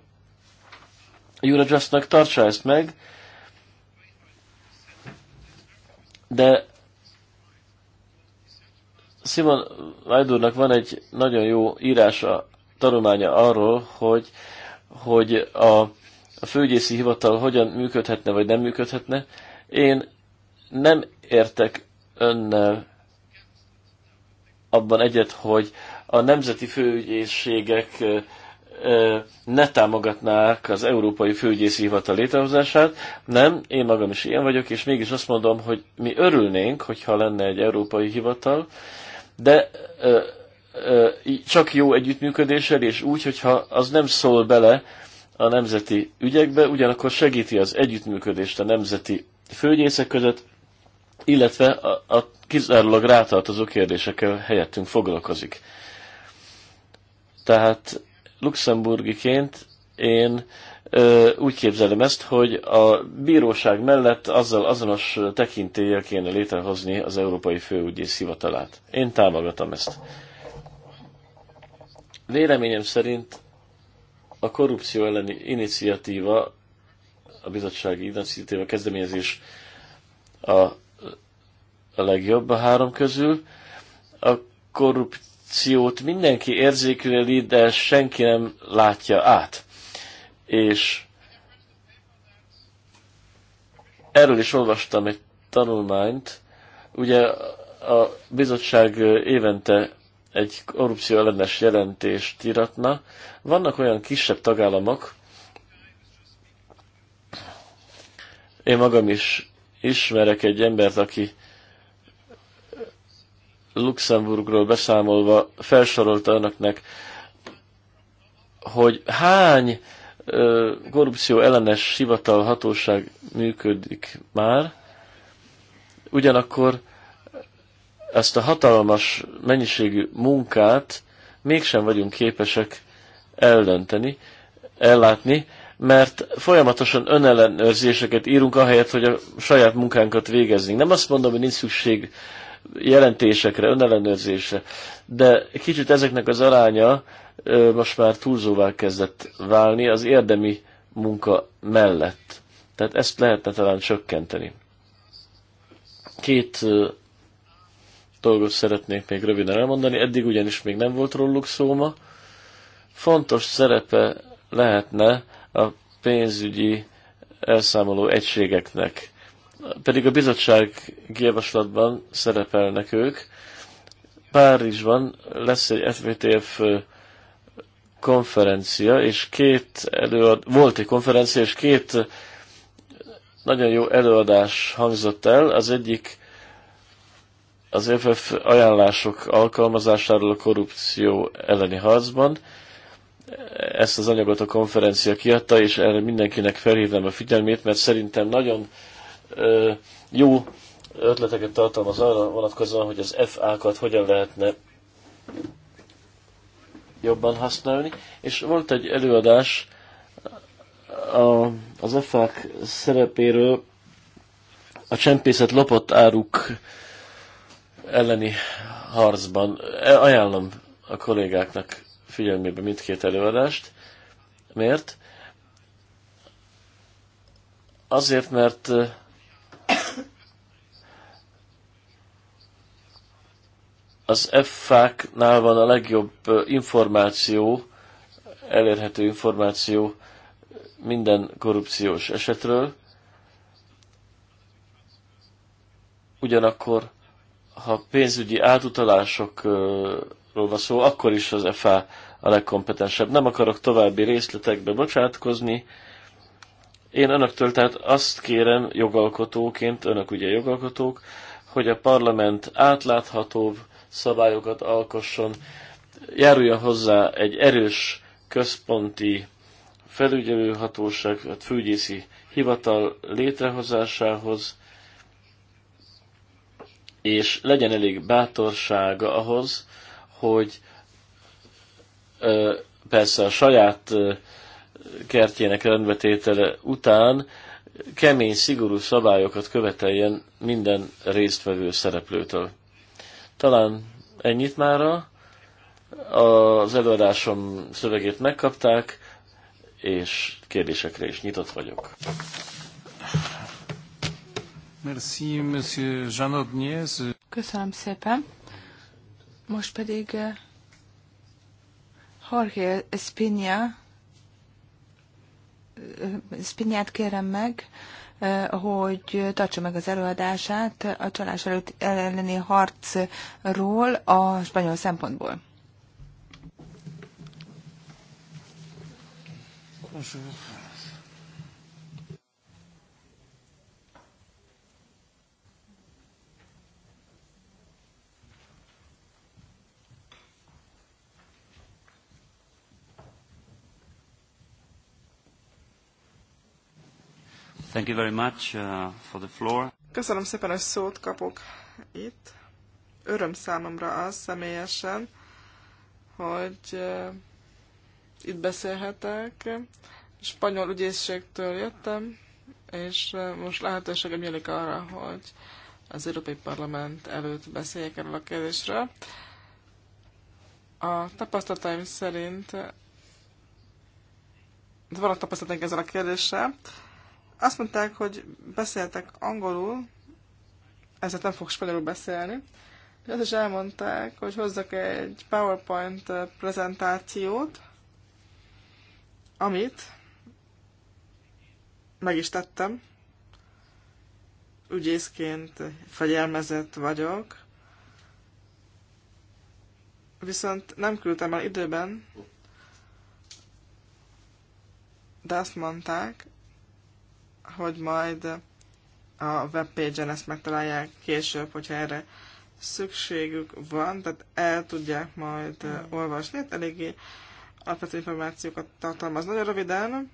Eurojustnak tartsa ezt meg, De Simon Vajdurnak van egy nagyon jó írása, tanulmánya arról, hogy, hogy a, a főgyészi hivatal hogyan működhetne, vagy nem működhetne. Én nem értek önnel abban egyet, hogy a nemzeti főügyészségek ne támogatnák az Európai Főgyészi Hivatal létrehozását. Nem, én magam is ilyen vagyok, és mégis azt mondom, hogy mi örülnénk, hogyha lenne egy Európai Hivatal, de ö, ö, csak jó együttműködéssel, és úgy, hogyha az nem szól bele a nemzeti ügyekbe, ugyanakkor segíti az együttműködést a nemzeti főgyészek között, illetve a, a kizárólag rátartozó kérdésekkel helyettünk foglalkozik. Tehát luxemburgiként én ö, úgy képzelem ezt, hogy a bíróság mellett azzal azonos tekintélyel kéne létrehozni az Európai Főügyész Hivatalát. Én támogatom ezt. Véleményem szerint a korrupció elleni iniciatíva, a bizottsági iniciatíva kezdeményezés a, a legjobb a három közül. A korrupció korrupciót mindenki érzékeli, de senki nem látja át. És erről is olvastam egy tanulmányt. Ugye a bizottság évente egy korrupció ellenes jelentést iratna. Vannak olyan kisebb tagállamok, én magam is ismerek egy embert, aki Luxemburgról beszámolva felsorolta önöknek, hogy hány korrupció ellenes hivatal hatóság működik már, ugyanakkor ezt a hatalmas mennyiségű munkát mégsem vagyunk képesek ellenteni, ellátni, mert folyamatosan önellenőrzéseket írunk, ahelyett, hogy a saját munkánkat végeznénk. Nem azt mondom, hogy nincs szükség jelentésekre, önellenőrzésre, de kicsit ezeknek az aránya most már túlzóvá kezdett válni az érdemi munka mellett. Tehát ezt lehetne talán csökkenteni. Két dolgot szeretnék még röviden elmondani, eddig ugyanis még nem volt róluk szóma. Fontos szerepe lehetne a pénzügyi elszámoló egységeknek pedig a bizottság javaslatban szerepelnek ők. Párizsban lesz egy FVTF konferencia, és két előad, volt egy konferencia, és két nagyon jó előadás hangzott el. Az egyik az FF ajánlások alkalmazásáról a korrupció elleni harcban. Ezt az anyagot a konferencia kiadta, és erre mindenkinek felhívnám a figyelmét, mert szerintem nagyon jó ötleteket tartalmaz arra vonatkozóan, hogy az FA-kat hogyan lehetne jobban használni. És volt egy előadás a, az FA-k szerepéről a csempészet lopott áruk elleni harcban. E, ajánlom a kollégáknak figyelmébe mindkét előadást. Miért? Azért, mert az F-fáknál van a legjobb információ, elérhető információ minden korrupciós esetről. Ugyanakkor, ha pénzügyi átutalásokról van szó, akkor is az FA a legkompetensebb. Nem akarok további részletekbe bocsátkozni. Én önöktől tehát azt kérem jogalkotóként, önök ugye jogalkotók, hogy a parlament átláthatóbb, szabályokat alkosson, járuljon hozzá egy erős központi felügyelőhatóság, a főgyészi hivatal létrehozásához, és legyen elég bátorsága ahhoz, hogy persze a saját kertjének rendbetétele után kemény, szigorú szabályokat követeljen minden résztvevő szereplőtől. Talán ennyit mára. Az előadásom szövegét megkapták, és kérdésekre is nyitott vagyok. Merci, monsieur Janodniez. Köszönöm szépen. Most pedig eh, Jorge Spinia, eh, Spinyát kérem meg, hogy tartsa meg az előadását a csalás előtt elleni harcról a spanyol szempontból. Bonjour. Thank you very much uh, for the floor. Köszönöm szépen, hogy szót kapok itt. Öröm számomra az személyesen, hogy uh, itt beszélhetek. Spanyol ügyészségtől jöttem, és uh, most lehetőségem nyílik arra, hogy az Európai Parlament előtt beszéljek erről a kérdésről. A tapasztalataim szerint a tapasztalataink ezzel a kérdéssel, azt mondták, hogy beszéltek angolul, ezért nem fogok spanyolul beszélni, és azt is elmondták, hogy hozzak egy PowerPoint prezentációt, amit meg is tettem. Ügyészként fegyelmezett vagyok, viszont nem küldtem el időben, de azt mondták, hogy majd a webpage-en ezt megtalálják később, hogyha erre szükségük van, tehát el tudják majd olvasni, hát eléggé alapvető információkat tartalmaz. Nagyon röviden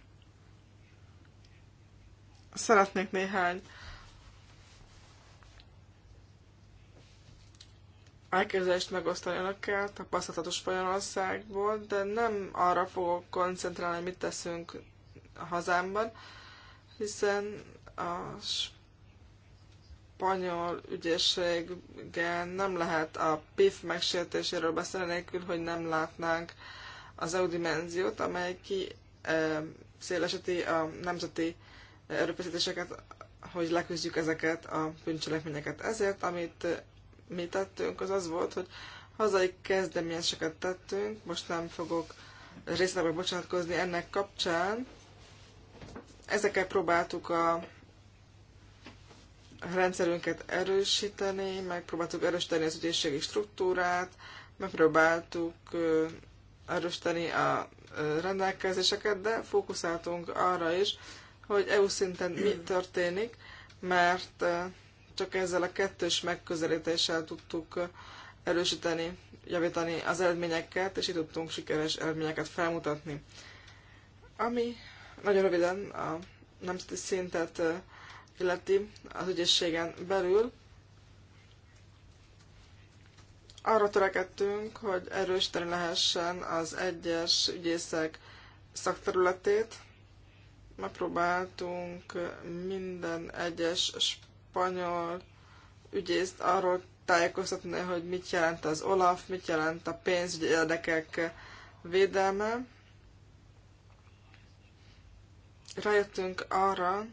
szeretnék néhány elképzelést megosztani önökkel tapasztalatos Spanyolországból, de nem arra fogok koncentrálni, mit teszünk a hazámban, hiszen a spanyol ügyészségen nem lehet a PIF megsértéséről beszélni nélkül, hogy nem látnánk az EU dimenziót, amely ki széleseti a nemzeti erőfeszítéseket, hogy leküzdjük ezeket a bűncselekményeket. Ezért, amit mi tettünk, az az volt, hogy hazai kezdeményeseket tettünk, most nem fogok részletekbe bocsátkozni ennek kapcsán, Ezekkel próbáltuk a rendszerünket erősíteni, megpróbáltuk erősíteni az ügyészségi struktúrát, megpróbáltuk erősíteni a rendelkezéseket, de fókuszáltunk arra is, hogy EU szinten mi történik, mert csak ezzel a kettős megközelítéssel tudtuk erősíteni, javítani az eredményeket, és így tudtunk sikeres eredményeket felmutatni. Ami nagyon röviden a nemzeti szintet illeti az ügyészségen belül. Arra törekedtünk, hogy erősíteni lehessen az egyes ügyészek szakterületét. Megpróbáltunk minden egyes spanyol ügyészt arról tájékoztatni, hogy mit jelent az OLAF, mit jelent a pénzügyi érdekek védelme rájöttünk arra,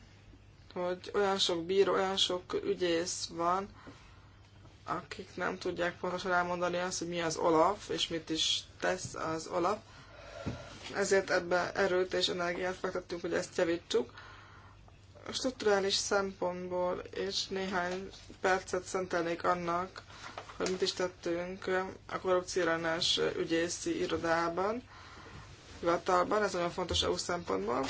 hogy olyan sok bíró, olyan sok ügyész van, akik nem tudják pontosan elmondani azt, hogy mi az Olaf, és mit is tesz az Olaf. Ezért ebbe erőt és energiát fektettünk, hogy ezt javítsuk. A strukturális szempontból és néhány percet szentelnék annak, hogy mit is tettünk a korrupcióellenes ügyészi irodában, hivatalban, ez nagyon fontos EU szempontból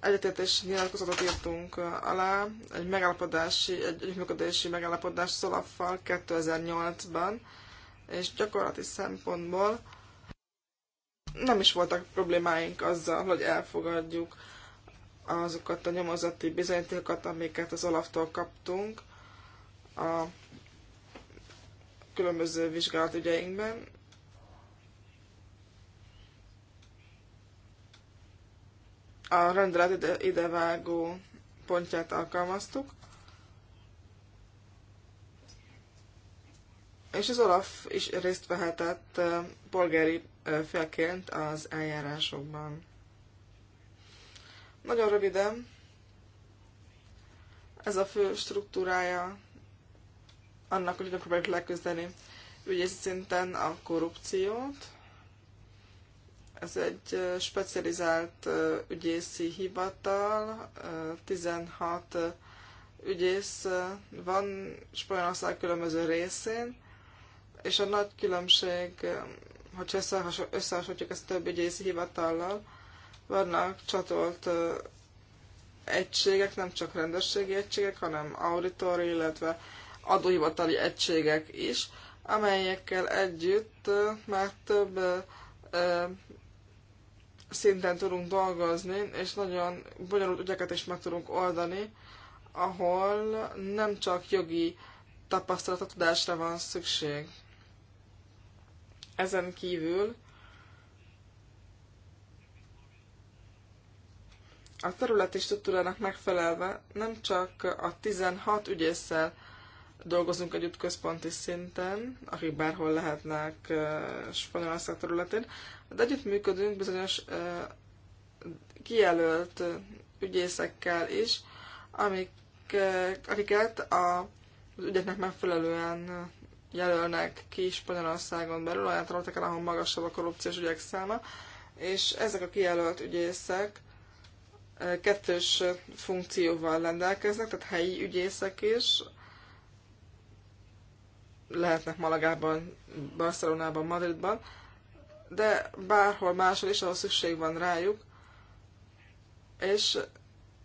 egyetértési nyilatkozatot írtunk uh, alá, egy megállapodási, egy ügyműködési megállapodás Szolaffal 2008-ban, és gyakorlati szempontból nem is voltak problémáink azzal, hogy elfogadjuk azokat a nyomozati bizonyítékokat, amiket az Olaftól kaptunk a különböző vizsgálatügyeinkben, a rendelet ide, idevágó pontját alkalmaztuk. És az Olaf is részt vehetett polgári félként az eljárásokban. Nagyon röviden, ez a fő struktúrája annak, hogy próbáljuk leküzdeni ügyészi szinten a korrupciót. Ez egy specializált ügyészi hivatal, 16 ügyész van Spanyolország különböző részén, és a nagy különbség, hogyha összehasonlítjuk ezt a több ügyészi hivatallal, vannak csatolt egységek, nem csak rendőrségi egységek, hanem auditori, illetve adóhivatali egységek is, amelyekkel együtt már több szinten tudunk dolgozni, és nagyon bonyolult ügyeket is meg tudunk oldani, ahol nem csak jogi tapasztalatra, tudásra van szükség. Ezen kívül a területi struktúrának megfelelve nem csak a 16 ügyésszel dolgozunk együtt központi szinten, akik bárhol lehetnek eh, Spanyolország területén, de hát együttműködünk bizonyos kijelölt ügyészekkel is, amik, akiket a, az ügyeknek megfelelően jelölnek ki Spanyolországon belül, olyan területeken, ahol magasabb a korrupciós ügyek száma, és ezek a kijelölt ügyészek kettős funkcióval rendelkeznek, tehát helyi ügyészek is, lehetnek Malagában, Barcelonában, Madridban, de bárhol máshol is, ahol szükség van rájuk. És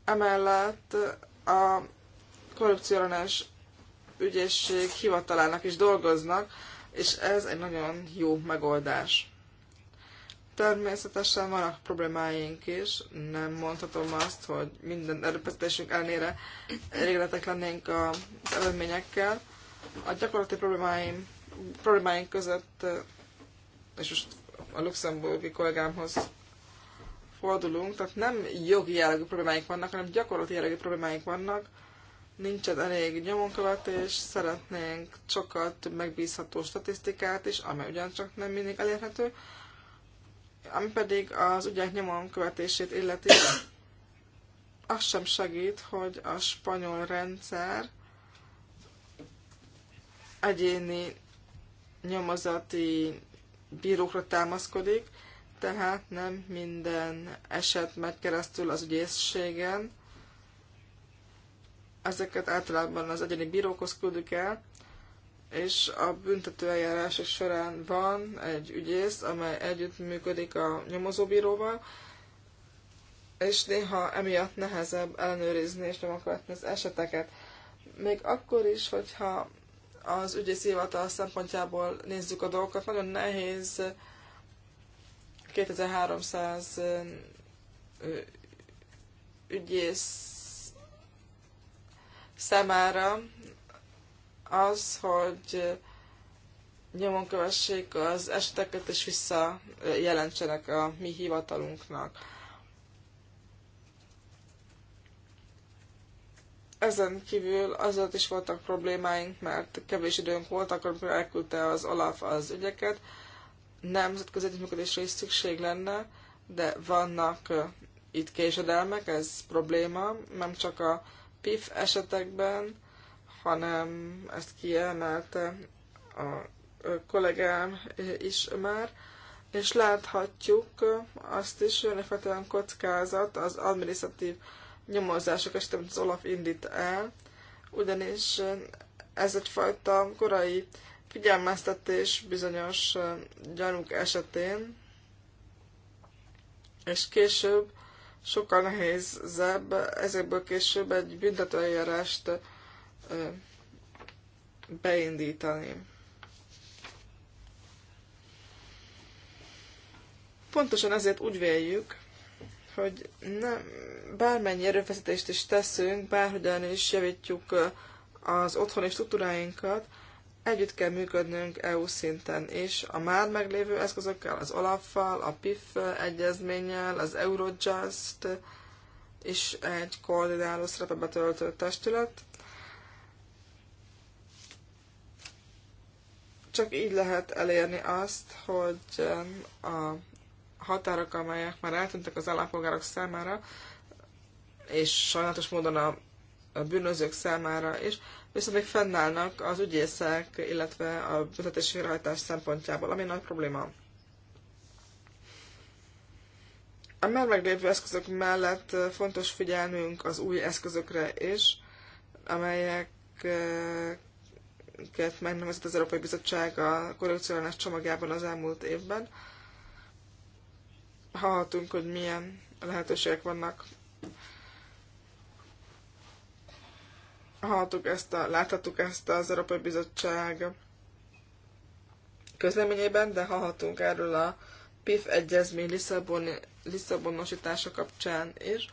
emellett a korrupcióellenes ügyészség hivatalának is dolgoznak, és ez egy nagyon jó megoldás. Természetesen vannak problémáink is, nem mondhatom azt, hogy minden erőfeszítésünk elnére elégedettek lennénk az eredményekkel. A gyakorlati problémáim, problémáink között, és most a luxemburgi kollégámhoz fordulunk, tehát nem jogi jellegű problémáik vannak, hanem gyakorlati jellegű problémáik vannak, nincsen elég nyomonkövet, és szeretnénk sokkal több megbízható statisztikát is, amely ugyancsak nem mindig elérhető, ami pedig az ügyek nyomonkövetését illeti, az sem segít, hogy a spanyol rendszer egyéni nyomozati bírókra támaszkodik, tehát nem minden eset megy keresztül az ügyészségen. Ezeket általában az egyéni bírókhoz küldik el, és a büntetőeljárás során van egy ügyész, amely együttműködik a nyomozóbíróval, és néha emiatt nehezebb ellenőrizni és nyomokatni az eseteket. Még akkor is, hogyha az ügyész hivatal szempontjából nézzük a dolgokat, nagyon nehéz 2300 ügyész számára az, hogy nyomon kövessék az eseteket, és visszajelentsenek a mi hivatalunknak. Ezen kívül azért is voltak problémáink, mert kevés időnk volt, akkor amikor elküldte az Olaf az ügyeket, nemzetközi együttműködésre is szükség lenne, de vannak itt késedelmek, ez probléma, nem csak a PIF esetekben, hanem ezt kiemelte a kollégám is már, és láthatjuk azt is, hogy feltétlenül kockázat az administratív nyomozások amit az Olaf indít el, ugyanis ez egyfajta korai figyelmeztetés bizonyos gyanúk esetén, és később sokkal nehézebb ezekből később egy büntetőeljárást beindítani. Pontosan ezért úgy véljük, hogy nem, bármennyi erőfeszítést is teszünk, bárhogyan is javítjuk az otthoni struktúráinkat, együtt kell működnünk EU szinten is, a már meglévő eszközökkel, az OLAF-fal, a PIF egyezménnyel, az Eurojust és egy koordináló szerepe betöltő testület. Csak így lehet elérni azt, hogy a határok, amelyek már eltűntek az állampolgárok számára, és sajnálatos módon a, bűnözők számára is, viszont még fennállnak az ügyészek, illetve a büntetési végrehajtás szempontjából, ami nagy probléma. A már meglévő eszközök mellett fontos figyelnünk az új eszközökre is, amelyeket megnevezett az Európai Bizottság a korrekcionálás csomagjában az elmúlt évben hallhatunk, hogy milyen lehetőségek vannak. Hallhatunk ezt a, láthatunk ezt az Európai Bizottság közleményében, de hallhatunk erről a PIF egyezmény Lisszaboni, Lisszabonosítása kapcsán is,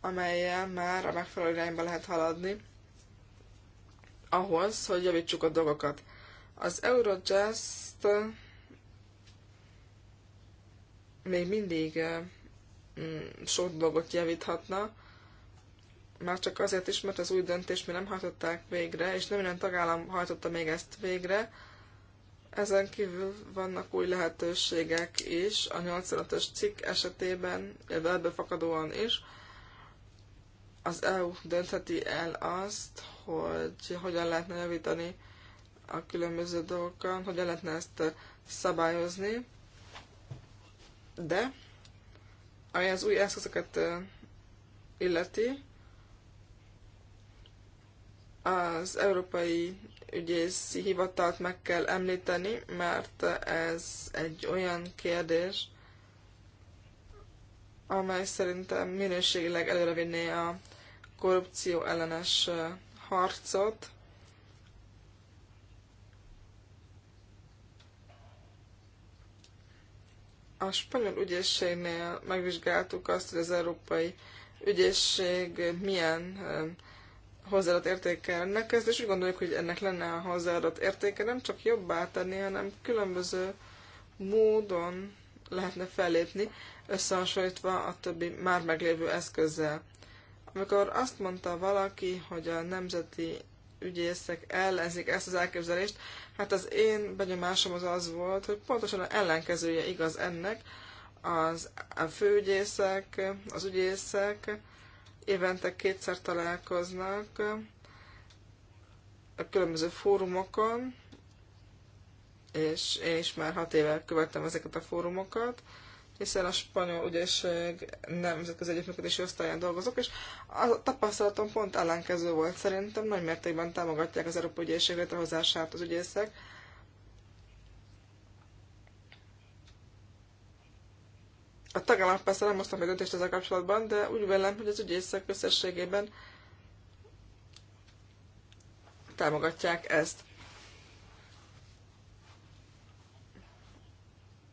amelyel már a megfelelő irányba lehet haladni ahhoz, hogy javítsuk a dolgokat. Az Eurojust még mindig mm, sok dolgot javíthatna, már csak azért is, mert az új döntés mi nem hajtották végre, és nem minden tagállam hajtotta még ezt végre. Ezen kívül vannak új lehetőségek is, a 85-ös cikk esetében, illetve ebből fakadóan is. Az EU döntheti el azt, hogy hogyan lehetne javítani a különböző dolgokat, hogyan lehetne ezt szabályozni de ami az új eszközöket illeti, az Európai Ügyészi Hivatalt meg kell említeni, mert ez egy olyan kérdés, amely szerintem minőségileg előrevinné a korrupció ellenes harcot, A spanyol ügyészségnél megvizsgáltuk azt, hogy az európai ügyészség milyen hozzáadott értéke ennek, és úgy gondoljuk, hogy ennek lenne a hozzáadott értéke, nem csak jobbá tenni, hanem különböző módon lehetne fellépni, összehasonlítva a többi már meglévő eszközzel. Amikor azt mondta valaki, hogy a nemzeti ügyészek ellenzik ezt az elképzelést, hát az én benyomásom az az volt, hogy pontosan az ellenkezője igaz ennek, az a főügyészek, az ügyészek évente kétszer találkoznak a különböző fórumokon, és én is már hat éve követtem ezeket a fórumokat, hiszen a spanyol ügyészség nemzetközi együttműködési osztályán dolgozok, és a tapasztalatom pont ellenkező volt. Szerintem nagy mértékben támogatják az Európai Ügyészség létrehozását az ügyészek. A tagállam persze nem hoztam egy döntést ezzel kapcsolatban, de úgy vélem, hogy az ügyészek összességében támogatják ezt.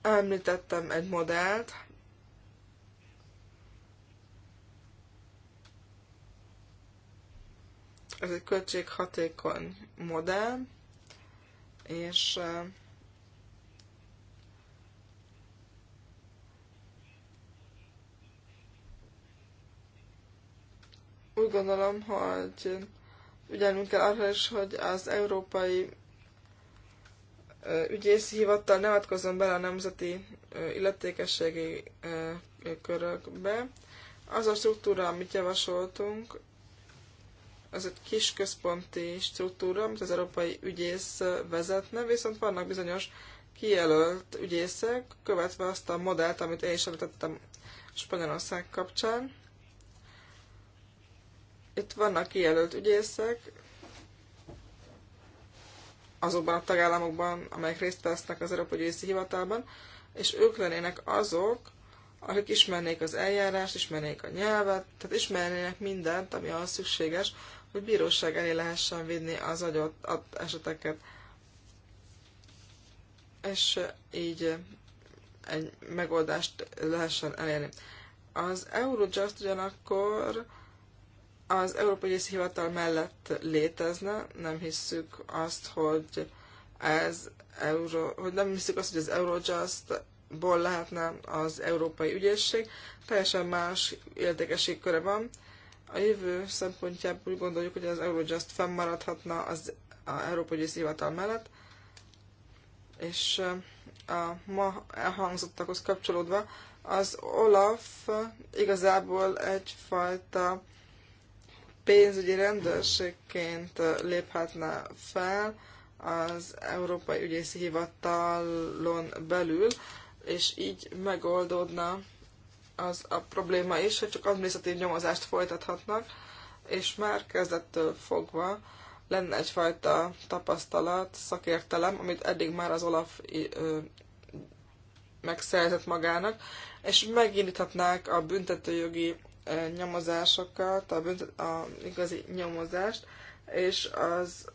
Említettem egy modellt, ez egy költséghatékony modell, és úgy gondolom, hogy ugyanúgy kell arra is, hogy az európai ügyész hivattal ne avatkozzon bele a nemzeti illetékességi körökbe. Az a struktúra, amit javasoltunk, az egy kis központi struktúra, amit az európai ügyész vezetne, viszont vannak bizonyos kijelölt ügyészek, követve azt a modellt, amit én is említettem Spanyolország kapcsán. Itt vannak kijelölt ügyészek, azokban a tagállamokban, amelyek részt vesznek az Európai Ügyészi Hivatalban, és ők lennének azok, akik ismernék az eljárást, ismernék a nyelvet, tehát ismernének mindent, ami ahhoz szükséges, hogy bíróság elé lehessen vinni az adott eseteket. És így egy megoldást lehessen elérni. Az Eurojust ugyanakkor az Európai Ügyészi Hivatal mellett létezne, nem hisszük azt, hogy ez Euro, hogy nem hiszük azt, hogy az Eurojust-ból lehetne az Európai Ügyészség, teljesen más köre van. A jövő szempontjából úgy gondoljuk, hogy az Eurojust fennmaradhatna az a Európai Ügyészi Hivatal mellett, és eh, a ma elhangzottakhoz kapcsolódva az Olaf igazából egyfajta pénzügyi rendőrségként léphetne fel az Európai Ügyészi Hivatalon belül, és így megoldódna az a probléma is, hogy csak administratív nyomozást folytathatnak, és már kezdettől fogva lenne egyfajta tapasztalat, szakértelem, amit eddig már az Olaf megszerzett magának, és megindíthatnák a büntetőjogi nyomozásokat, a, büntet, a igazi nyomozást, és az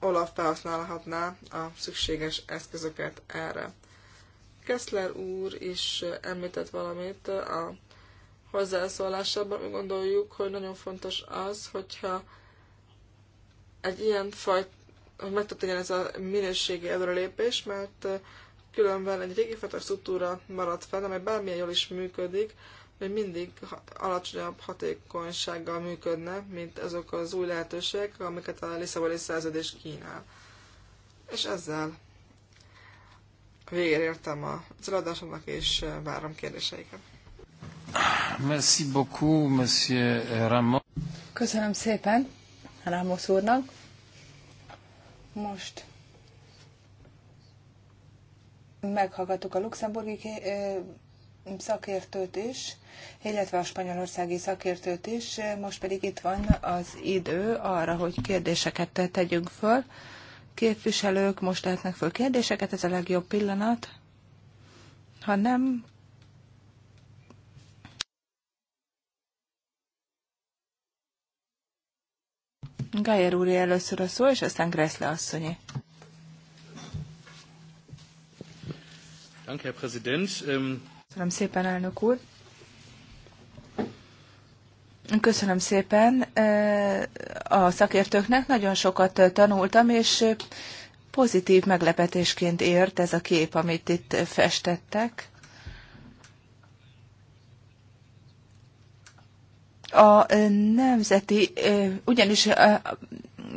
Olaf felhasználhatná a szükséges eszközöket erre. Kessler úr is említett valamit a hozzászólásában. Mi gondoljuk, hogy nagyon fontos az, hogyha egy ilyen fajt, hogy megtörténjen ez a minőségi előrelépés, mert különben egy régi fajta struktúra marad fel, amely bármilyen jól is működik, még mindig alacsonyabb hatékonysággal működnek, mint azok az új lehetőségek, amiket a Lisszaboni szerződés kínál. És ezzel végére értem a eladásomnak, és várom kérdéseiket. Merci beaucoup, monsieur Ramos. Köszönöm szépen Ramos úrnak. Most meghallgattuk a luxemburgi szakértőt is, illetve a spanyolországi szakértőt is. Most pedig itt van az idő arra, hogy kérdéseket tegyünk föl. Képviselők most tehetnek föl kérdéseket, ez a legjobb pillanat. Ha nem, Gájer úr először a szó, és aztán Greszle asszonyi. Danke, Herr Präsident. Ähm, Köszönöm szépen, elnök úr. Köszönöm szépen e, a szakértőknek, nagyon sokat tanultam, és pozitív meglepetésként ért ez a kép, amit itt festettek. A nemzeti, e, ugyanis e,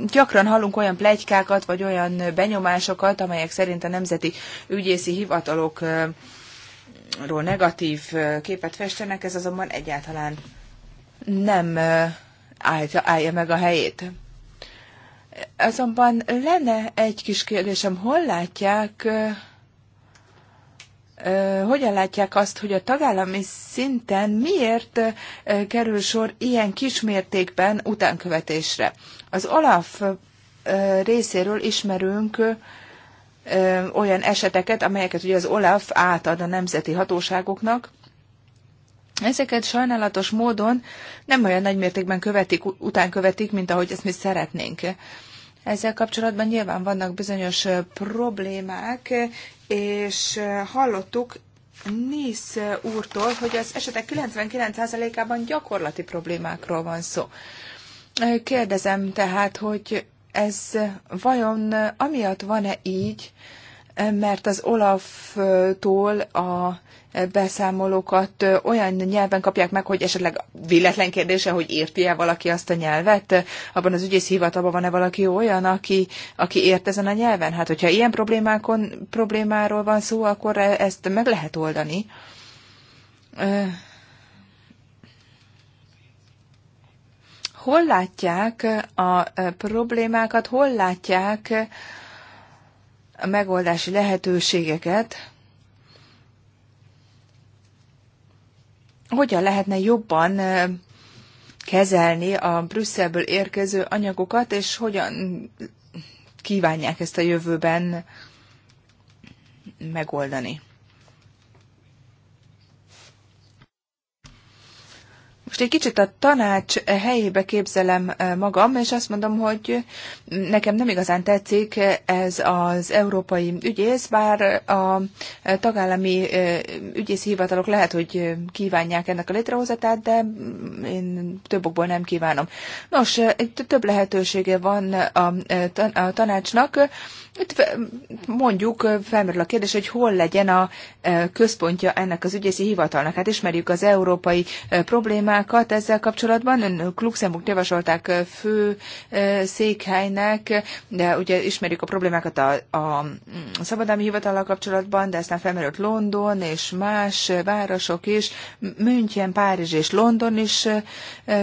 gyakran hallunk olyan plegykákat, vagy olyan benyomásokat, amelyek szerint a nemzeti ügyészi hivatalok ról negatív képet festenek, ez azonban egyáltalán nem állja, állja meg a helyét. Azonban lenne egy kis kérdésem, hol látják, hogyan látják azt, hogy a tagállami szinten miért kerül sor ilyen kismértékben utánkövetésre? Az Olaf részéről ismerünk olyan eseteket, amelyeket ugye az OLAF átad a nemzeti hatóságoknak, Ezeket sajnálatos módon nem olyan nagymértékben követik, után követik, mint ahogy ezt mi szeretnénk. Ezzel kapcsolatban nyilván vannak bizonyos problémák, és hallottuk Nisz úrtól, hogy az esetek 99%-ában gyakorlati problémákról van szó. Kérdezem tehát, hogy ez vajon amiatt van-e így, mert az Olaf-tól a beszámolókat olyan nyelven kapják meg, hogy esetleg véletlen kérdése, hogy érti-e valaki azt a nyelvet, abban az ügyész hivatalban van-e valaki olyan, aki, aki ért ezen a nyelven? Hát, hogyha ilyen problémákon, problémáról van szó, akkor e- ezt meg lehet oldani. hol látják a problémákat, hol látják a megoldási lehetőségeket, hogyan lehetne jobban kezelni a Brüsszelből érkező anyagokat, és hogyan kívánják ezt a jövőben megoldani. Most egy kicsit a tanács helyébe képzelem e, magam, és azt mondom, hogy nekem nem igazán tetszik ez az európai ügyész, bár a tagállami e, ügyészi hivatalok lehet, hogy kívánják ennek a létrehozatát, de én több okból nem kívánom. Nos, több lehetősége van a e, tanácsnak, Hát, mondjuk felmerül a kérdés, hogy hol legyen a központja ennek az ügyészi hivatalnak. Hát ismerjük az európai problémákat ezzel kapcsolatban. Önök Luxemburg javasolták fő székhelynek, de ugye ismerjük a problémákat a, a szabadalmi hivatallal kapcsolatban, de aztán felmerült London és más városok is. München, Párizs és London is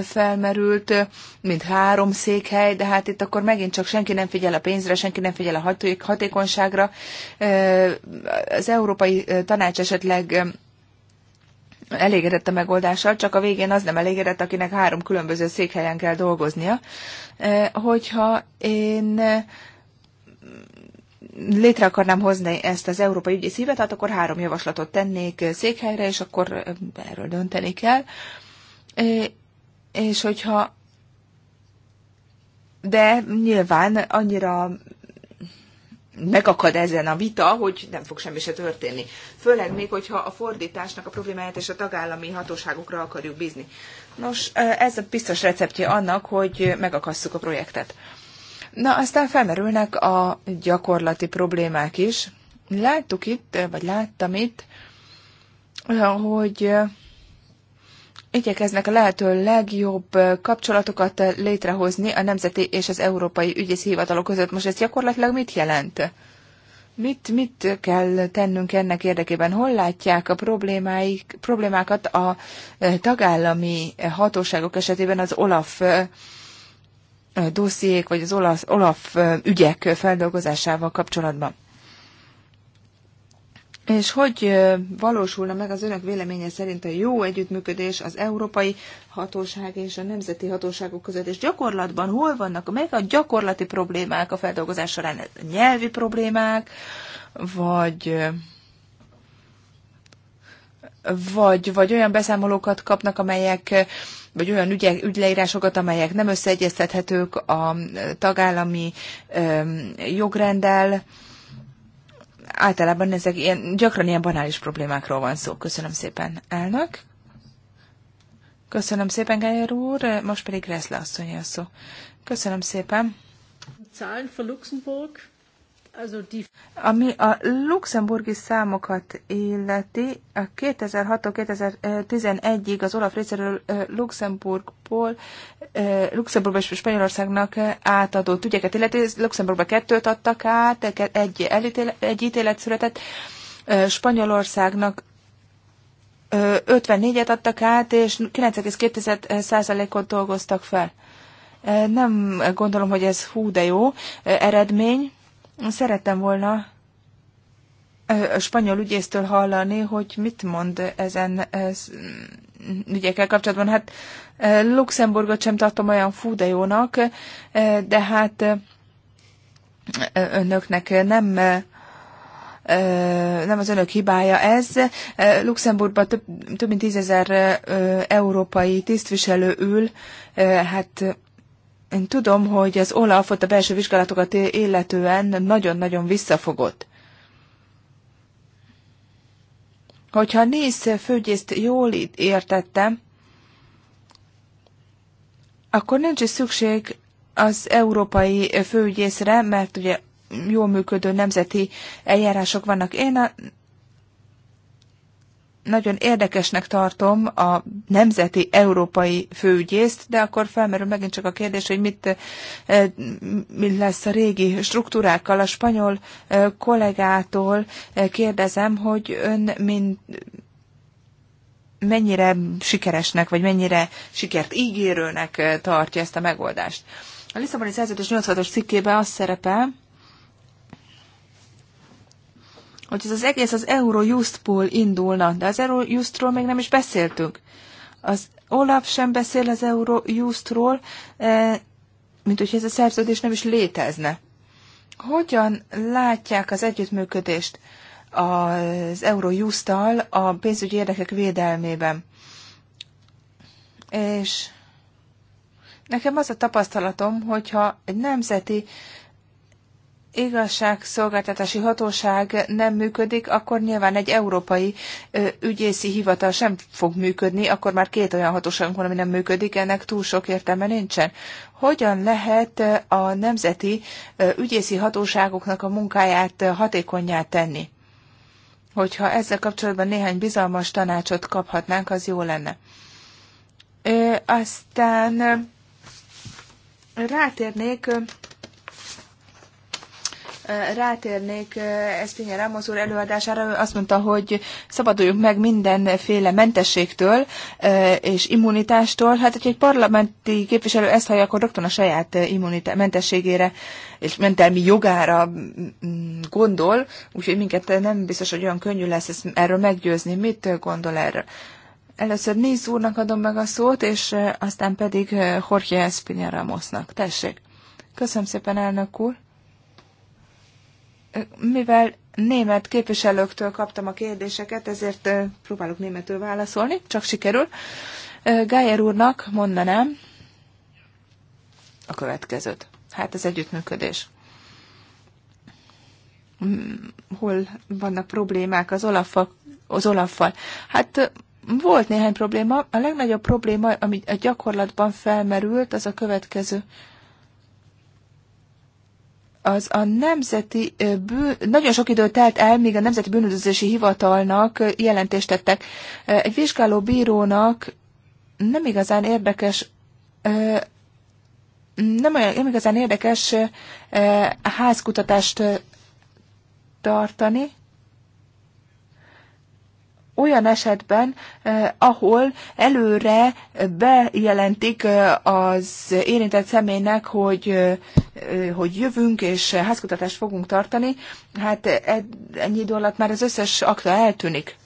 felmerült, mint három székhely, de hát itt akkor megint csak senki nem figyel a pénzre, senki nem figyel a haték, hatékonyságra. Az Európai Tanács esetleg elégedett a megoldással, csak a végén az nem elégedett, akinek három különböző székhelyen kell dolgoznia. Hogyha én létre akarnám hozni ezt az Európai Ügyi Szívet, hát akkor három javaslatot tennék székhelyre, és akkor erről dönteni kell. És hogyha de nyilván annyira megakad ezen a vita, hogy nem fog semmi se történni. Főleg még, hogyha a fordításnak a problémáját és a tagállami hatóságokra akarjuk bízni. Nos, eh, ez a biztos receptje annak, hogy megakasszuk a projektet. Na, aztán felmerülnek a gyakorlati problémák is. Láttuk itt, vagy láttam itt, hogy eh, igyekeznek a lehető legjobb kapcsolatokat létrehozni a nemzeti és az európai ügyész hivatalok között. Most ez gyakorlatilag mit jelent? Mit, mit kell tennünk ennek érdekében? Hol látják a problémáik, problémákat a tagállami hatóságok esetében az OLAF dossziék, vagy az OLAF, OLAF ügyek feldolgozásával kapcsolatban? És hogy valósulna meg az önök véleménye szerint a jó együttműködés az európai hatóság és a nemzeti hatóságok között? És gyakorlatban hol vannak, meg a gyakorlati problémák a feldolgozás során? Nyelvi problémák, vagy vagy, vagy olyan beszámolókat kapnak, amelyek, vagy olyan ügye, ügyleírásokat, amelyek nem összeegyeztethetők a tagállami öm, jogrendel, általában ezek ilyen, gyakran ilyen banális problémákról van szó. Köszönöm szépen, elnök. Köszönöm szépen, Gájer úr. Most pedig Reszle asszony a szó. Köszönöm szépen. Zahlen für Luxemburg ami a luxemburgi számokat illeti, a 2006-2011-ig az Olaf részéről Luxemburgból, Luxemburgba és Spanyolországnak átadott ügyeket illeti. Luxemburgba kettőt adtak át, egy, elítéle, egy ítélet született, Spanyolországnak 54-et adtak át, és 9,2%-ot dolgoztak fel. Nem gondolom, hogy ez hú de jó eredmény. Szerettem volna a spanyol ügyésztől hallani, hogy mit mond ezen ez, ügyekkel kapcsolatban. Hát Luxemburgot sem tartom olyan fú de jónak, de hát önöknek nem nem az önök hibája ez. Luxemburgban több, több mint tízezer európai tisztviselő ül, hát én tudom, hogy az Olafot a belső vizsgálatokat illetően nagyon-nagyon visszafogott. Hogyha Nész főgyészt jól értettem, akkor nincs is szükség az európai főgyészre, mert ugye jól működő nemzeti eljárások vannak. Én a nagyon érdekesnek tartom a nemzeti európai főügyészt, de akkor felmerül megint csak a kérdés, hogy mit, eh, mi lesz a régi struktúrákkal. A spanyol eh, kollégától eh, kérdezem, hogy ön mint mennyire sikeresnek, vagy mennyire sikert ígérőnek tartja ezt a megoldást. A Lisszaboni szerződés 86-os cikkében az szerepel, hogy ez az egész az Eurojustból indulna, de az Eurojustról még nem is beszéltünk. Az Olaf sem beszél az Eurojustról, e, mint hogy ez a szerződés nem is létezne. Hogyan látják az együttműködést az Eurojusttal a pénzügyi érdekek védelmében? És nekem az a tapasztalatom, hogyha egy nemzeti igazságszolgáltatási hatóság nem működik, akkor nyilván egy európai ügyészi hivatal sem fog működni, akkor már két olyan hatóságunk van, ami nem működik, ennek túl sok értelme nincsen. Hogyan lehet a nemzeti ügyészi hatóságoknak a munkáját hatékonyá tenni? Hogyha ezzel kapcsolatban néhány bizalmas tanácsot kaphatnánk, az jó lenne. Aztán rátérnék Rátérnék eh, Eszpénye Ramos úr előadására, ő azt mondta, hogy szabaduljunk meg mindenféle mentességtől eh, és immunitástól. Hát, hogyha egy parlamenti képviselő ezt hallja, akkor rögtön a saját eh, immunitá- mentességére és mentelmi jogára mm, mm, gondol, úgyhogy minket nem biztos, hogy olyan könnyű lesz ezt, erről meggyőzni. Mit gondol erről? Először Nisz úrnak adom meg a szót, és aztán pedig Jorge Espinel Ramosnak. Tessék! Köszönöm szépen, elnök úr! mivel német képviselőktől kaptam a kérdéseket, ezért próbálok németül válaszolni, csak sikerül. Gájer úrnak mondanám a következőt. Hát ez együttműködés. Mm, hol vannak problémák az olaffal? Az olaffal. Hát volt néhány probléma. A legnagyobb probléma, ami a gyakorlatban felmerült, az a következő az a nemzeti bűn, nagyon sok idő telt el, míg a Nemzeti Bűnözési Hivatalnak jelentést tettek. Egy vizsgáló bírónak nem igazán érdekes nem, olyan, nem igazán érdekes házkutatást tartani, olyan esetben, eh, ahol előre bejelentik eh, az érintett személynek, hogy, eh, hogy jövünk és házkutatást fogunk tartani, hát ennyi idő alatt már az összes akta eltűnik.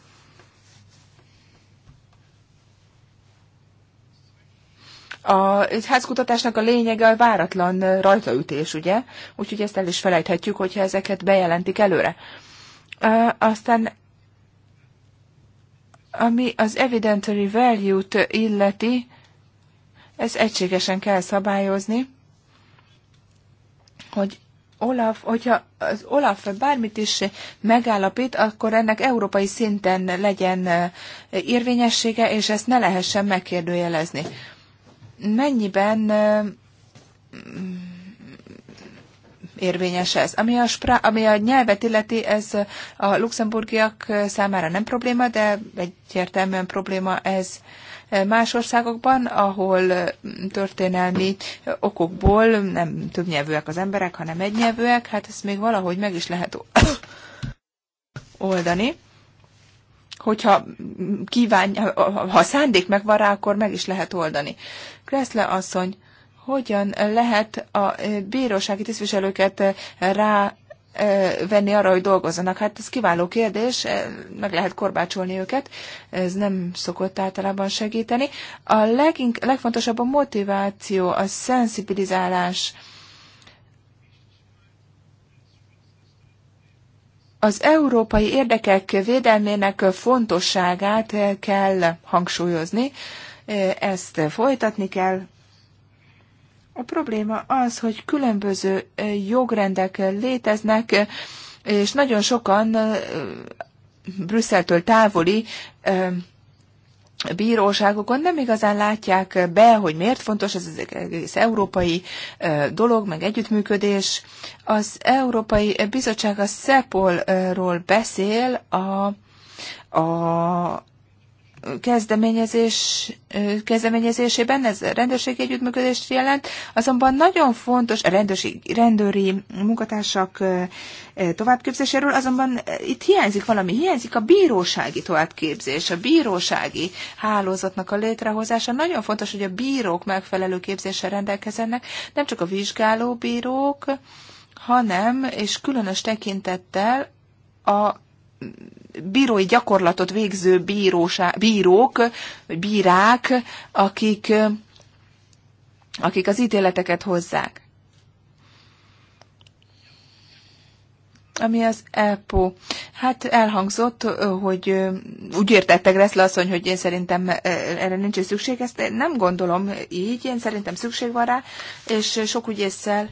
A házkutatásnak a lényege a váratlan rajtaütés, ugye? Úgyhogy ezt el is felejthetjük, hogyha ezeket bejelentik előre. Aztán ami az evidentiary value-t illeti, ez egységesen kell szabályozni, hogy Olaf, hogyha az Olaf bármit is megállapít, akkor ennek európai szinten legyen érvényessége, és ezt ne lehessen megkérdőjelezni. Mennyiben érvényes ez. Ami a, spra, ami a nyelvet illeti, ez a luxemburgiak számára nem probléma, de egyértelműen probléma ez más országokban, ahol mm, történelmi okokból nem nyelvűek az emberek, hanem egynyelvűek, hát ezt még valahogy meg is lehet oldani. Hogyha mm, kívánja, ha szándék megvan rá, akkor meg is lehet oldani. Kreszle asszony, hogyan lehet a bírósági tisztviselőket rá venni arra, hogy dolgozzanak. Hát ez kiváló kérdés, meg lehet korbácsolni őket, ez nem szokott általában segíteni. A legink, legfontosabb a motiváció, a szensibilizálás. Az európai érdekek védelmének fontosságát kell hangsúlyozni, ezt folytatni kell, a probléma az, hogy különböző jogrendek léteznek, és nagyon sokan Brüsszeltől távoli bíróságokon nem igazán látják be, hogy miért fontos ez az egész európai dolog, meg együttműködés. Az Európai Bizottság a Szepolról ról beszél a, a kezdeményezés, kezdeményezésében, ez rendőrségi együttműködést jelent, azonban nagyon fontos a rendőri munkatársak továbbképzéséről, azonban itt hiányzik valami, hiányzik a bírósági továbbképzés, a bírósági hálózatnak a létrehozása. Nagyon fontos, hogy a bírók megfelelő képzéssel rendelkezzenek, nem csak a vizsgáló bírók, hanem, és különös tekintettel a bírói gyakorlatot végző bírósá, bírók, bírák, akik, akik az ítéleteket hozzák. ami az EPO. Hát elhangzott, hogy úgy értettek lesz asszony, hogy én szerintem erre nincs szükség, ezt nem gondolom így, én szerintem szükség van rá, és sok ügyésszel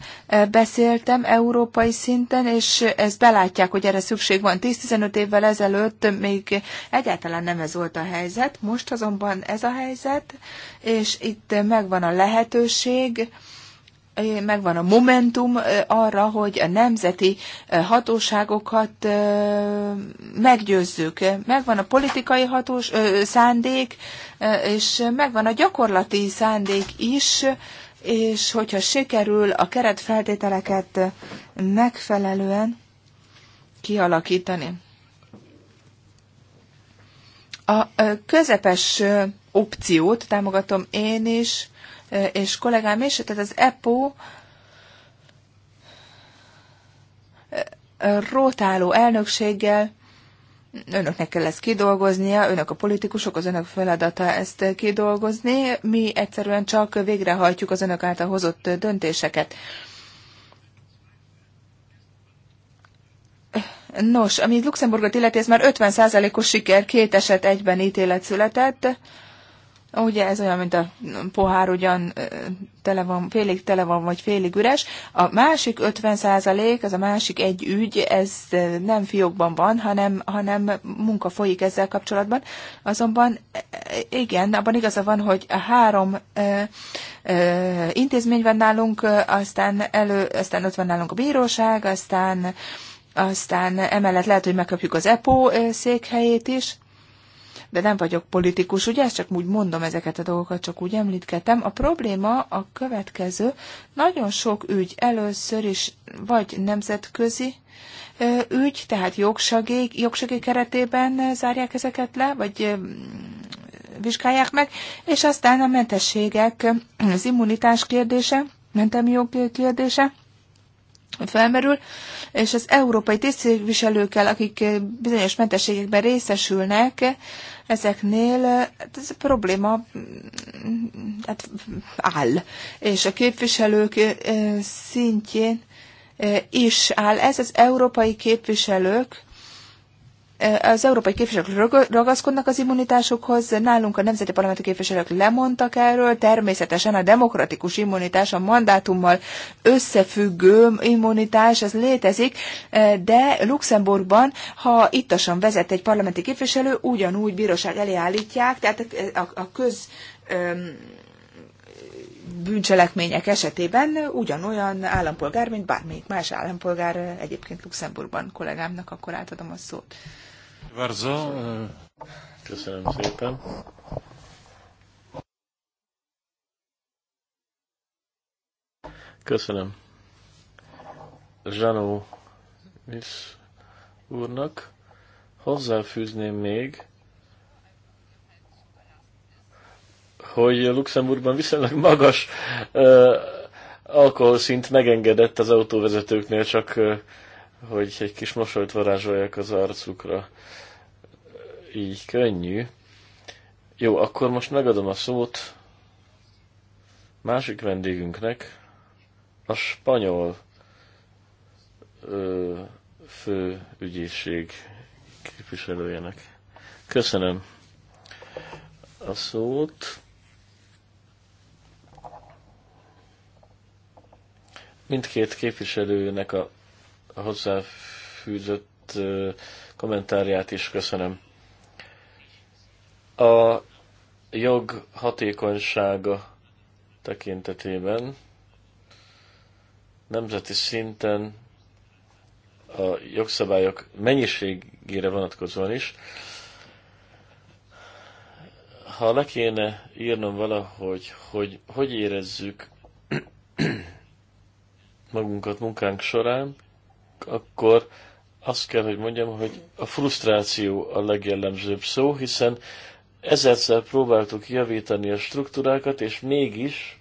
beszéltem európai szinten, és ezt belátják, hogy erre szükség van. 10-15 évvel ezelőtt még egyáltalán nem ez volt a helyzet, most azonban ez a helyzet, és itt megvan a lehetőség, megvan a momentum arra, hogy a nemzeti hatóságokat meggyőzzük. Megvan a politikai hatós, szándék, és megvan a gyakorlati szándék is, és hogyha sikerül a keretfeltételeket megfelelően kialakítani. A közepes opciót támogatom én is, Eh, és kollégám is, tehát az EPO eh, eh, rotáló elnökséggel önöknek kell ezt kidolgoznia, önök a politikusok, az önök feladata ezt kidolgozni, mi egyszerűen csak végrehajtjuk az önök által hozott döntéseket. Nos, ami Luxemburgot illeti, ez már 50%-os siker, két eset egyben ítélet született. Ugye ez olyan, mint a pohár ugyan tele van, félig tele van, vagy félig üres. A másik 50 százalék, az a másik egy ügy, ez nem fiókban van, hanem, hanem munka folyik ezzel kapcsolatban. Azonban igen, abban igaza van, hogy a három ö, ö, intézmény van nálunk, aztán, elő, aztán ott van nálunk a bíróság, aztán aztán emellett lehet, hogy megkapjuk az EPO székhelyét is, de nem vagyok politikus, ugye? Ezt csak úgy mondom ezeket a dolgokat, csak úgy említketem. A probléma a következő. Nagyon sok ügy először is vagy nemzetközi ügy, tehát jogsegély, jogsegély keretében zárják ezeket le, vagy vizsgálják meg, és aztán a mentességek, az immunitás kérdése, mentemi jog kérdése, felmerül, és az európai tisztviselőkkel, akik bizonyos mentességekben részesülnek, ezeknél hát ez a probléma hát áll, és a képviselők szintjén is áll. Ez az európai képviselők az európai képviselők ragaszkodnak az immunitásukhoz, nálunk a nemzeti parlamenti képviselők lemondtak erről, természetesen a demokratikus immunitás, a mandátummal összefüggő immunitás, ez létezik, e, de Luxemburgban, ha ittasan vezet egy parlamenti képviselő, ugyanúgy bíróság elé állítják, tehát a, a köz bűncselekmények esetében ugyanolyan állampolgár, mint bármelyik más állampolgár egyébként Luxemburgban kollégámnak, akkor átadom a szót. Bardzo. E, Köszönöm szépen. Köszönöm. Zsanó Miss úrnak. Hozzáfűzném még, hogy Luxemburgban viszonylag magas ö, e, alkoholszint megengedett az autóvezetőknél, csak ö, e, hogy egy kis mosolyt varázsoljak az arcukra így könnyű. Jó, akkor most megadom a szót másik vendégünknek, a spanyol ö, ügyészség képviselőjének. Köszönöm a szót. Mindkét képviselőnek a, a hozzáfűzött kommentárját is köszönöm. A jog hatékonysága tekintetében nemzeti szinten a jogszabályok mennyiségére vonatkozóan is, ha le kéne írnom valahogy, hogy hogy érezzük magunkat munkánk során, akkor azt kell, hogy mondjam, hogy a frusztráció a legjellemzőbb szó, hiszen ezerszer próbáltuk javítani a struktúrákat, és mégis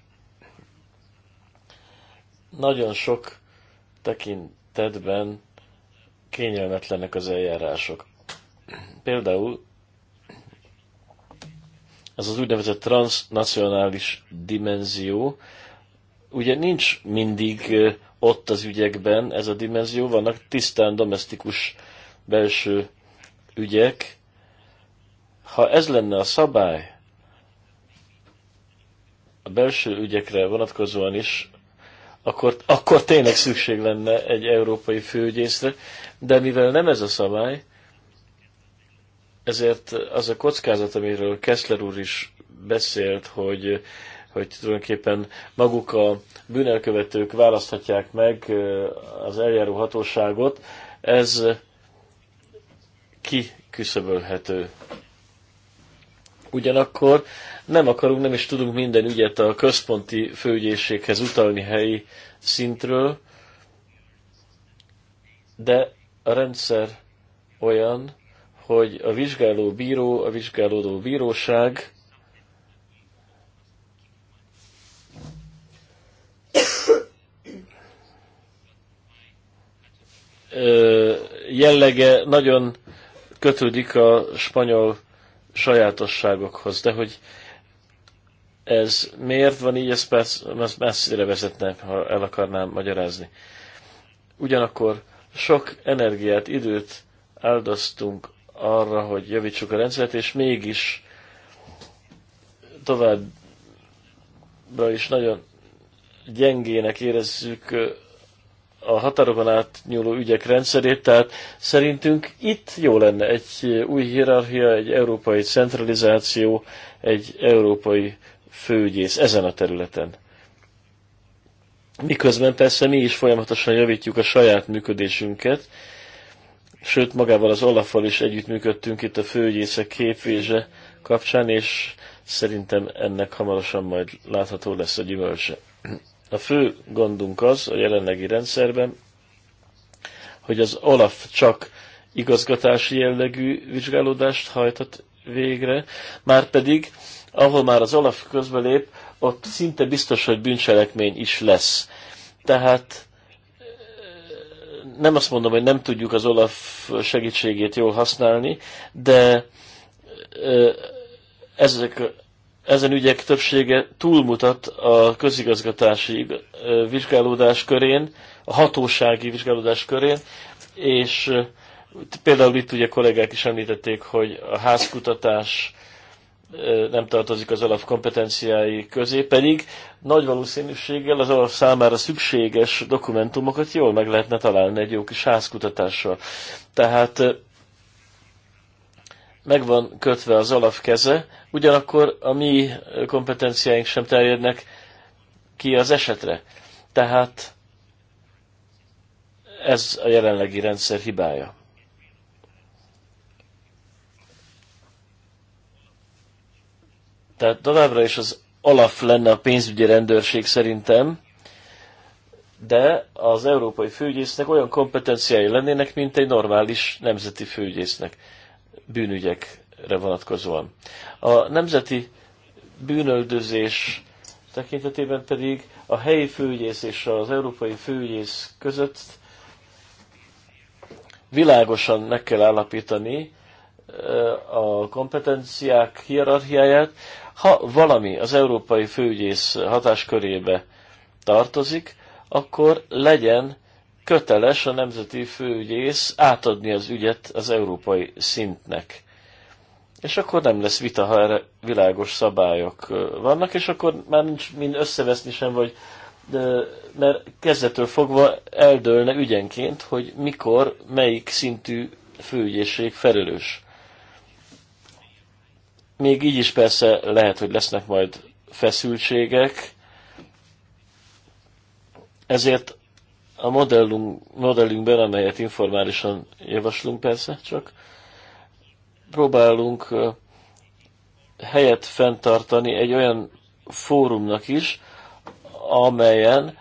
nagyon sok tekintetben kényelmetlenek az eljárások. Például ez az úgynevezett transnacionális dimenzió, ugye nincs mindig ott az ügyekben ez a dimenzió, vannak tisztán domestikus belső ügyek, ha ez lenne a szabály a belső ügyekre vonatkozóan is, akkor, akkor tényleg szükség lenne egy európai főügyészre, de mivel nem ez a szabály, ezért az a kockázat, amiről Kessler úr is beszélt, hogy, hogy tulajdonképpen maguk a bűnelkövetők választhatják meg az eljáró hatóságot, ez kiküszöbölhető. Ugyanakkor nem akarunk, nem is tudunk minden ügyet a központi főügyészséghez utalni helyi szintről, de a rendszer olyan, hogy a vizsgáló bíró, a vizsgálódó bíróság jellege nagyon kötődik a spanyol sajátosságokhoz, de hogy ez miért van így, ez persze messzire vezetne, ha el akarnám magyarázni. Ugyanakkor sok energiát, időt áldoztunk arra, hogy javítsuk a rendszert, és mégis továbbra is nagyon gyengének érezzük a határokon átnyúló ügyek rendszerét, tehát szerintünk itt jó lenne egy új hierarchia, egy európai centralizáció, egy európai főügyész ezen a területen. Miközben persze mi is folyamatosan javítjuk a saját működésünket, sőt magával az olaf is együttműködtünk itt a főügyészek képvése kapcsán, és szerintem ennek hamarosan majd látható lesz a gyümölcse. A fő gondunk az a jelenlegi rendszerben, hogy az OLAF csak igazgatási jellegű vizsgálódást hajtott végre, már pedig, ahol már az OLAF közbelép, ott szinte biztos, hogy bűncselekmény is lesz. Tehát nem azt mondom, hogy nem tudjuk az Olaf segítségét jól használni, de ezek ezen ügyek többsége túlmutat a közigazgatási vizsgálódás körén, a hatósági vizsgálódás körén, és például itt ugye kollégák is említették, hogy a házkutatás nem tartozik az kompetenciái közé, pedig nagy valószínűséggel az alap számára szükséges dokumentumokat jól meg lehetne találni egy jó kis házkutatással. Tehát megvan kötve az alap keze ugyanakkor a mi kompetenciáink sem terjednek ki az esetre. Tehát ez a jelenlegi rendszer hibája. Tehát továbbra is az alap lenne a pénzügyi rendőrség szerintem, de az európai főügyésznek olyan kompetenciái lennének, mint egy normális nemzeti főügyésznek bűnügyek vonatkozóan. A nemzeti bűnöldözés tekintetében pedig a helyi főügyész és az európai főügyész között világosan meg kell állapítani a kompetenciák hierarchiáját. Ha valami az európai főügyész hatáskörébe tartozik, akkor legyen köteles a nemzeti főügyész átadni az ügyet az európai szintnek és akkor nem lesz vita, ha erre világos szabályok vannak, és akkor már nincs mind összeveszni sem, vagy de, mert kezdetől fogva eldőlne ügyenként, hogy mikor, melyik szintű főügyészség felelős. Még így is persze lehet, hogy lesznek majd feszültségek, ezért a modellünk, modellünkben, amelyet informálisan javaslunk persze csak, próbálunk helyet fenntartani egy olyan fórumnak is, amelyen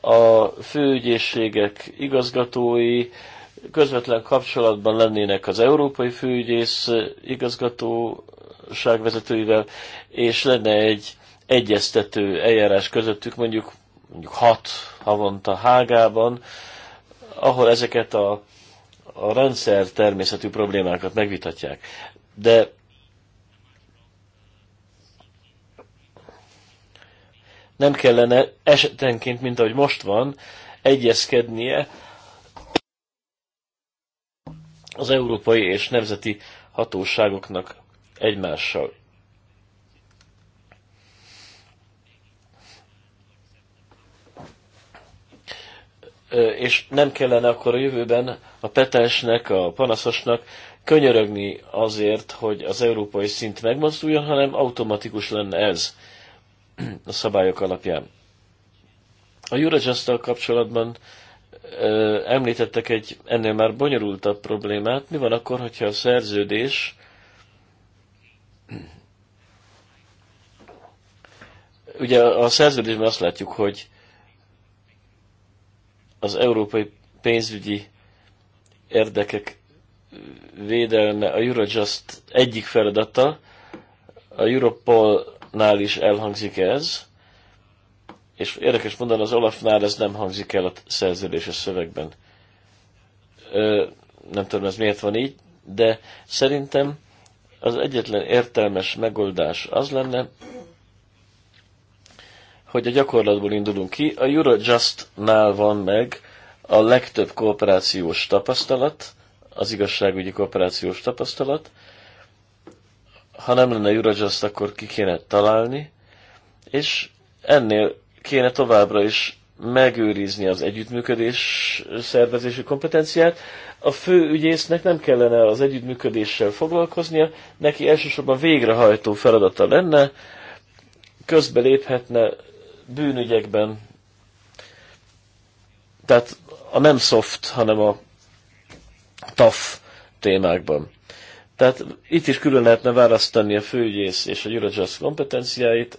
a főügyészségek igazgatói közvetlen kapcsolatban lennének az európai főügyész igazgatóság vezetőivel, és lenne egy egyeztető eljárás közöttük, mondjuk, mondjuk hat havonta Hágában, ahol ezeket a a rendszer természetű problémákat megvitatják. De nem kellene esetenként, mint ahogy most van, egyezkednie az európai és nemzeti hatóságoknak egymással. és nem kellene akkor a jövőben a petensnek, a panaszosnak könyörögni azért, hogy az európai szint megmozduljon, hanem automatikus lenne ez a szabályok alapján. A eurojust kapcsolatban ö, említettek egy ennél már bonyolultabb problémát. Mi van akkor, hogyha a szerződés ugye a szerződésben azt látjuk, hogy az európai pénzügyi érdekek védelme a Eurojust egyik feladata, a Europolnál is elhangzik ez, és érdekes mondani az Olafnál ez nem hangzik el a szerződéses szövegben. Ö, nem tudom, ez miért van így, de szerintem az egyetlen értelmes megoldás az lenne, hogy a gyakorlatból indulunk ki. A Eurojust-nál van meg a legtöbb kooperációs tapasztalat, az igazságügyi kooperációs tapasztalat. Ha nem lenne Eurojust, akkor ki kéne találni, és ennél kéne továbbra is megőrizni az együttműködés szervezési kompetenciát. A fő ügyésznek nem kellene az együttműködéssel foglalkoznia, neki elsősorban végrehajtó feladata lenne, közbe léphetne bűnügyekben, tehát a nem soft, hanem a tough témákban. Tehát itt is külön lehetne választani a főügyész és a Eurojust kompetenciáit,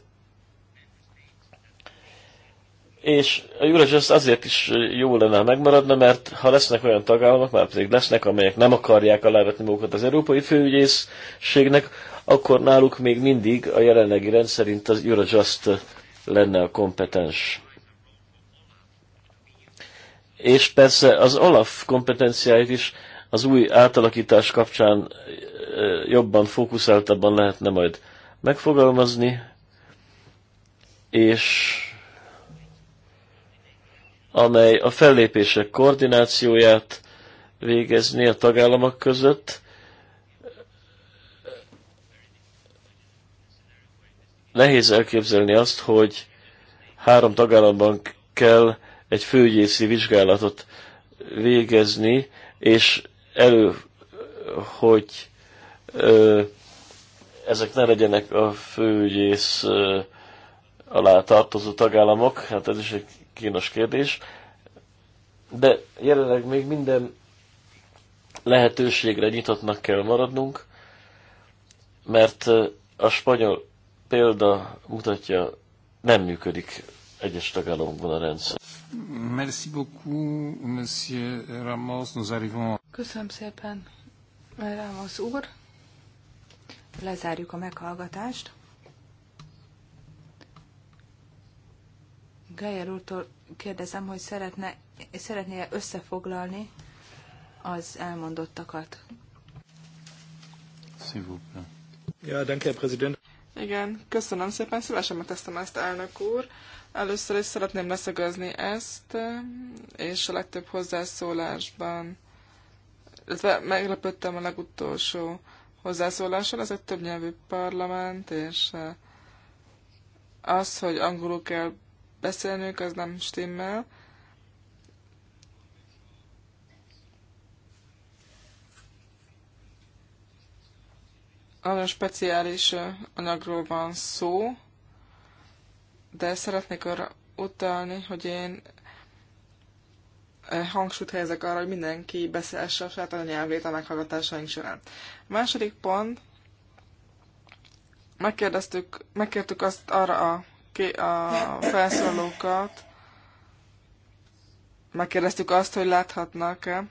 és a Eurojust azért is jó lenne, ha megmaradna, mert ha lesznek olyan tagállamok, már pedig lesznek, amelyek nem akarják alávetni magukat az európai főügyészségnek, akkor náluk még mindig a jelenlegi rendszerint az Eurojust lenne a kompetens. És persze az Olaf kompetenciáit is az új átalakítás kapcsán jobban, fókuszáltabban lehetne majd megfogalmazni, és amely a fellépések koordinációját végezni a tagállamok között, Nehéz elképzelni azt, hogy három tagállamban kell egy főügyészi vizsgálatot végezni, és elő, hogy ö, ezek ne legyenek a főügyész ö, alá tartozó tagállamok, hát ez is egy kínos kérdés, de jelenleg még minden lehetőségre nyitottnak kell maradnunk, mert a spanyol példa mutatja, nem működik egyes tagállamokban a rendszer. Merci beaucoup, monsieur Ramos. Nous arrivons... Köszönöm szépen, Ramos úr. Lezárjuk a meghallgatást. Geyer úrtól kérdezem, hogy szeretne, szeretné -e összefoglalni az elmondottakat. Ja, danke, Herr Präsident. Igen, köszönöm szépen, szívesen teszem ezt, elnök úr. Először is szeretném leszögezni ezt, és a legtöbb hozzászólásban, illetve meglepődtem a legutolsó hozzászólással, ez egy többnyelvű parlament, és eh, az, hogy angolul kell beszélnünk, az nem stimmel. nagyon speciális anyagról van szó, de szeretnék arra utalni, hogy én hangsúlyt helyezek arra, hogy mindenki beszélhesse a saját anyanyelvét a meghallgatásaink során. A második pont, megkérdeztük, megkértük azt arra a, a felszólókat, megkérdeztük azt, hogy láthatnak-e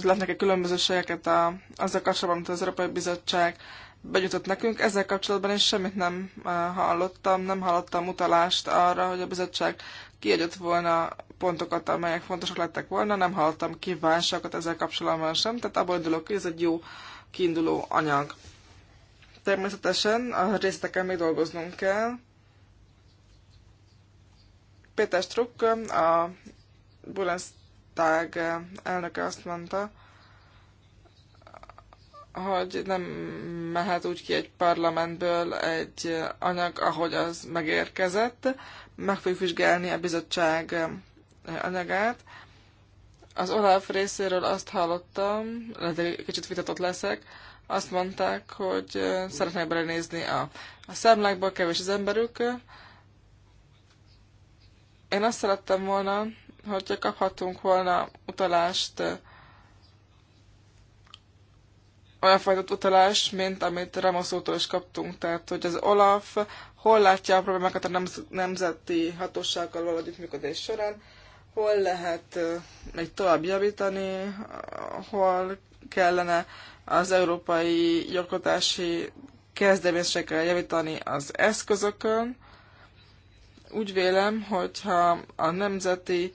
lehetnek e különbözőségeket a, azzal kapcsolatban, amit az Európai Bizottság bejutott nekünk. Ezzel kapcsolatban én semmit nem eh, hallottam, nem hallottam utalást arra, hogy a bizottság kiegyött volna pontokat, amelyek fontosak lettek volna, nem hallottam kívánságokat ezzel kapcsolatban sem, tehát abból indulok ki, ez egy jó kiinduló anyag. Természetesen a részleteken még dolgoznunk kell. Péter Struck, a Bulens bizottság eh, elnöke azt mondta, hogy nem mehet úgy ki egy parlamentből egy eh, anyag, ahogy az megérkezett. Meg fogjuk vizsgálni a bizottság eh, anyagát. Az Olaf részéről azt hallottam, lehet, kicsit vitatott leszek, azt mondták, hogy szeretnék belenézni a, a szemlákba kevés az emberük. Én azt szerettem volna, hogyha kaphatunk volna utalást, olyan fajta utalást, mint amit Ramoszótól is kaptunk. Tehát, hogy az Olaf hol látja a problémákat a nemzeti hatósággal való működés során, hol lehet még tovább javítani, hol kellene az európai jogkodási kezdeményezésekkel javítani az eszközökön, úgy vélem, hogyha a nemzeti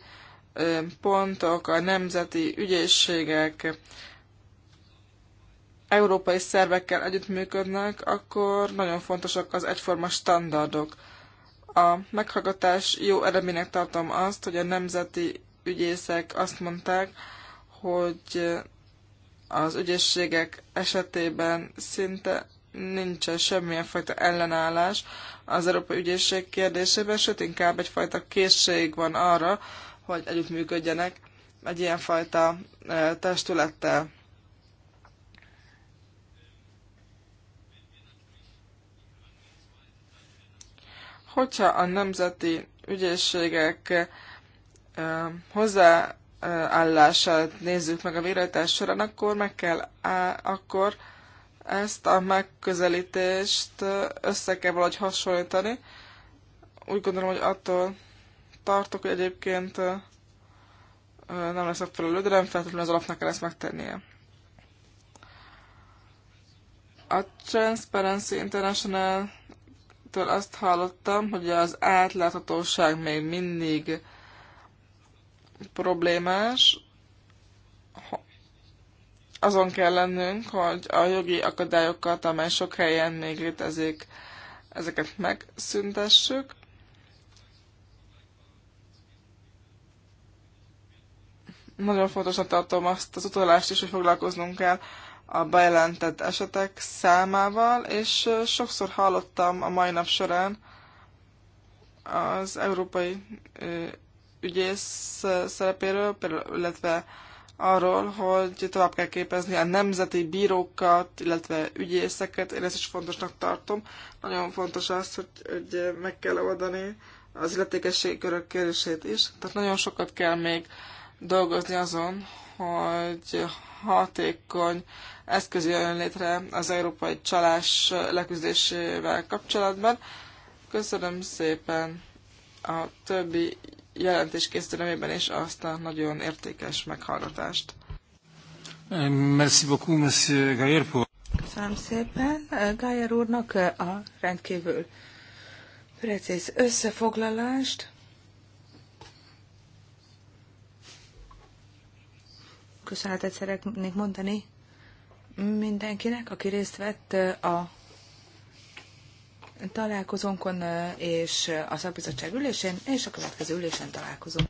pontok, a nemzeti ügyészségek európai szervekkel együttműködnek, akkor nagyon fontosak az egyforma standardok. A meghallgatás jó eredménynek tartom azt, hogy a nemzeti ügyészek azt mondták, hogy az ügyészségek esetében szinte nincsen semmilyen fajta ellenállás az Európai Ügyészség kérdésében, sőt inkább egyfajta készség van arra, hogy együttműködjenek egy ilyenfajta testülettel. Hogyha a nemzeti ügyészségek hozzáállását nézzük meg a végrehajtás során, akkor meg kell, akkor ezt a megközelítést össze kell valahogy hasonlítani. Úgy gondolom, hogy attól tartok, hogy egyébként nem lesz felelő, de nem feltétlenül az alapnak kell ezt megtennie. A Transparency International től azt hallottam, hogy az átláthatóság még mindig problémás azon kell lennünk, hogy a jogi akadályokat, amely sok helyen még létezik, ezeket megszüntessük. Nagyon fontosnak tartom azt az utalást is, hogy foglalkoznunk kell a bejelentett esetek számával, és sokszor hallottam a mai nap során az európai ügyész szerepéről, illetve arról, hogy tovább kell képezni a nemzeti bírókat, illetve ügyészeket, én ezt is fontosnak tartom. Nagyon fontos az, hogy, hogy meg kell oldani az illetékesség körök kérdését is. Tehát nagyon sokat kell még dolgozni azon, hogy hatékony eszköz jön létre az európai csalás leküzdésével kapcsolatban. Köszönöm szépen a többi jelentéskészítő nevében is azt a nagyon értékes meghallgatást. Merci beaucoup, monsieur Gayer. Köszönöm szépen Gájer úrnak a rendkívül precíz összefoglalást. Köszönetet szeretnék mondani mindenkinek, aki részt vett a találkozónkon és a szakbizottság ülésén, és a következő ülésen találkozunk.